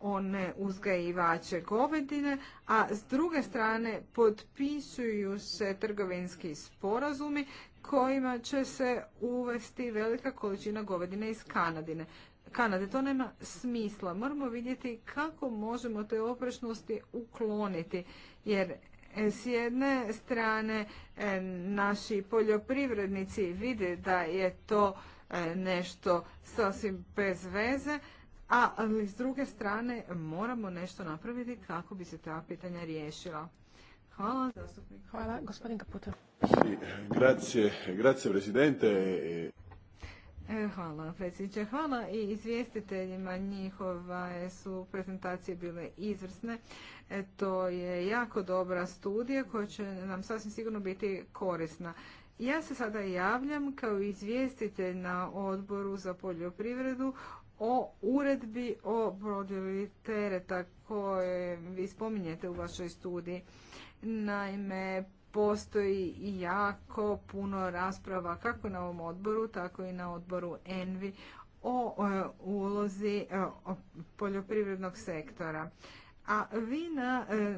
one uzgajivače govedine, a s druge strane potpisuju se trgovinski sporazumi kojima će se uvesti velika količina govedine iz Kanadine. Kanade. To nema smisla. Moramo vidjeti kako možemo te oprešnosti ukloniti. Jer e, s jedne strane e, naši poljoprivrednici vide da je to e, nešto sasvim bez veze, a ali s druge strane moramo nešto napraviti kako bi se ta pitanja riješila. Hvala, Hvala, gospodin Grazie, grazie, presidente. E, hvala, predsjedniče. Hvala i izvjestiteljima. Njihova su prezentacije bile izvrsne. E, to je jako dobra studija koja će nam sasvim sigurno biti korisna. Ja se sada javljam kao izvjestitelj na odboru za poljoprivredu o uredbi o brodjeli tereta koje vi spominjete u vašoj studiji. Naime, postoji jako puno rasprava kako na ovom odboru, tako i na odboru ENVI o e, ulozi e, poljoprivrednog sektora. A vi na e,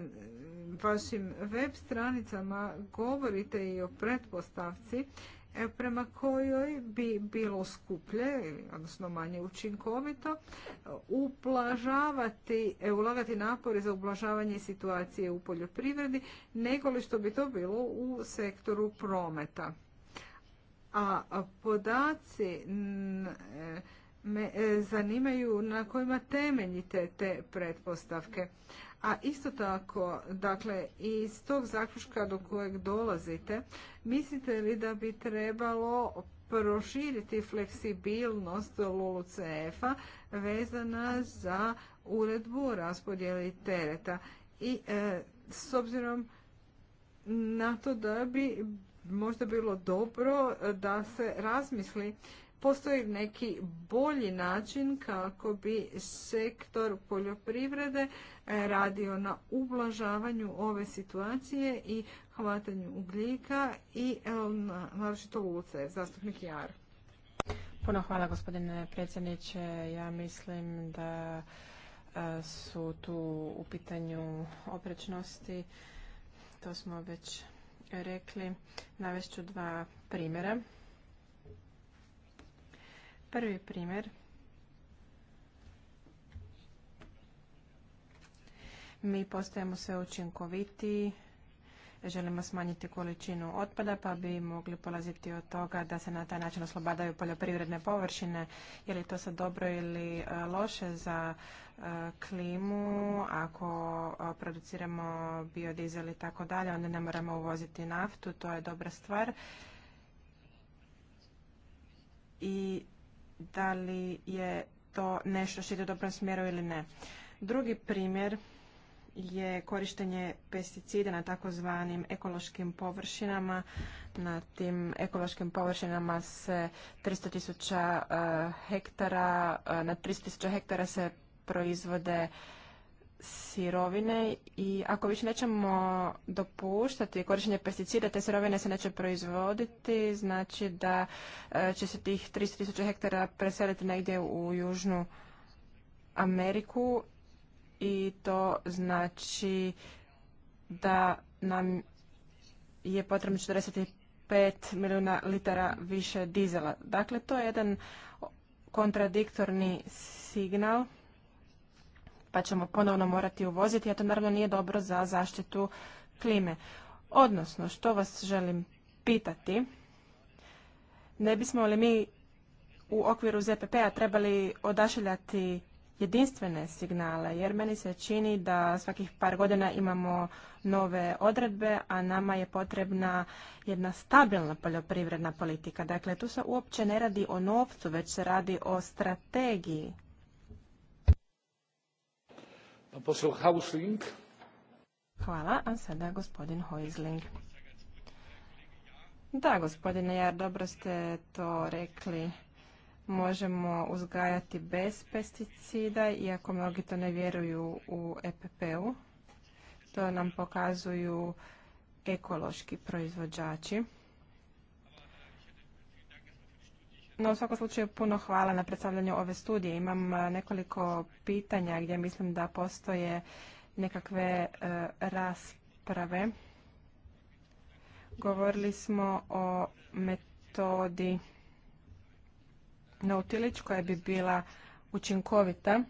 vašim web stranicama govorite i o pretpostavci E, prema kojoj bi bilo skuplje, odnosno manje učinkovito, ublažavati, e, ulagati napore za ublažavanje situacije u poljoprivredi, nego li što bi to bilo u sektoru prometa. A podaci e, me zanimaju na kojima temeljite te pretpostavke. A isto tako, dakle, iz tog zaključka do kojeg dolazite, mislite li da bi trebalo proširiti fleksibilnost LULUCF-a vezana za uredbu o raspodjeli tereta i e, s obzirom na to da bi možda bilo dobro da se razmisli postoji neki bolji način kako bi sektor poljoprivrede e, radio na ublažavanju ove situacije i hvatanju ugljika i naročito luce. Zastupnik Jar. Puno hvala gospodine predsjedniče. Ja mislim da e, su tu u pitanju oprečnosti. To smo već rekli. Navešću dva primjera. Prvi primjer. Mi postajemo sve učinkovitiji, želimo smanjiti količinu otpada pa bi mogli polaziti od toga da se na taj način oslobadaju poljoprivredne površine. Je li to sad dobro ili e, loše za e, klimu? Ako e, produciramo biodizel i tako dalje, onda ne moramo uvoziti naftu, to je dobra stvar. I da li je to nešto što ide u dobrom smjeru ili ne. Drugi primjer je korištenje pesticida na takozvanim ekološkim površinama. Na tim ekološkim površinama se 300.000 eh, hektara, eh, na 300.000 hektara se proizvode sirovine i ako više nećemo dopuštati korištenje pesticida, te sirovine se neće proizvoditi, znači da e, će se tih 300.000 hektara preseliti negdje u Južnu Ameriku i to znači da nam je potrebno 45 milijuna litara više dizela. Dakle, to je jedan kontradiktorni signal pa ćemo ponovno morati uvoziti, a to naravno nije dobro za zaštitu klime. Odnosno, što vas želim pitati, ne bismo li mi u okviru ZPP-a trebali odašiljati jedinstvene signale, jer meni se čini da svakih par godina imamo nove odredbe, a nama je potrebna jedna stabilna poljoprivredna politika. Dakle, tu se uopće ne radi o novcu, već se radi o strategiji Hvala, a sada gospodin Da, gospodine Jar, dobro ste to rekli. Možemo uzgajati bez pesticida, iako mnogi to ne vjeruju u EPP-u. To nam pokazuju ekološki proizvođači. No, u svakom slučaju puno hvala na predstavljanju ove studije. Imam e, nekoliko pitanja gdje mislim da postoje nekakve e, rasprave. Govorili smo o metodi Nautilić koja bi bila učinkovita.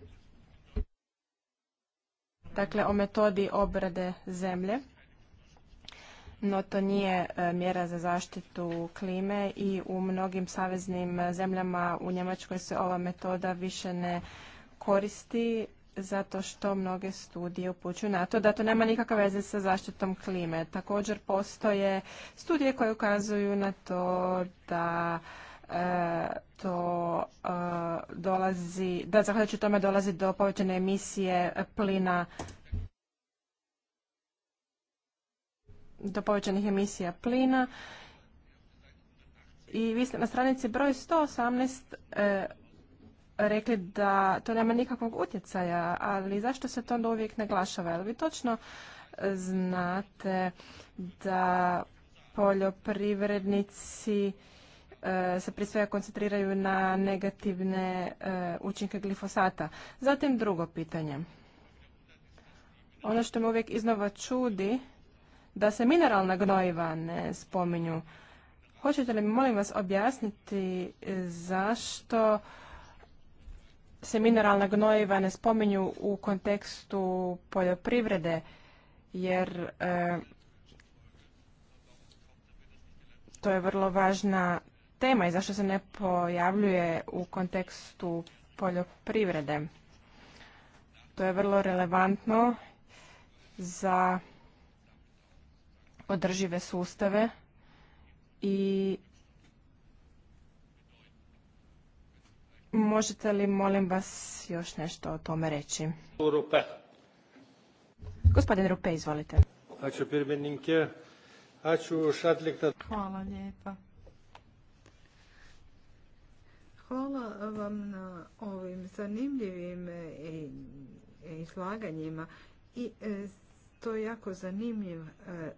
Dakle, o metodi obrade zemlje no to nije e, mjera za zaštitu klime i u mnogim saveznim e, zemljama u Njemačkoj se ova metoda više ne koristi zato što mnoge studije upućuju na to da to nema nikakve veze sa zaštitom klime. Također postoje studije koje ukazuju na to da e, to dolazi, da zahvaljujući tome dolazi do povećane emisije plina do povećanih emisija plina. I vi ste na stranici broj 118 e, rekli da to nema nikakvog utjecaja, ali zašto se to uvijek naglašava? Jel vi točno znate da poljoprivrednici e, se prije svega koncentriraju na negativne e, učinke glifosata. Zatim drugo pitanje. Ono što me uvijek iznova čudi da se mineralna gnojiva ne spominju. Hoćete li mi, molim vas, objasniti e, zašto se mineralna gnojiva ne spominju u kontekstu poljoprivrede, jer e, to je vrlo važna tema i zašto se ne pojavljuje u kontekstu poljoprivrede. To je vrlo relevantno za održive sustave i možete li molim vas još nešto o tome reći? Rupe. Gospodin Rupe, izvolite. Ačiū pirmininkė, Hvala lijepa. Hvala vam na ovim zanimljivim eh, izlaganjima i eh, to je jako zanimljiv e,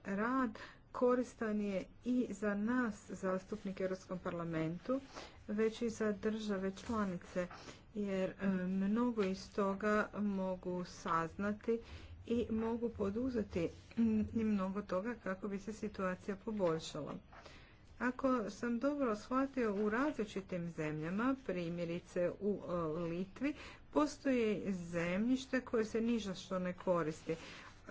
rad. Koristan je i za nas, zastupnike Europskom parlamentu, već i za države članice, jer e, mnogo iz toga mogu saznati i mogu poduzeti mm, i mnogo toga kako bi se situacija poboljšala. Ako sam dobro shvatio, u različitim zemljama, primjerice u e, Litvi, postoji zemljište koje se niža što ne koristi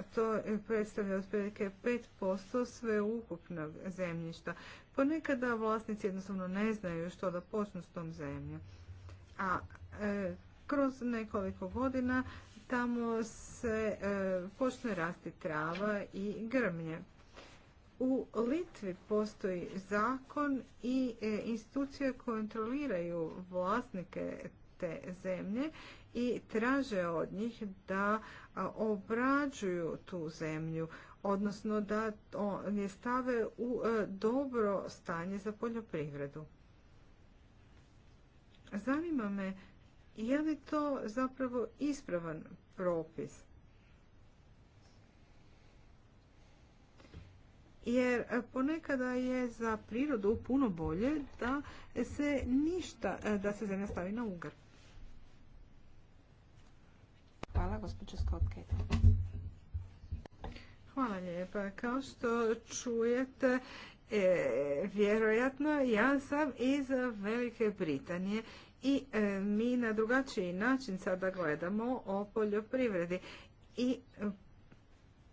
to e, predstavlja otprilike 5% sveukupnog zemljišta. Ponekada vlasnici jednostavno ne znaju što da počnu s tom zemljom. A e, kroz nekoliko godina tamo se e, počne rasti trava i grmlje. U Litvi postoji zakon i institucije kontroliraju vlasnike te zemlje i traže od njih da obrađuju tu zemlju, odnosno da je stave u e, dobro stanje za poljoprivredu. Zanima me, je li to zapravo ispravan propis? Jer e, ponekada je za prirodu puno bolje da se ništa, e, da se zemlja stavi na ugar. Hvala, gospođo Scott Hvala lijepa. Kao što čujete, e, vjerojatno ja sam iz Velike Britanije i e, mi na drugačiji način sada gledamo o poljoprivredi i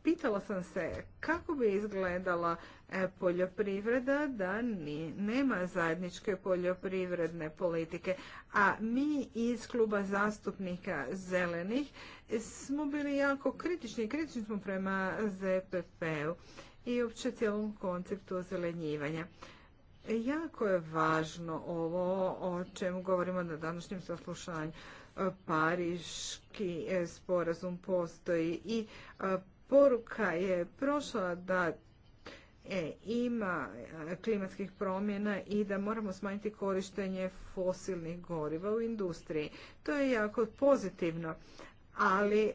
Pitala sam se kako bi izgledala e, poljoprivreda da ni, nema zajedničke poljoprivredne politike, a mi iz kluba zastupnika zelenih smo bili jako kritični, kritični smo prema ZPP-u i uopće cijelom konceptu ozelenjivanja. Jako je važno ovo o čemu govorimo na današnjem saslušanju. Pariški e, sporazum postoji i e, Poruka je prošla da e, ima e, klimatskih promjena i da moramo smanjiti korištenje fosilnih goriva u industriji. To je jako pozitivno, ali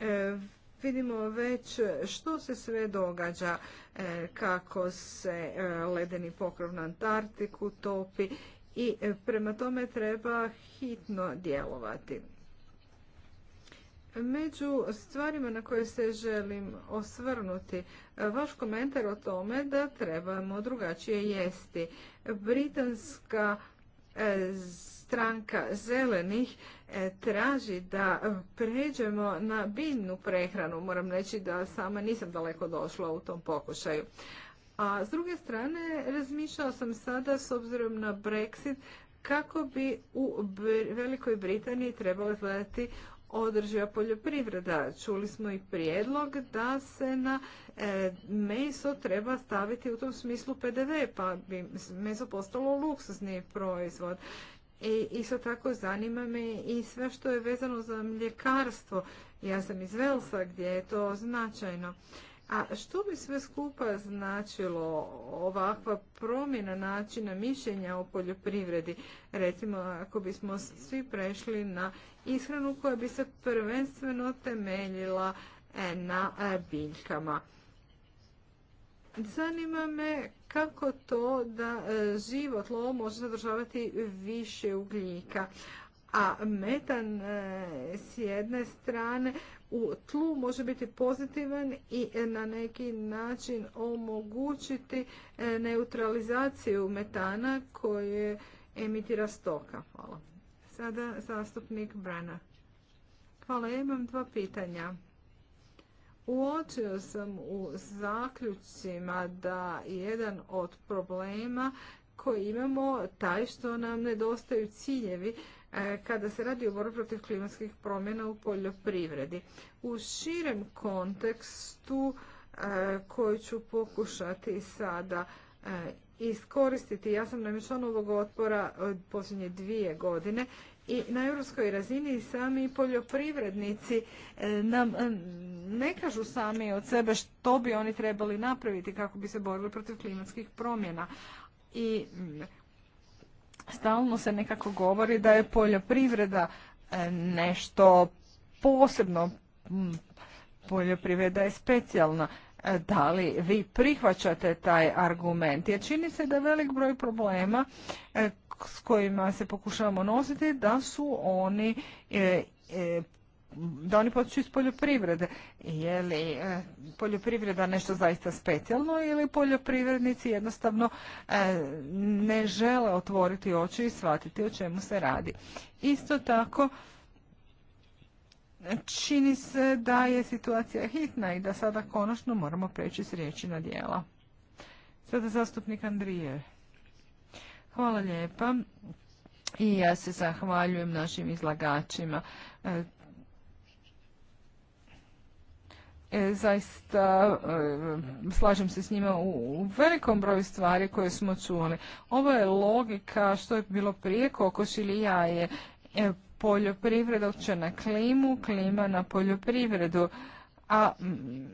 e, vidimo već što se sve događa, e, kako se ledeni pokrov na Antarktiku topi i prema tome treba hitno djelovati. Među stvarima na koje se želim osvrnuti, vaš komentar o tome da trebamo drugačije jesti. Britanska e, stranka zelenih e, traži da pređemo na biljnu prehranu. Moram reći da sama nisam daleko došla u tom pokušaju. A s druge strane, razmišljao sam sada s obzirom na Brexit kako bi u Velikoj Britaniji trebalo izgledati održiva poljoprivreda. Čuli smo i prijedlog da se na e, meso treba staviti u tom smislu PDV, pa bi meso postalo luksuzni proizvod. I isto tako zanima me i sve što je vezano za mljekarstvo. Ja sam iz Velsa gdje je to značajno. A što bi sve skupa značilo ovakva promjena načina mišljenja o poljoprivredi? Recimo ako bismo svi prešli na ishranu koja bi se prvenstveno temeljila e, na e, biljkama. Zanima me kako to da e, živo tlo može zadržavati više ugljika, a metan s jedne strane u tlu može biti pozitivan i na neki način omogućiti neutralizaciju metana koje emitira stoka. Hvala. Sada zastupnik Brana. Hvala, ja imam dva pitanja. Uočio sam u zaključcima da jedan od problema koji imamo taj što nam nedostaju ciljevi e, kada se radi o borbi protiv klimatskih promjena u poljoprivredi. U širem kontekstu e, koji ću pokušati sada e, iskoristiti. Ja sam na član ovog otpora od e, posljednje dvije godine i na europskoj razini sami poljoprivrednici e, nam e, ne kažu sami od sebe što bi oni trebali napraviti kako bi se borili protiv klimatskih promjena. I stalno se nekako govori da je poljoprivreda nešto posebno poljoprivreda je specijalna da li vi prihvaćate taj argument. Jer čini se da velik broj problema e, s kojima se pokušavamo nositi da su oni e, e, da oni potiču iz poljoprivrede. Je li poljoprivreda nešto zaista specijalno ili poljoprivrednici jednostavno ne žele otvoriti oči i shvatiti o čemu se radi. Isto tako čini se da je situacija hitna i da sada konačno moramo preći s riječi na dijela. Sada zastupnik Andrije. Hvala lijepa. I ja se zahvaljujem našim izlagačima. E, e, zaista e, slažem se s njima u, velikom broju stvari koje smo čuli. Ovo je logika što je bilo prije kokoš ili jaje poljoprivreda na klimu, klima na poljoprivredu. A mm,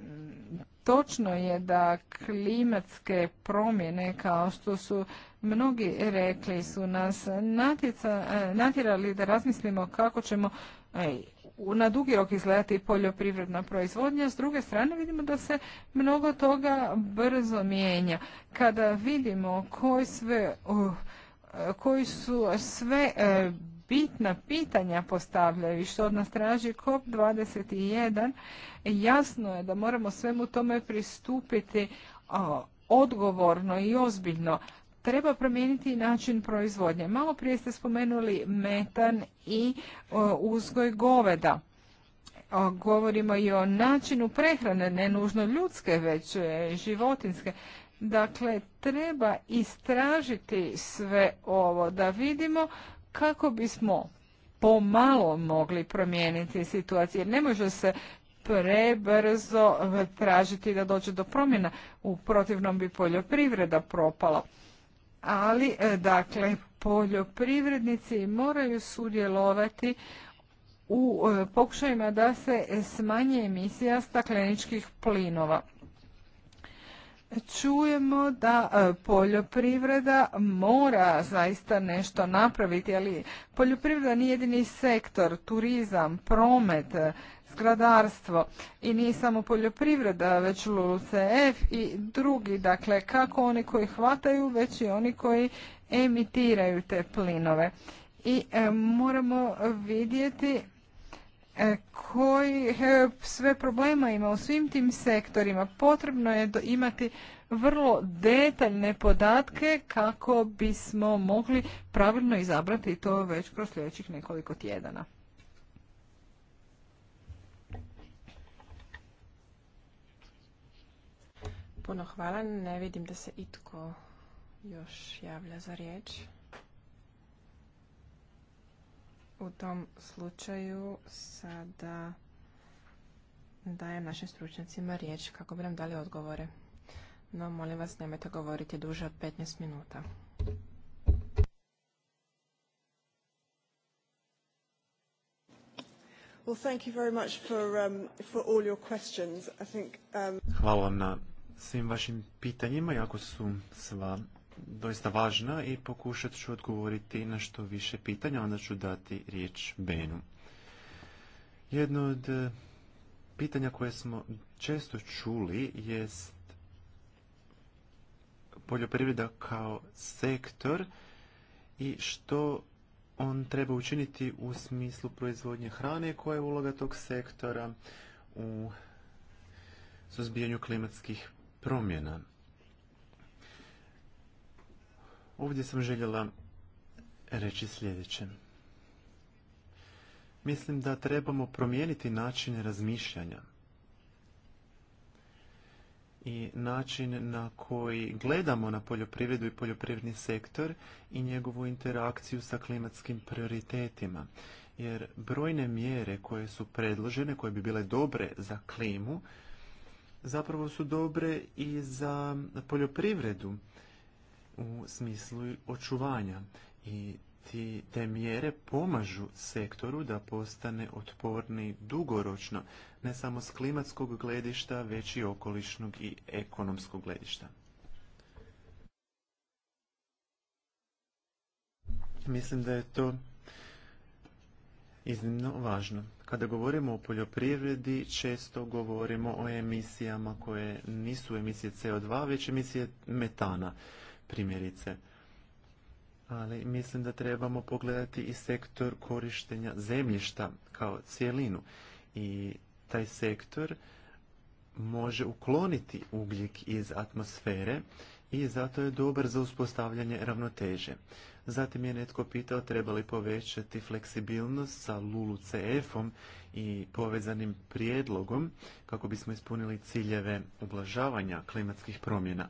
točno je da klimatske promjene kao što su mnogi rekli su nas eh, natjerali da razmislimo kako ćemo eh, na dugi rok izgledati poljoprivredna proizvodnja. S druge strane vidimo da se mnogo toga brzo mijenja. Kada vidimo koji sve... Oh, eh, koji su sve bitna pitanja postavljaju i što od nas traži COP21, jasno je da moramo svemu tome pristupiti odgovorno i ozbiljno. Treba promijeniti način proizvodnje. Malo prije ste spomenuli metan i uzgoj goveda. Govorimo i o načinu prehrane, ne nužno ljudske, već e, životinske. Dakle, treba istražiti sve ovo da vidimo kako bismo pomalo mogli promijeniti situaciju. ne može se prebrzo tražiti da dođe do promjena. U protivnom bi poljoprivreda propala. Ali, e, dakle, poljoprivrednici moraju sudjelovati u e, pokušajima da se smanje emisija stakleničkih plinova čujemo da e, poljoprivreda mora zaista nešto napraviti, ali poljoprivreda nije jedini sektor, turizam, promet, e, zgradarstvo i nije samo poljoprivreda, već LULU-CF i drugi, dakle kako oni koji hvataju, već i oni koji emitiraju te plinove. I e, moramo vidjeti E, koji e, sve problema ima u svim tim sektorima. Potrebno je imati vrlo detaljne podatke kako bismo mogli pravilno izabrati to već kroz sljedećih nekoliko tjedana. Puno hvala. Ne vidim da se itko još javlja za riječ. U tom slučaju sada dajem našim stručnjacima riječ kako bi nam dali odgovore. No, molim vas, nemojte govoriti duže od 15 minuta. Hvala vam na svim vašim pitanjima, jako su sva doista važna i pokušat ću odgovoriti na što više pitanja, onda ću dati riječ Benu. Jedno od e, pitanja koje smo često čuli jest poljoprivreda kao sektor i što on treba učiniti u smislu proizvodnje hrane, koja je uloga tog sektora u suzbijanju klimatskih promjena. Ovdje sam željela reći sljedeće. Mislim da trebamo promijeniti način razmišljanja i način na koji gledamo na poljoprivredu i poljoprivredni sektor i njegovu interakciju sa klimatskim prioritetima. Jer brojne mjere koje su predložene, koje bi bile dobre za klimu, zapravo su dobre i za poljoprivredu u smislu očuvanja i ti, te mjere pomažu sektoru da postane otporni dugoročno, ne samo s klimatskog gledišta, već i okolišnog i ekonomskog gledišta. Mislim da je to iznimno važno. Kada govorimo o poljoprivredi, često govorimo o emisijama koje nisu emisije CO2, već emisije metana primjerice. Ali mislim da trebamo pogledati i sektor korištenja zemljišta kao cijelinu. I taj sektor može ukloniti ugljik iz atmosfere i zato je dobar za uspostavljanje ravnoteže. Zatim je netko pitao treba li povećati fleksibilnost sa lulu om i povezanim prijedlogom kako bismo ispunili ciljeve ublažavanja klimatskih promjena.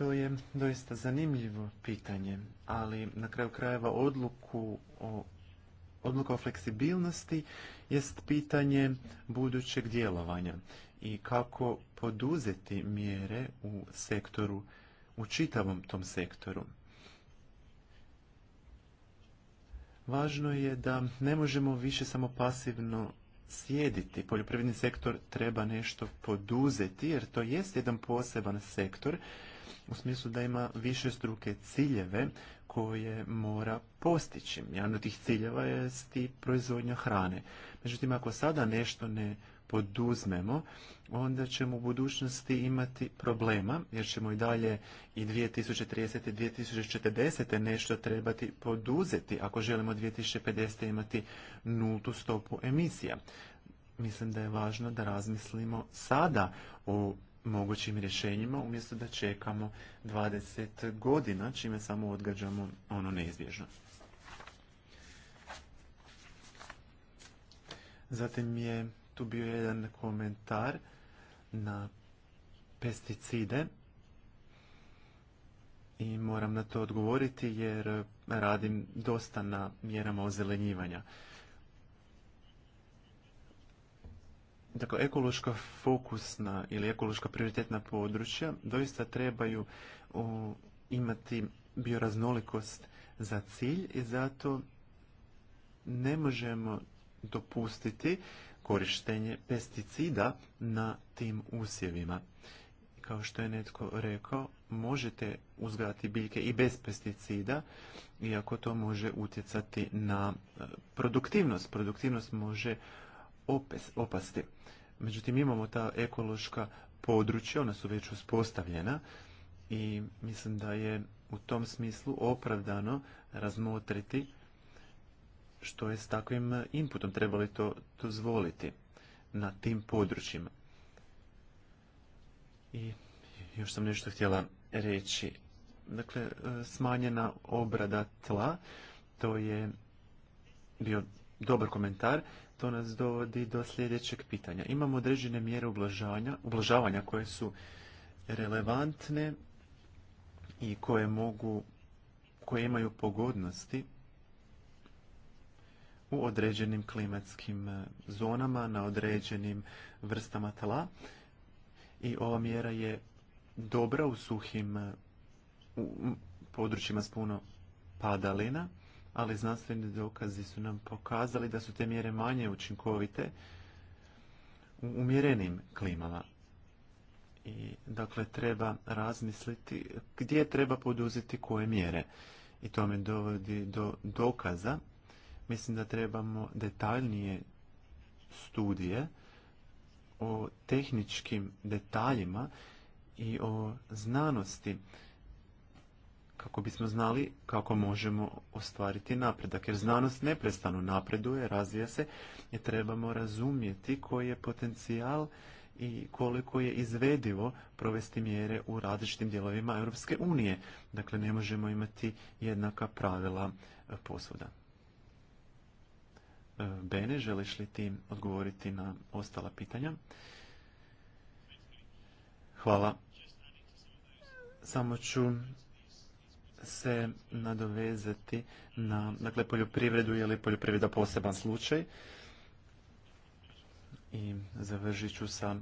To je doista zanimljivo pitanje, ali na kraju krajeva odluku o Odluka o fleksibilnosti jest pitanje budućeg djelovanja i kako poduzeti mjere u sektoru, u čitavom tom sektoru. Važno je da ne možemo više samo pasivno sjediti. Poljoprivredni sektor treba nešto poduzeti jer to jest jedan poseban sektor u smislu da ima više struke ciljeve koje mora postići. Jedan od tih ciljeva je sti proizvodnja hrane. Međutim, ako sada nešto ne poduzmemo, onda ćemo u budućnosti imati problema, jer ćemo i dalje i 2030. i 2040. nešto trebati poduzeti ako želimo 2050. imati nultu stopu emisija. Mislim da je važno da razmislimo sada o mogućim rješenjima umjesto da čekamo 20 godina čime samo odgađamo ono neizbježno. Zatim je tu bio jedan komentar na pesticide i moram na to odgovoriti jer radim dosta na mjerama ozelenjivanja. Dakle, ekološka fokusna ili ekološka prioritetna područja doista trebaju imati bioraznolikost za cilj i zato ne možemo dopustiti korištenje pesticida na tim usjevima. Kao što je netko rekao, možete uzgajati biljke i bez pesticida, iako to može utjecati na e, produktivnost. Produktivnost može opasti. Međutim, imamo ta ekološka područja, ona su već uspostavljena i mislim da je u tom smislu opravdano razmotriti što je s takvim inputom trebali to dozvoliti na tim područjima. I još sam nešto htjela reći. Dakle, smanjena obrada tla, to je bio dobar komentar to nas dovodi do sljedećeg pitanja. Imamo određene mjere ublažavanja, koje su relevantne i koje mogu, koje imaju pogodnosti u određenim klimatskim e, zonama, na određenim vrstama tla. I ova mjera je dobra u suhim e, u područjima s puno padalina, ali znanstveni dokazi su nam pokazali da su te mjere manje učinkovite u umjerenim klimama. I, dakle, treba razmisliti gdje treba poduzeti koje mjere. I to me dovodi do dokaza. Mislim da trebamo detaljnije studije o tehničkim detaljima i o znanosti kako bismo znali kako možemo ostvariti napredak. Jer znanost neprestano napreduje, razvija se i trebamo razumjeti koji je potencijal i koliko je izvedivo provesti mjere u različitim dijelovima Europske unije. Dakle, ne možemo imati jednaka pravila e, posvuda. E, Bene, želiš li ti odgovoriti na ostala pitanja? Hvala. Samo ću se nadovezati na dakle, poljoprivredu, ili poljoprivreda poseban slučaj. I završit ću sa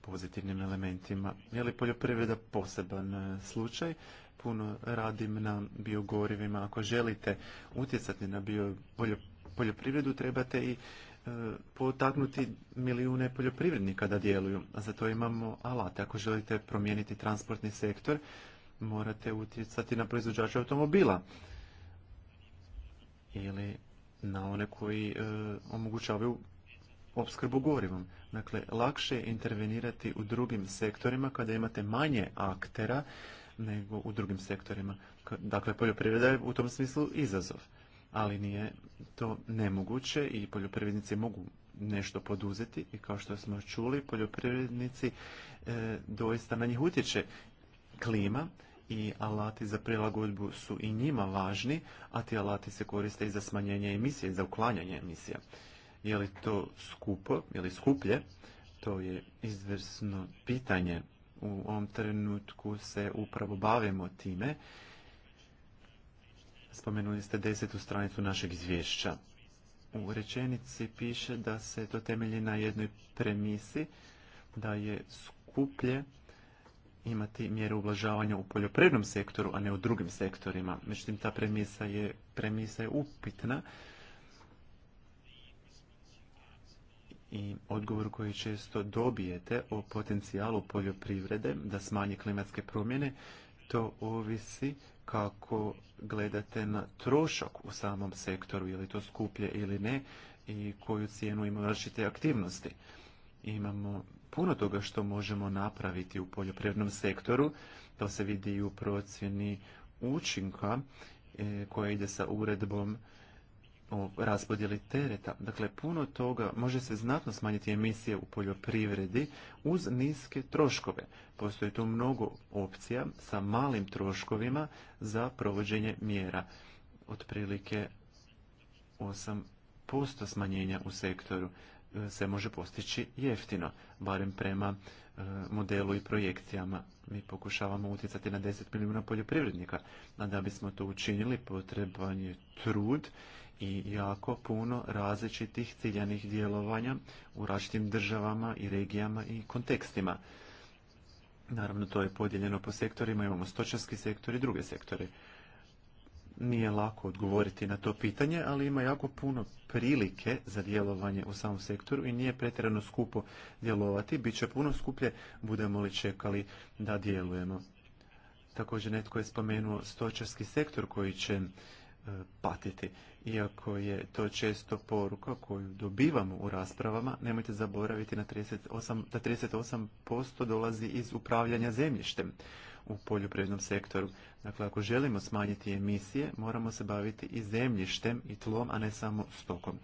pozitivnim elementima. Je li poljoprivreda poseban e, slučaj? Puno radim na biogorivima. Ako želite utjecati na bio, poljoprivredu, trebate i e, potaknuti milijune poljoprivrednika da djeluju. A za to imamo alate. Ako želite promijeniti transportni sektor, morate utjecati na proizvođače automobila ili na one koji e, omogućavaju opskrbu gorivom. Dakle, lakše je intervenirati u drugim sektorima kada imate manje aktera nego u drugim sektorima. Dakle, poljoprivreda je u tom smislu izazov, ali nije to nemoguće i poljoprivrednici mogu nešto poduzeti i kao što smo čuli, poljoprivrednici e, doista na njih utječe klima i alati za prilagodbu su i njima važni, a ti alati se koriste i za smanjenje emisije, za uklanjanje emisija. Je li to skupo ili skuplje? To je izvrsno pitanje. U ovom trenutku se upravo bavimo time. Spomenuli ste desetu stranicu našeg izvješća. U rečenici piše da se to temelji na jednoj premisi, da je skuplje imati mjere ublažavanja u poljoprivrednom sektoru, a ne u drugim sektorima. Međutim, ta premisa je, premisa je upitna. I odgovor koji često dobijete o potencijalu poljoprivrede da smanje klimatske promjene, to ovisi kako gledate na trošak u samom sektoru, ili to skuplje ili ne, i koju cijenu imaju različite aktivnosti. Imamo puno toga što možemo napraviti u poljoprivrednom sektoru. To se vidi i u procjeni učinka e, koja ide sa uredbom o raspodjeli tereta. Dakle, puno toga može se znatno smanjiti emisije u poljoprivredi uz niske troškove. Postoji tu mnogo opcija sa malim troškovima za provođenje mjera. Otprilike 8% smanjenja u sektoru se može postići jeftino, barem prema e, modelu i projekcijama. Mi pokušavamo utjecati na 10 milijuna poljoprivrednika, a da bismo to učinili potreban je trud i jako puno različitih ciljanih djelovanja u različitim državama i regijama i kontekstima. Naravno, to je podijeljeno po sektorima, imamo stočarski sektor i druge sektore. Nije lako odgovoriti na to pitanje, ali ima jako puno prilike za djelovanje u samom sektoru i nije pretjerano skupo djelovati. Biće puno skuplje budemo li čekali da djelujemo. Također netko je spomenuo stočarski sektor koji će e, patiti. Iako je to često poruka koju dobivamo u raspravama, nemojte zaboraviti na 38, da 38% dolazi iz upravljanja zemljištem u poljoprivrednom sektoru. Dakle, ako želimo smanjiti emisije, moramo se baviti i zemljištem i tlom, a ne samo stokom.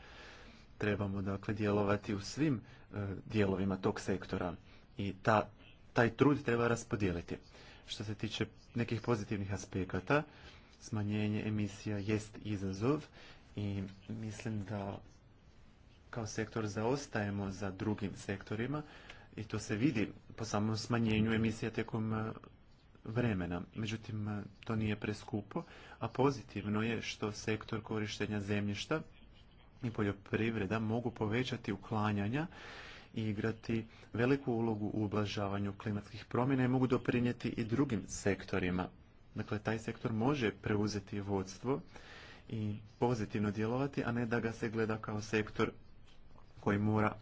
Trebamo, dakle, djelovati u svim e, dijelovima tog sektora i taj trud treba raspodijeliti. Što se tiče nekih pozitivnih aspekata, smanjenje emisija jest izazov i mislim da kao sektor zaostajemo za drugim sektorima i to se vidi po samom smanjenju emisija tijekom e, vremena. Međutim, to nije preskupo, a pozitivno je što sektor korištenja zemljišta i poljoprivreda mogu povećati uklanjanja i igrati veliku ulogu u ublažavanju klimatskih promjena i mogu doprinijeti i drugim sektorima. Dakle, taj sektor može preuzeti vodstvo i pozitivno djelovati, a ne da ga se gleda kao sektor koji mora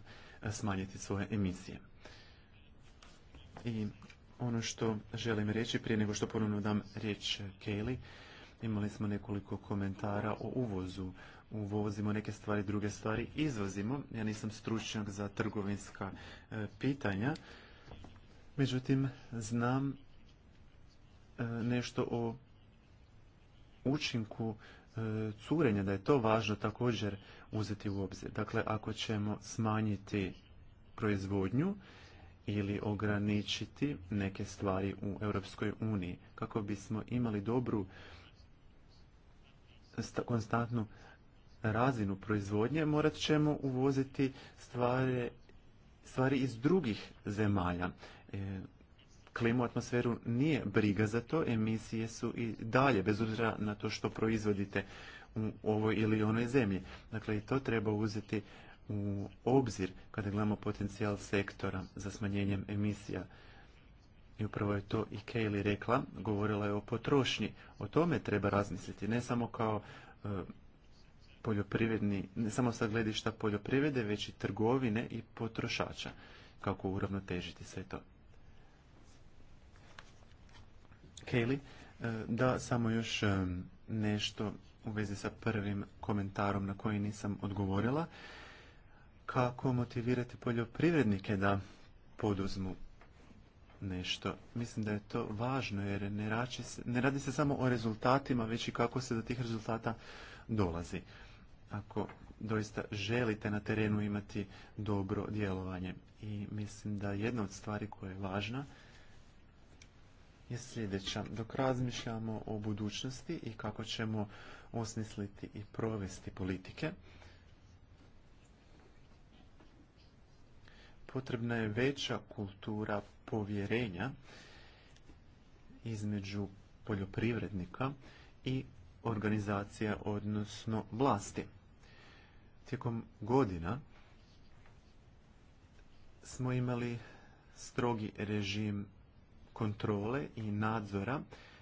smanjiti svoje emisije. I ono što želim reći prije nego što ponovno dam riječ Kaylee. Imali smo nekoliko komentara o uvozu. Uvozimo neke stvari, druge stvari izvozimo. Ja nisam stručnjak za trgovinska e, pitanja. Međutim, znam e, nešto o učinku e, curenja, da je to važno također uzeti u obzir. Dakle, ako ćemo smanjiti proizvodnju, ili ograničiti neke stvari u Europskoj uniji kako bismo imali dobru konstantnu razinu proizvodnje morat ćemo uvoziti stvari, stvari iz drugih zemalja. E, klimu, atmosferu nije briga za to, emisije su i dalje, bez obzira na to što proizvodite u ovoj ili onoj zemlji. Dakle, i to treba uzeti u obzir kada gledamo potencijal sektora za smanjenjem emisija. I upravo je to i Kaylee rekla, govorila je o potrošnji. O tome treba razmisliti, ne samo kao e, poljoprivredni, ne samo sa gledišta poljoprivrede, već i trgovine i potrošača, kako uravnotežiti sve to. Kaylee, e, da samo još e, nešto u vezi sa prvim komentarom na koji nisam odgovorila kako motivirati poljoprivrednike da poduzmu nešto. Mislim da je to važno jer ne, ne radi se samo o rezultatima, već i kako se do tih rezultata dolazi. Ako doista želite na terenu imati dobro djelovanje. I mislim da jedna od stvari koja je važna je sljedeća. Dok razmišljamo o budućnosti i kako ćemo osmisliti i provesti politike, potrebna je veća kultura povjerenja između poljoprivrednika i organizacija, odnosno vlasti. Tijekom godina smo imali strogi režim kontrole i nadzora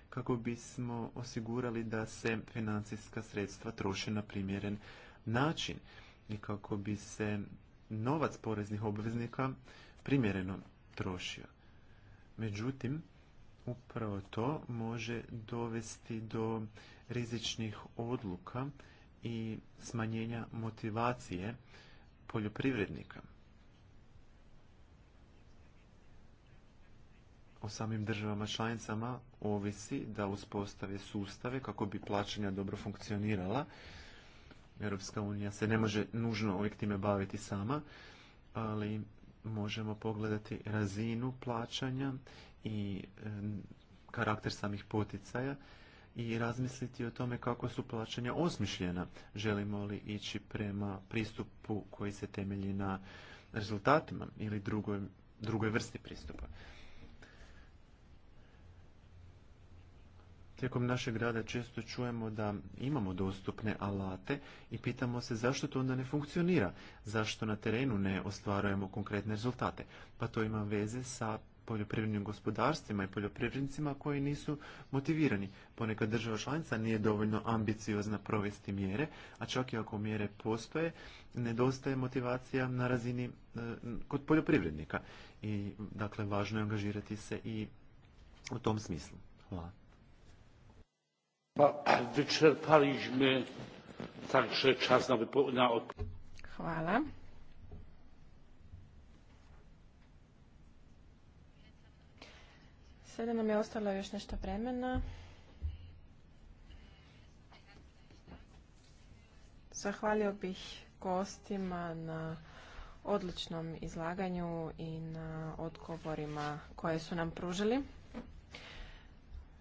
kako bismo osigurali da se financijska sredstva troše na primjeren način i kako bi se novac poreznih obveznika primjereno trošio. Međutim, upravo to može dovesti do rizičnih odluka i smanjenja motivacije poljoprivrednika. O samim državama članicama ovisi da uspostave sustave kako bi plaćanja dobro funkcionirala Europska unija se ne može nužno uvijek time baviti sama, ali možemo pogledati razinu plaćanja i e, karakter samih poticaja i razmisliti o tome kako su plaćanja osmišljena. Želimo li ići prema pristupu koji se temelji na rezultatima ili drugoj, drugoj vrsti pristupa. Tijekom našeg grada često čujemo da imamo dostupne alate i pitamo se zašto to onda ne funkcionira, zašto na terenu ne ostvarujemo konkretne rezultate. Pa to ima veze sa poljoprivrednim gospodarstvima i poljoprivrednicima koji nisu motivirani. Ponekad država članica nije dovoljno ambiciozna provesti mjere, a čak i ako mjere postoje, nedostaje motivacija na razini e, kod poljoprivrednika. I dakle važno je angažirati se i u tom smislu. Hvala. <clears throat> Wyczerpaliśmy także czas na, Hvala. Sada nam je ostalo još nešto vremena. Zahvalio bih gostima na odličnom izlaganju i na odgovorima koje su nam pružili.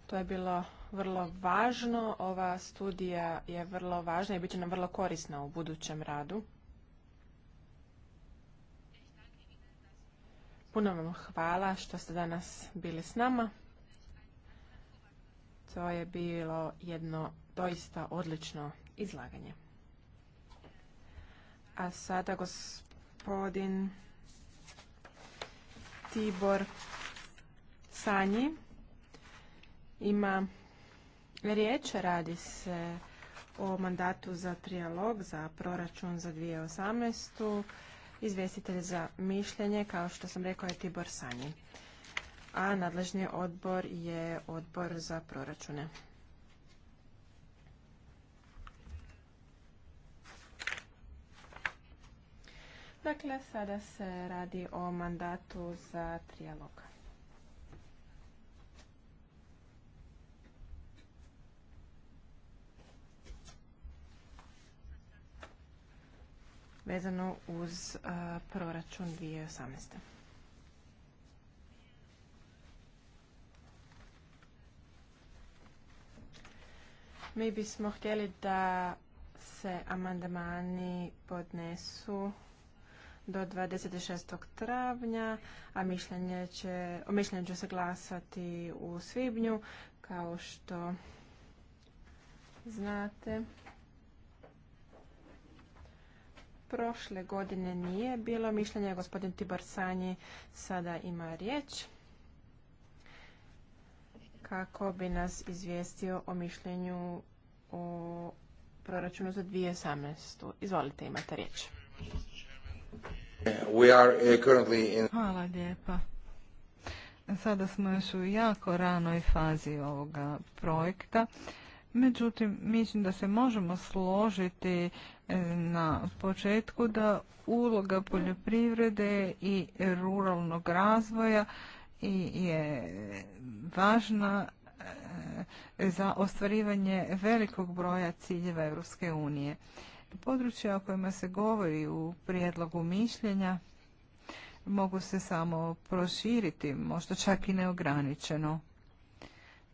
To je bilo vrlo važno. Ova studija je vrlo važna i bit će nam vrlo korisna u budućem radu. Puno vam hvala što ste danas bili s nama. To je bilo jedno doista odlično izlaganje. A sada gospodin Tibor Sanji ima riječ. Radi se o mandatu za trijalog za proračun za 2018. Izvjestitelj za mišljenje, kao što sam rekao, je Tibor Sanji. A nadležni odbor je odbor za proračune. Dakle, sada se radi o mandatu za trijalog. vezano uz e, proračun 2018. Mi bismo htjeli da se amandmani podnesu do 26. travnja, a mišljenje o mišljenju će se glasati u svibnju, kao što znate. prošle godine nije bilo mišljenja. Gospodin Tibor Sanji sada ima riječ kako bi nas izvijestio o mišljenju o proračunu za 2018. Izvolite, imate riječ. Uh, Hvala lijepa. Sada smo još u jako ranoj fazi ovoga projekta Međutim, mislim da se možemo složiti e, na početku da uloga poljoprivrede i ruralnog razvoja je važna e, za ostvarivanje velikog broja ciljeva Europske unije. Područja o kojima se govori u prijedlogu mišljenja mogu se samo proširiti, možda čak i neograničeno.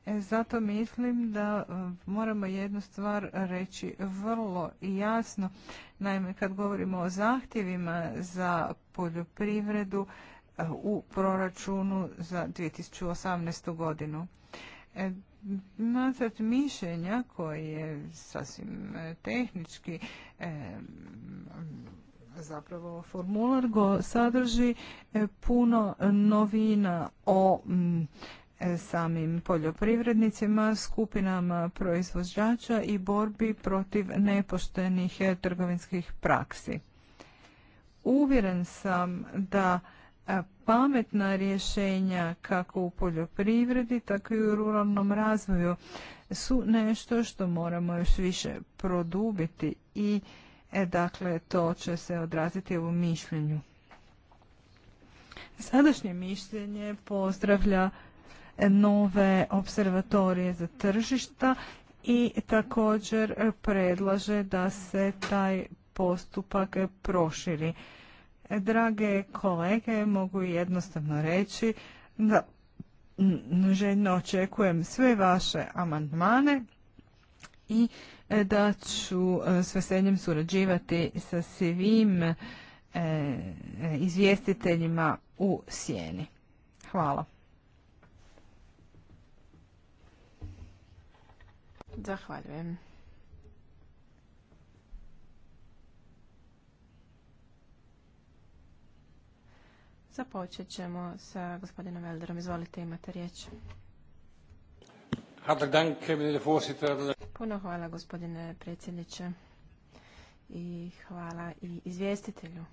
E, zato mislim da e, moramo jednu stvar reći vrlo jasno. Naime, kad govorimo o zahtjevima za poljoprivredu e, u proračunu za 2018. godinu. Nacrt mišljenja koji je sasvim tehnički zapravo formular go sadrži puno novina o E, samim poljoprivrednicima, skupinama proizvođača i borbi protiv nepoštenih e, trgovinskih praksi. Uvjeren sam da e, pametna rješenja kako u poljoprivredi, tako i u ruralnom razvoju su nešto što moramo još više produbiti i e, dakle to će se odraziti u mišljenju. Sadašnje mišljenje pozdravlja nove observatorije za tržišta i također predlaže da se taj postupak proširi. Drage kolege, mogu jednostavno reći da željno očekujem sve vaše amandmane i da ću s veseljem surađivati sa svim e, izvjestiteljima u sjeni. Hvala. Zahvaljujem. Započet ćemo sa gospodinom Elderom. Izvolite, imate riječ. Puno hvala gospodine predsjedniče i hvala i izvjestitelju.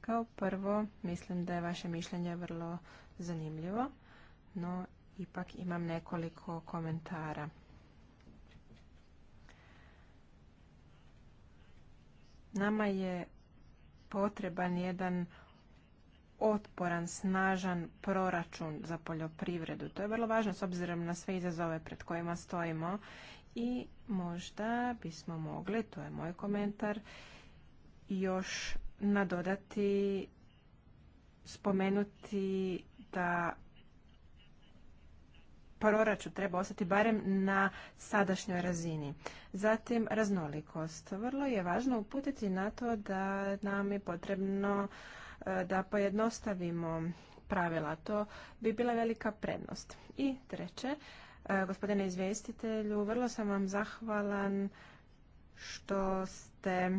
Kao prvo, mislim da je vaše mišljenje vrlo zanimljivo, no ipak imam nekoliko komentara. Nama je potreban jedan otporan, snažan proračun za poljoprivredu. To je vrlo važno s obzirom na sve izazove pred kojima stojimo i možda bismo mogli, to je moj komentar, još nadodati, spomenuti da proračun treba ostati barem na sadašnjoj razini. Zatim raznolikost. Vrlo je važno uputiti na to da nam je potrebno e, da pojednostavimo pravila. To bi bila velika prednost. I treće, e, gospodine izvjestitelju, vrlo sam vam zahvalan što ste e,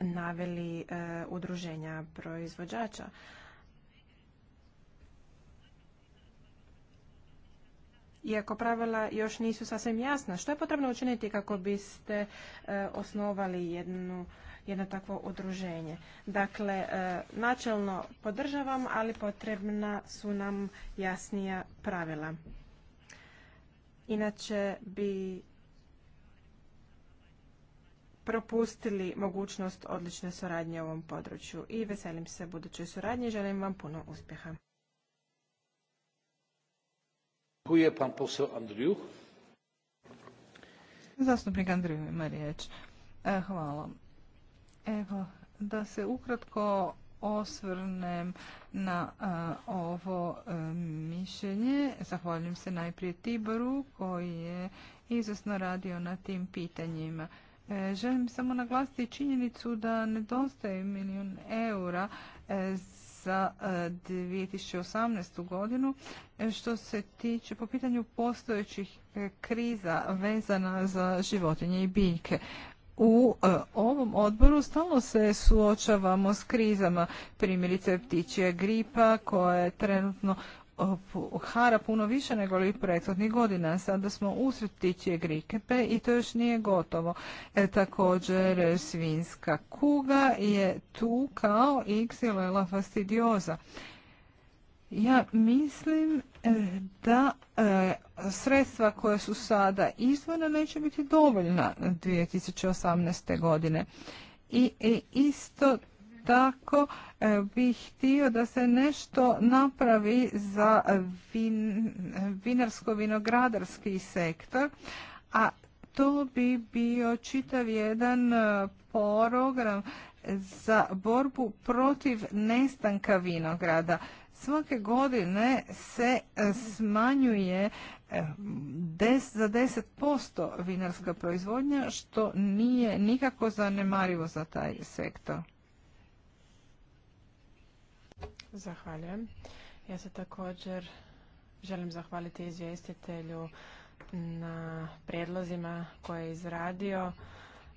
naveli udruženja proizvođača. iako pravila još nisu sasvim jasna. Što je potrebno učiniti kako biste e, osnovali jednu, jedno takvo udruženje? Dakle, e, načelno podržavam, ali potrebna su nam jasnija pravila. Inače bi propustili mogućnost odlične suradnje u ovom području i veselim se budućoj suradnji. Želim vam puno uspjeha. Zastupnik Andriju riječ. E, hvala. Evo, da se ukratko osvrnem na e, ovo e, mišljenje. Zahvaljujem se najprije Tiboru koji je izvrsno radio na tim pitanjima. želim samo naglasiti činjenicu da nedostaje milijun eura za za 2018. E, godinu e, što se tiče po pitanju postojećih e, kriza vezana za životinje i biljke. U ovom odboru stalno se suočavamo s krizama, primjerice ptičja gripa koja je trenutno hara puno više nego li prethodnih godina. Sada smo usred ptičje grikepe i to još nije gotovo. E, također svinska kuga je tu kao xylella fastidioza. Ja mislim e, da e, sredstva koja su sada izvorna neće biti dovoljna 2018. godine. i e, isto tako e, bih htio da se nešto napravi za vinarsko-vinogradarski sektor, a to bi bio čitav jedan e, program za borbu protiv nestanka vinograda. Svake godine se e, smanjuje za 10% vinarska proizvodnja, što nije nikako zanemarivo za taj sektor. Zahvaljujem. Ja se također želim zahvaliti izvjestitelju na prijedlozima koje je izradio.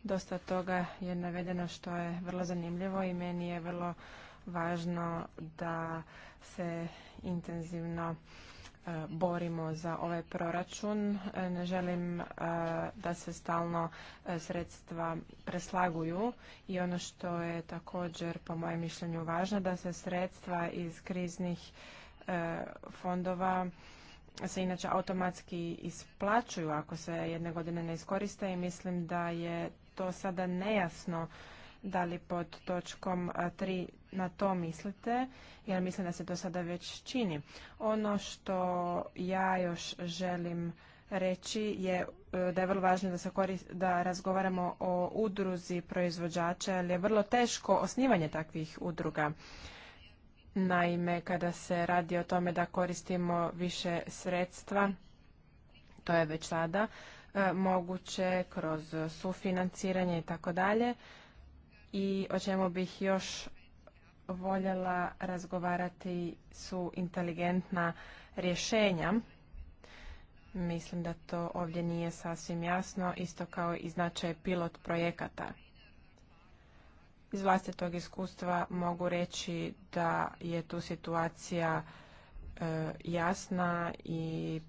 Dosta toga je navedeno što je vrlo zanimljivo i meni je vrlo važno da se intenzivno Eh, borimo za ovaj proračun. Eh, ne želim eh, da se stalno sredstva preslaguju i ono što je također po mojem mišljenju važno da se sredstva iz kriznih fondova se inače automatski isplaćuju ako se jedne godine ne iskoriste i mislim da je to sada nejasno da li pod točkom 3 na to mislite, jer mislim da se to sada već čini. Ono što ja još želim reći je e, da je vrlo važno da, se da razgovaramo o udruzi proizvođača, ali je vrlo teško osnivanje takvih udruga. Naime, kada se radi o tome da koristimo više sredstva, to je već sada, e, moguće kroz sufinanciranje i tako dalje. I o čemu bih još voljela razgovarati su inteligentna rješenja. Mislim da to ovdje nije sasvim jasno, isto kao i značaj pilot projekata. Iz vlastitog iskustva mogu reći da je tu situacija e, jasna i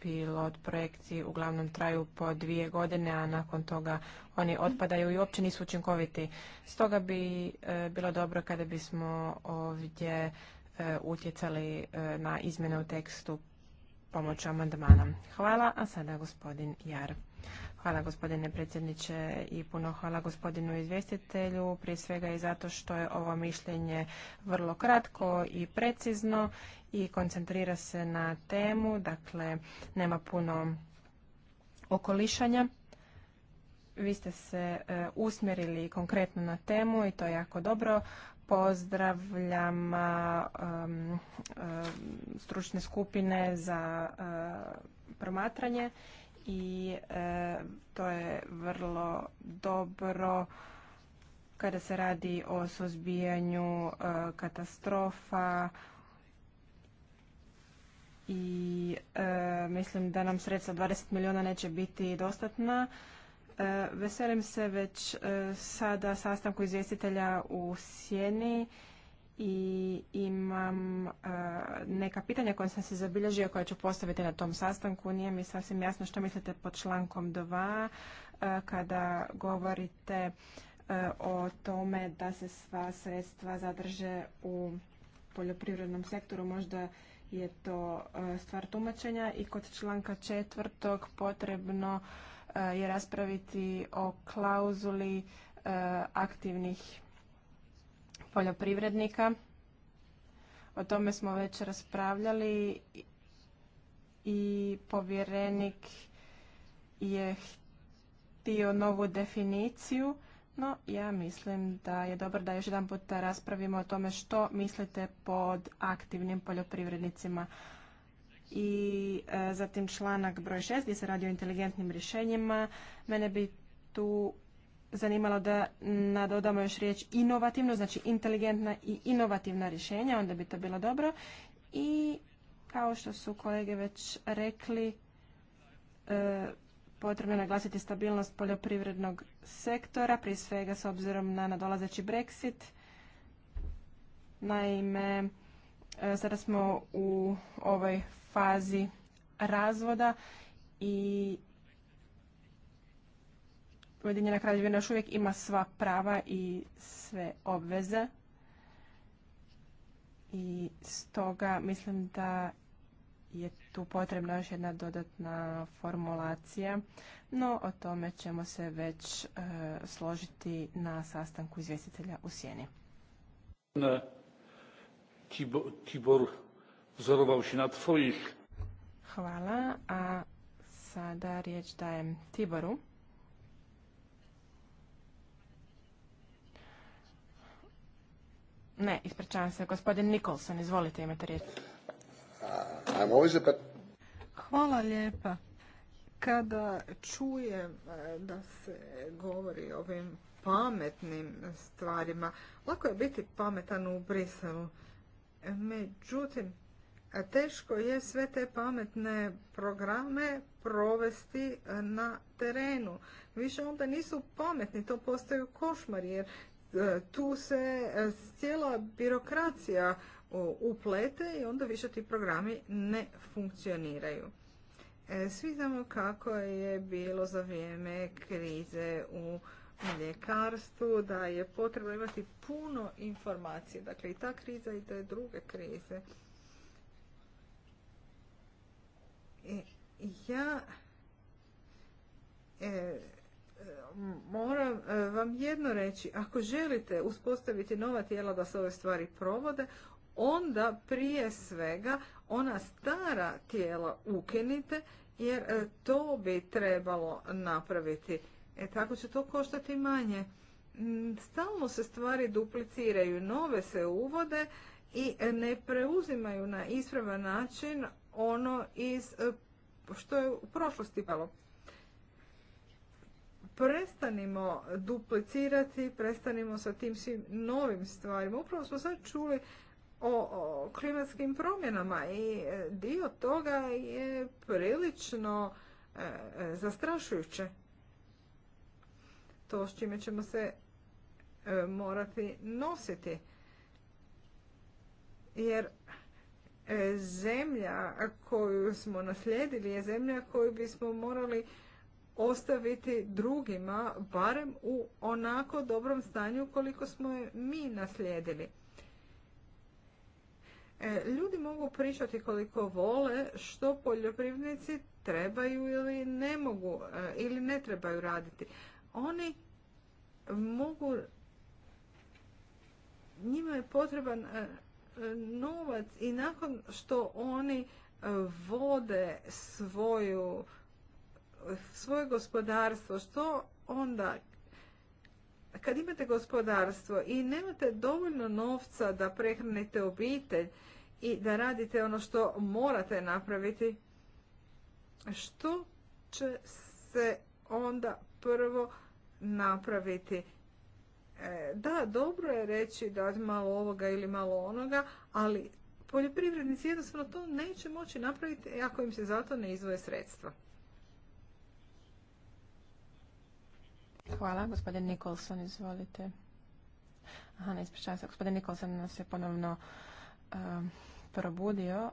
pilot projekci uglavnom traju po dvije godine, a nakon toga oni otpadaju i uopće nisu učinkoviti. Stoga bi e, bilo dobro kada bismo ovdje e, utjecali e, na izmjene u tekstu pomoću amandmana. Hvala, a sada gospodin Jar. Hvala gospodine predsjedniče i puno hvala gospodinu izvjestitelju. Prije svega i zato što je ovo mišljenje vrlo kratko i precizno i koncentrira se na temu, dakle nema puno okolišanja. Vi ste se e, usmjerili konkretno na temu i to je jako dobro. Pozdravljam e, e, stručne skupine za promatranje i e, to je vrlo dobro kada se radi o suzbijanju e, katastrofa i e, mislim da nam sredstva 20 milijuna neće biti dostatna. Veselim se već sada sastanku izvjestitelja u Sjeni i imam e, neka pitanja koja sam se zabilježio koja ću postaviti na tom sastanku. Nije mi sasvim jasno što mislite pod člankom 2 e, kada govorite e, o tome da se sva sredstva zadrže u poljoprivrednom sektoru. Možda je to stvar tumačenja i kod članka četvrtog potrebno je raspraviti o klauzuli aktivnih poljoprivrednika. O tome smo već raspravljali i povjerenik je htio novu definiciju, no ja mislim da je dobro da još jedan puta raspravimo o tome što mislite pod aktivnim poljoprivrednicima. I e, zatim članak broj šest gdje se radi o inteligentnim rješenjima. Mene bi tu zanimalo da nadodamo još riječ inovativno, znači inteligentna i inovativna rješenja, onda bi to bilo dobro. I kao što su kolege već rekli, e, potrebno je naglasiti stabilnost poljoprivrednog sektora, prije svega s obzirom na nadolazeći Brexit. Naime, e, sada smo u ovoj fazi razvoda i Ujedinjena kraljevina još uvijek ima sva prava i sve obveze. I stoga mislim da je tu potrebna još jedna dodatna formulacija, no o tome ćemo se već e, složiti na sastanku izvjestitelja u Sjeni. na tvojih. Hvala, a sada riječ dajem Tiboru. Ne, ispričavam se. Gospodin Nikolson, izvolite, imate riječ. Pa- Hvala lijepa. Kada čujem e, da se govori o ovim pametnim stvarima, lako je biti pametan u Briselu. Međutim, teško je sve te pametne programe provesti na terenu. Više onda nisu pametni, to postaju košmar, jer E, tu se e, cijela birokracija uplete i onda više ti programi ne funkcioniraju. E, svi znamo kako je bilo za vrijeme krize u ljekarstvu, da je potrebno imati puno informacije. Dakle, i ta kriza i te druge krize. Ja moram e, vam jedno reći, ako želite uspostaviti nova tijela da se ove stvari provode, onda prije svega ona stara tijela ukinite jer e, to bi trebalo napraviti. E, tako će to koštati manje. Mm, stalno se stvari dupliciraju, nove se uvode i e, ne preuzimaju na ispravan način ono iz što je u prošlosti palo prestanimo duplicirati, prestanimo sa tim svim novim stvarima. Upravo smo sad čuli o, klimatskim promjenama i e, dio toga je prilično e, e, zastrašujuće. To s čime ćemo se morati nositi. Jer zemlja koju smo naslijedili je zemlja koju bismo morali ostaviti drugima, barem u onako dobrom stanju koliko smo je mi naslijedili. E, ljudi mogu pričati koliko vole što poljoprivrednici trebaju ili ne mogu e, ili ne trebaju raditi. Oni mogu njima je potreban e, novac i nakon što oni vode svoju svoje gospodarstvo, što onda kad imate gospodarstvo i nemate dovoljno novca da prehranite obitelj i da radite ono što morate napraviti, što će se onda prvo napraviti? E, da, dobro je reći da malo ovoga ili malo onoga, ali poljoprivrednici jednostavno to neće moći napraviti ako im se zato ne izvoje sredstva. Hvala. Gospodin Nikolson, izvolite. Aha, ne ispričavam se. Gospodin Nikolson nas je ponovno eh, probudio,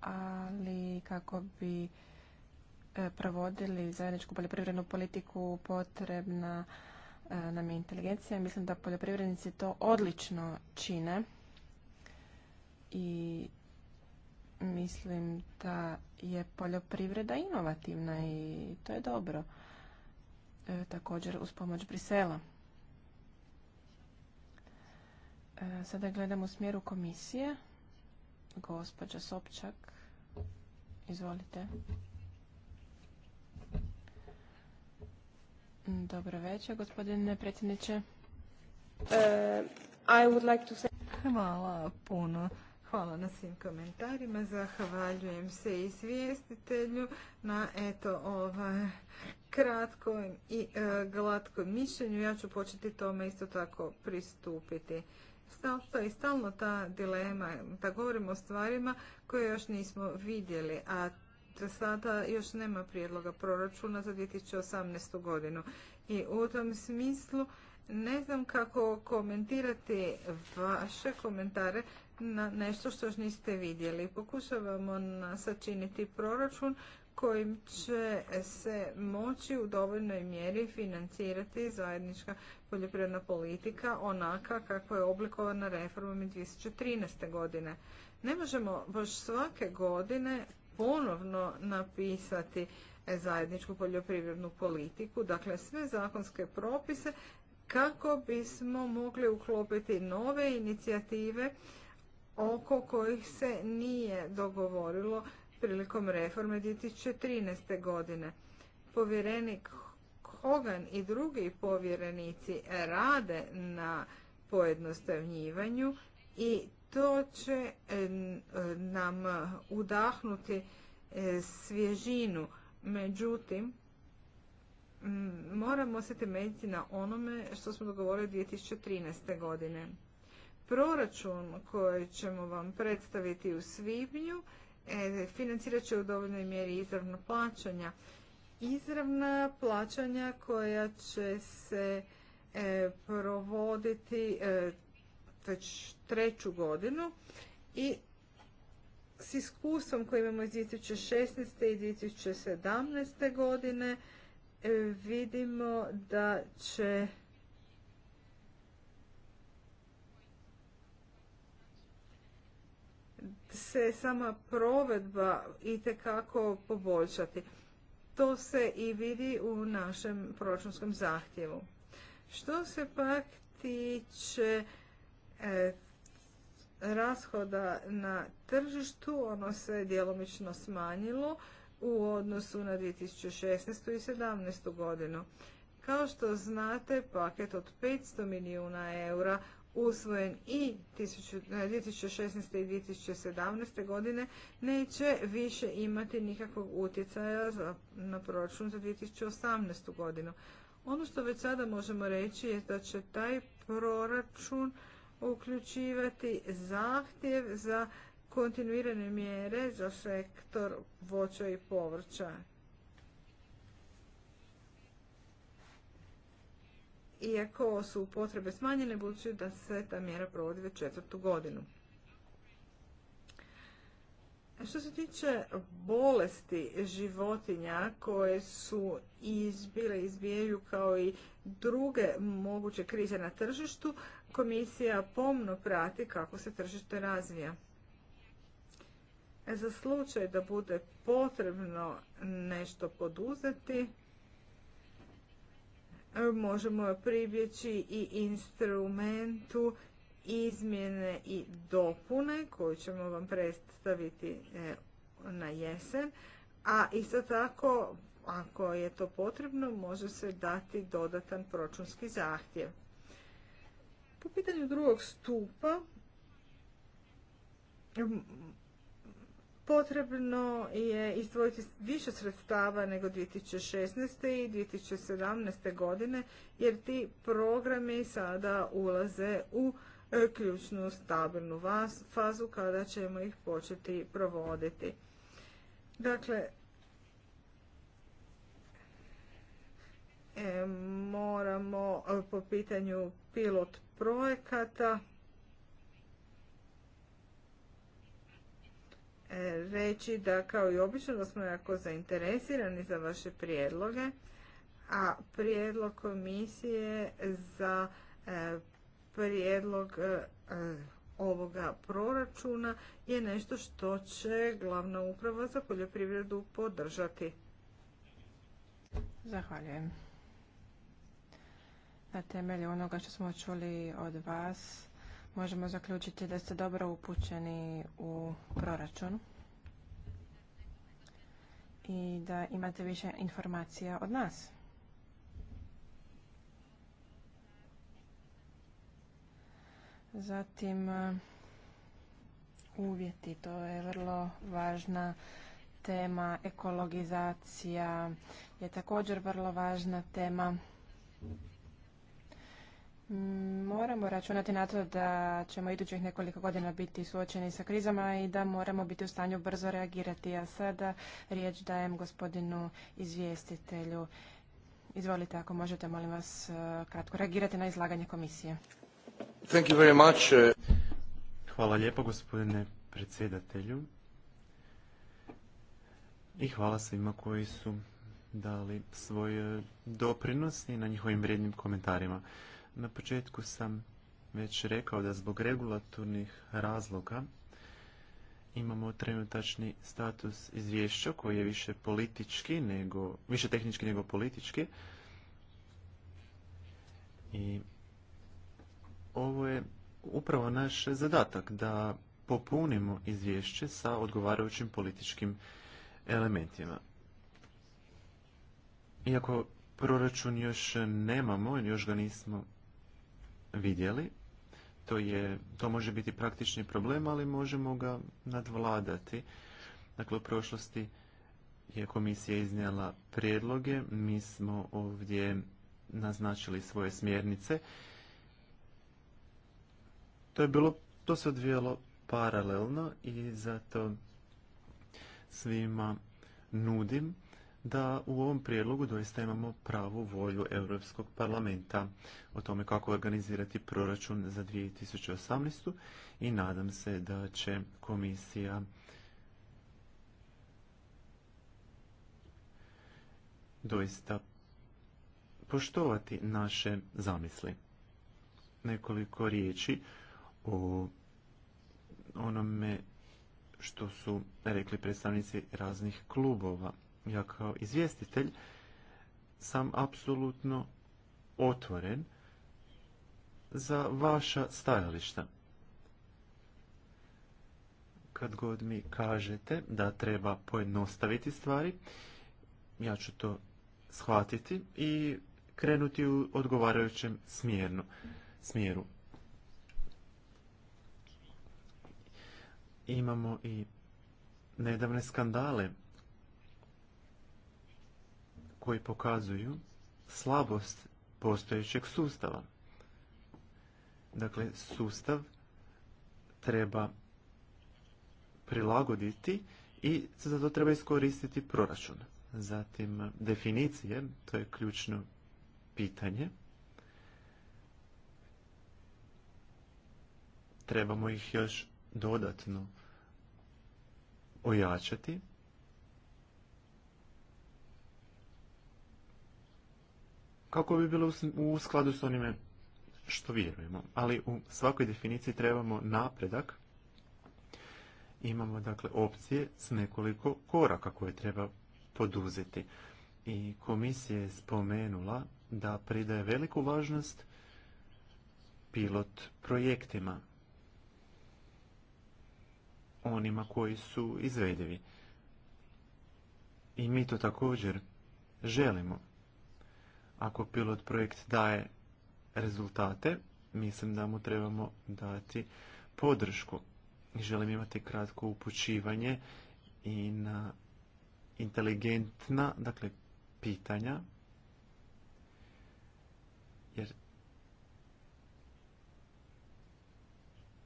ali kako bi eh, provodili zajedničku poljoprivrednu politiku potrebna eh, nam je inteligencija. Mislim da poljoprivrednici to odlično čine i mislim da je poljoprivreda inovativna i to je dobro. E, također uz pomoć Brisela. E, sada gledam u smjeru komisije. Gospođa Sopčak, izvolite. Dobro večer, gospodine predsjedniče. E, Hvala puno. Hvala na svim komentarima. Zahvaljujem se i izvjestitelju na eto ovaj, kratkom i e, glatkom mišljenju. Ja ću početi tome isto tako pristupiti. što je stalno ta dilema, da govorimo o stvarima koje još nismo vidjeli, a sada još nema prijedloga proračuna za 2018. godinu. I u tom smislu ne znam kako komentirati vaše komentare na nešto što još niste vidjeli. Pokušavamo sačiniti proračun kojim će se moći u dovoljnoj mjeri financirati zajednička poljoprivredna politika onaka kako je oblikovana reformom iz 2013. godine. Ne možemo baš svake godine ponovno napisati e, zajedničku poljoprivrednu politiku, dakle sve zakonske propise kako bismo mogli uklopiti nove inicijative oko kojih se nije dogovorilo prilikom reforme 2013. godine. Povjerenik Hogan i drugi povjerenici rade na pojednostavnjivanju i to će e, nam udahnuti e, svježinu. Međutim, moramo se temeljiti na onome što smo dogovorili 2013. godine. Proračun koji ćemo vam predstaviti u svibnju E, financirat će u dovoljnoj mjeri izravna plaćanja. Izravna plaćanja koja će se e, provoditi e, već treću godinu i s iskustvom koje imamo iz 2016. i 2017. godine vidimo da će se sama provedba itekako poboljšati. To se i vidi u našem proračunskom zahtjevu. Što se pak tiče e, rashoda na tržištu, ono se djelomično smanjilo u odnosu na 2016. i 2017. godinu. Kao što znate, paket od 500 milijuna eura usvojen i 2016. E, i 2017. godine neće više imati nikakvog utjecaja na proračun za 2018. godinu. Ono što već sada možemo reći je da će taj proračun uključivati zahtjev za kontinuirane mjere za sektor voća i povrća. iako su potrebe smanjene budući da se ta mjera provodi već četvrtu godinu. Što se tiče bolesti životinja koje su izbile, izbijaju kao i druge moguće krize na tržištu, komisija pomno prati kako se tržište razvija. E, za slučaj da bude potrebno nešto poduzeti, možemo pribjeći i instrumentu izmjene i dopune koju ćemo vam predstaviti e, na jesen, a isto tako ako je to potrebno može se dati dodatan pročunski zahtjev. Po pitanju drugog stupa Potrebno je izdvojiti više sredstava nego 2016. i 2017. godine jer ti programi sada ulaze u e, ključnu stabilnu fazu kada ćemo ih početi provoditi. Dakle, e, moramo e, po pitanju pilot projekata E, reći da kao i obično da smo jako zainteresirani za vaše prijedloge, a prijedlog komisije za e, prijedlog e, ovoga proračuna je nešto što će glavna uprava za poljoprivredu podržati. Zahvaljujem. Na temelju onoga što smo čuli od vas, možemo zaključiti da ste dobro upućeni u proračun i da imate više informacija od nas. Zatim, eh, uvjeti, to je vrlo važna tema, ekologizacija je također vrlo važna tema. Mm, moramo računati na to da ćemo idućih nekoliko godina biti suočeni sa krizama i da moramo biti u stanju brzo reagirati. A sada riječ dajem gospodinu izvjestitelju. Izvolite, ako možete, molim vas, e, kratko reagirati na izlaganje komisije. Thank you very much. E. Hvala lijepo, gospodine predsjedatelju. I hvala svima koji su dali svoj e, doprinos i na njihovim vrijednim komentarima. Na početku sam već rekao da zbog regulatornih razloga imamo trenutačni status izvješća koji je više politički nego, više tehnički nego politički. I ovo je upravo naš zadatak da popunimo izvješće sa odgovarajućim političkim elementima. Iako proračun još nemamo, još ga nismo vidjeli. To, je, to može biti praktični problem, ali možemo ga nadvladati. Dakle, u prošlosti je komisija iznijela prijedloge, mi smo ovdje naznačili svoje smjernice. To je bilo, to se odvijelo paralelno i zato svima nudim da u ovom prijedlogu doista imamo pravu volju Europskog parlamenta o tome kako organizirati proračun za 2018. i nadam se da će komisija doista poštovati naše zamisli. Nekoliko riječi o onome što su rekli predstavnici raznih klubova ja kao izvjestitelj sam apsolutno otvoren za vaša stajališta. Kad god mi kažete da treba pojednostaviti stvari, ja ću to shvatiti i krenuti u odgovarajućem smjernu, smjeru. Imamo i nedavne skandale koji pokazuju slabost postojećeg sustava. Dakle, sustav treba prilagoditi i za to treba iskoristiti proračun. Zatim, definicije, to je ključno pitanje. Trebamo ih još dodatno ojačati. kako bi bilo u skladu s onime što vjerujemo. Ali u svakoj definiciji trebamo napredak. Imamo dakle opcije s nekoliko koraka koje treba poduzeti. I komisija je spomenula da pridaje veliku važnost pilot projektima. Onima koji su izvedivi. I mi to također želimo. Ako pilot projekt daje rezultate, mislim da mu trebamo dati podršku. Želim imati kratko upućivanje i na inteligentna, dakle, pitanja, jer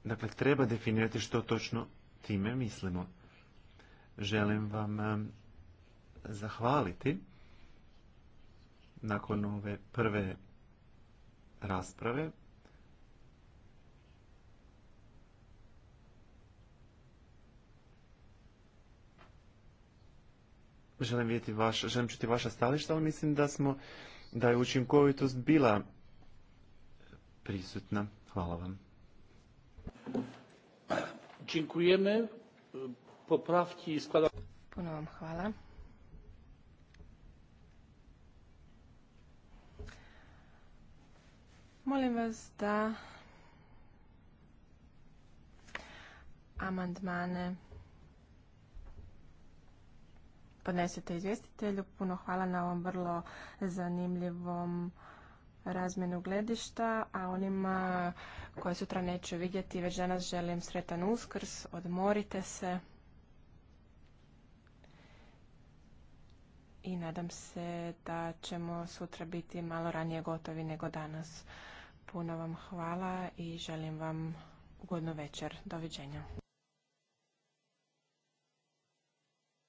Dakle, treba definirati što točno time mislimo. Želim vam eh, zahvaliti nakon ove prve rasprave želim vidjeti vaš, želim čuti vaša stališta, ali mislim da smo da je učinkovitost bila prisutna. Hvala vam. Dziękujemy. Poprawki składam. Puno vam hvala. Molim vas da amandmane podnesete izvjestitelju. Puno hvala na ovom vrlo zanimljivom razmjenu gledišta, a onima koje sutra neću vidjeti, već danas želim sretan uskrs, odmorite se. I nadam se da ćemo sutra biti malo ranije gotovi nego danas. Puno vam hvala i želim vam ugodnu večer. Doviđenja.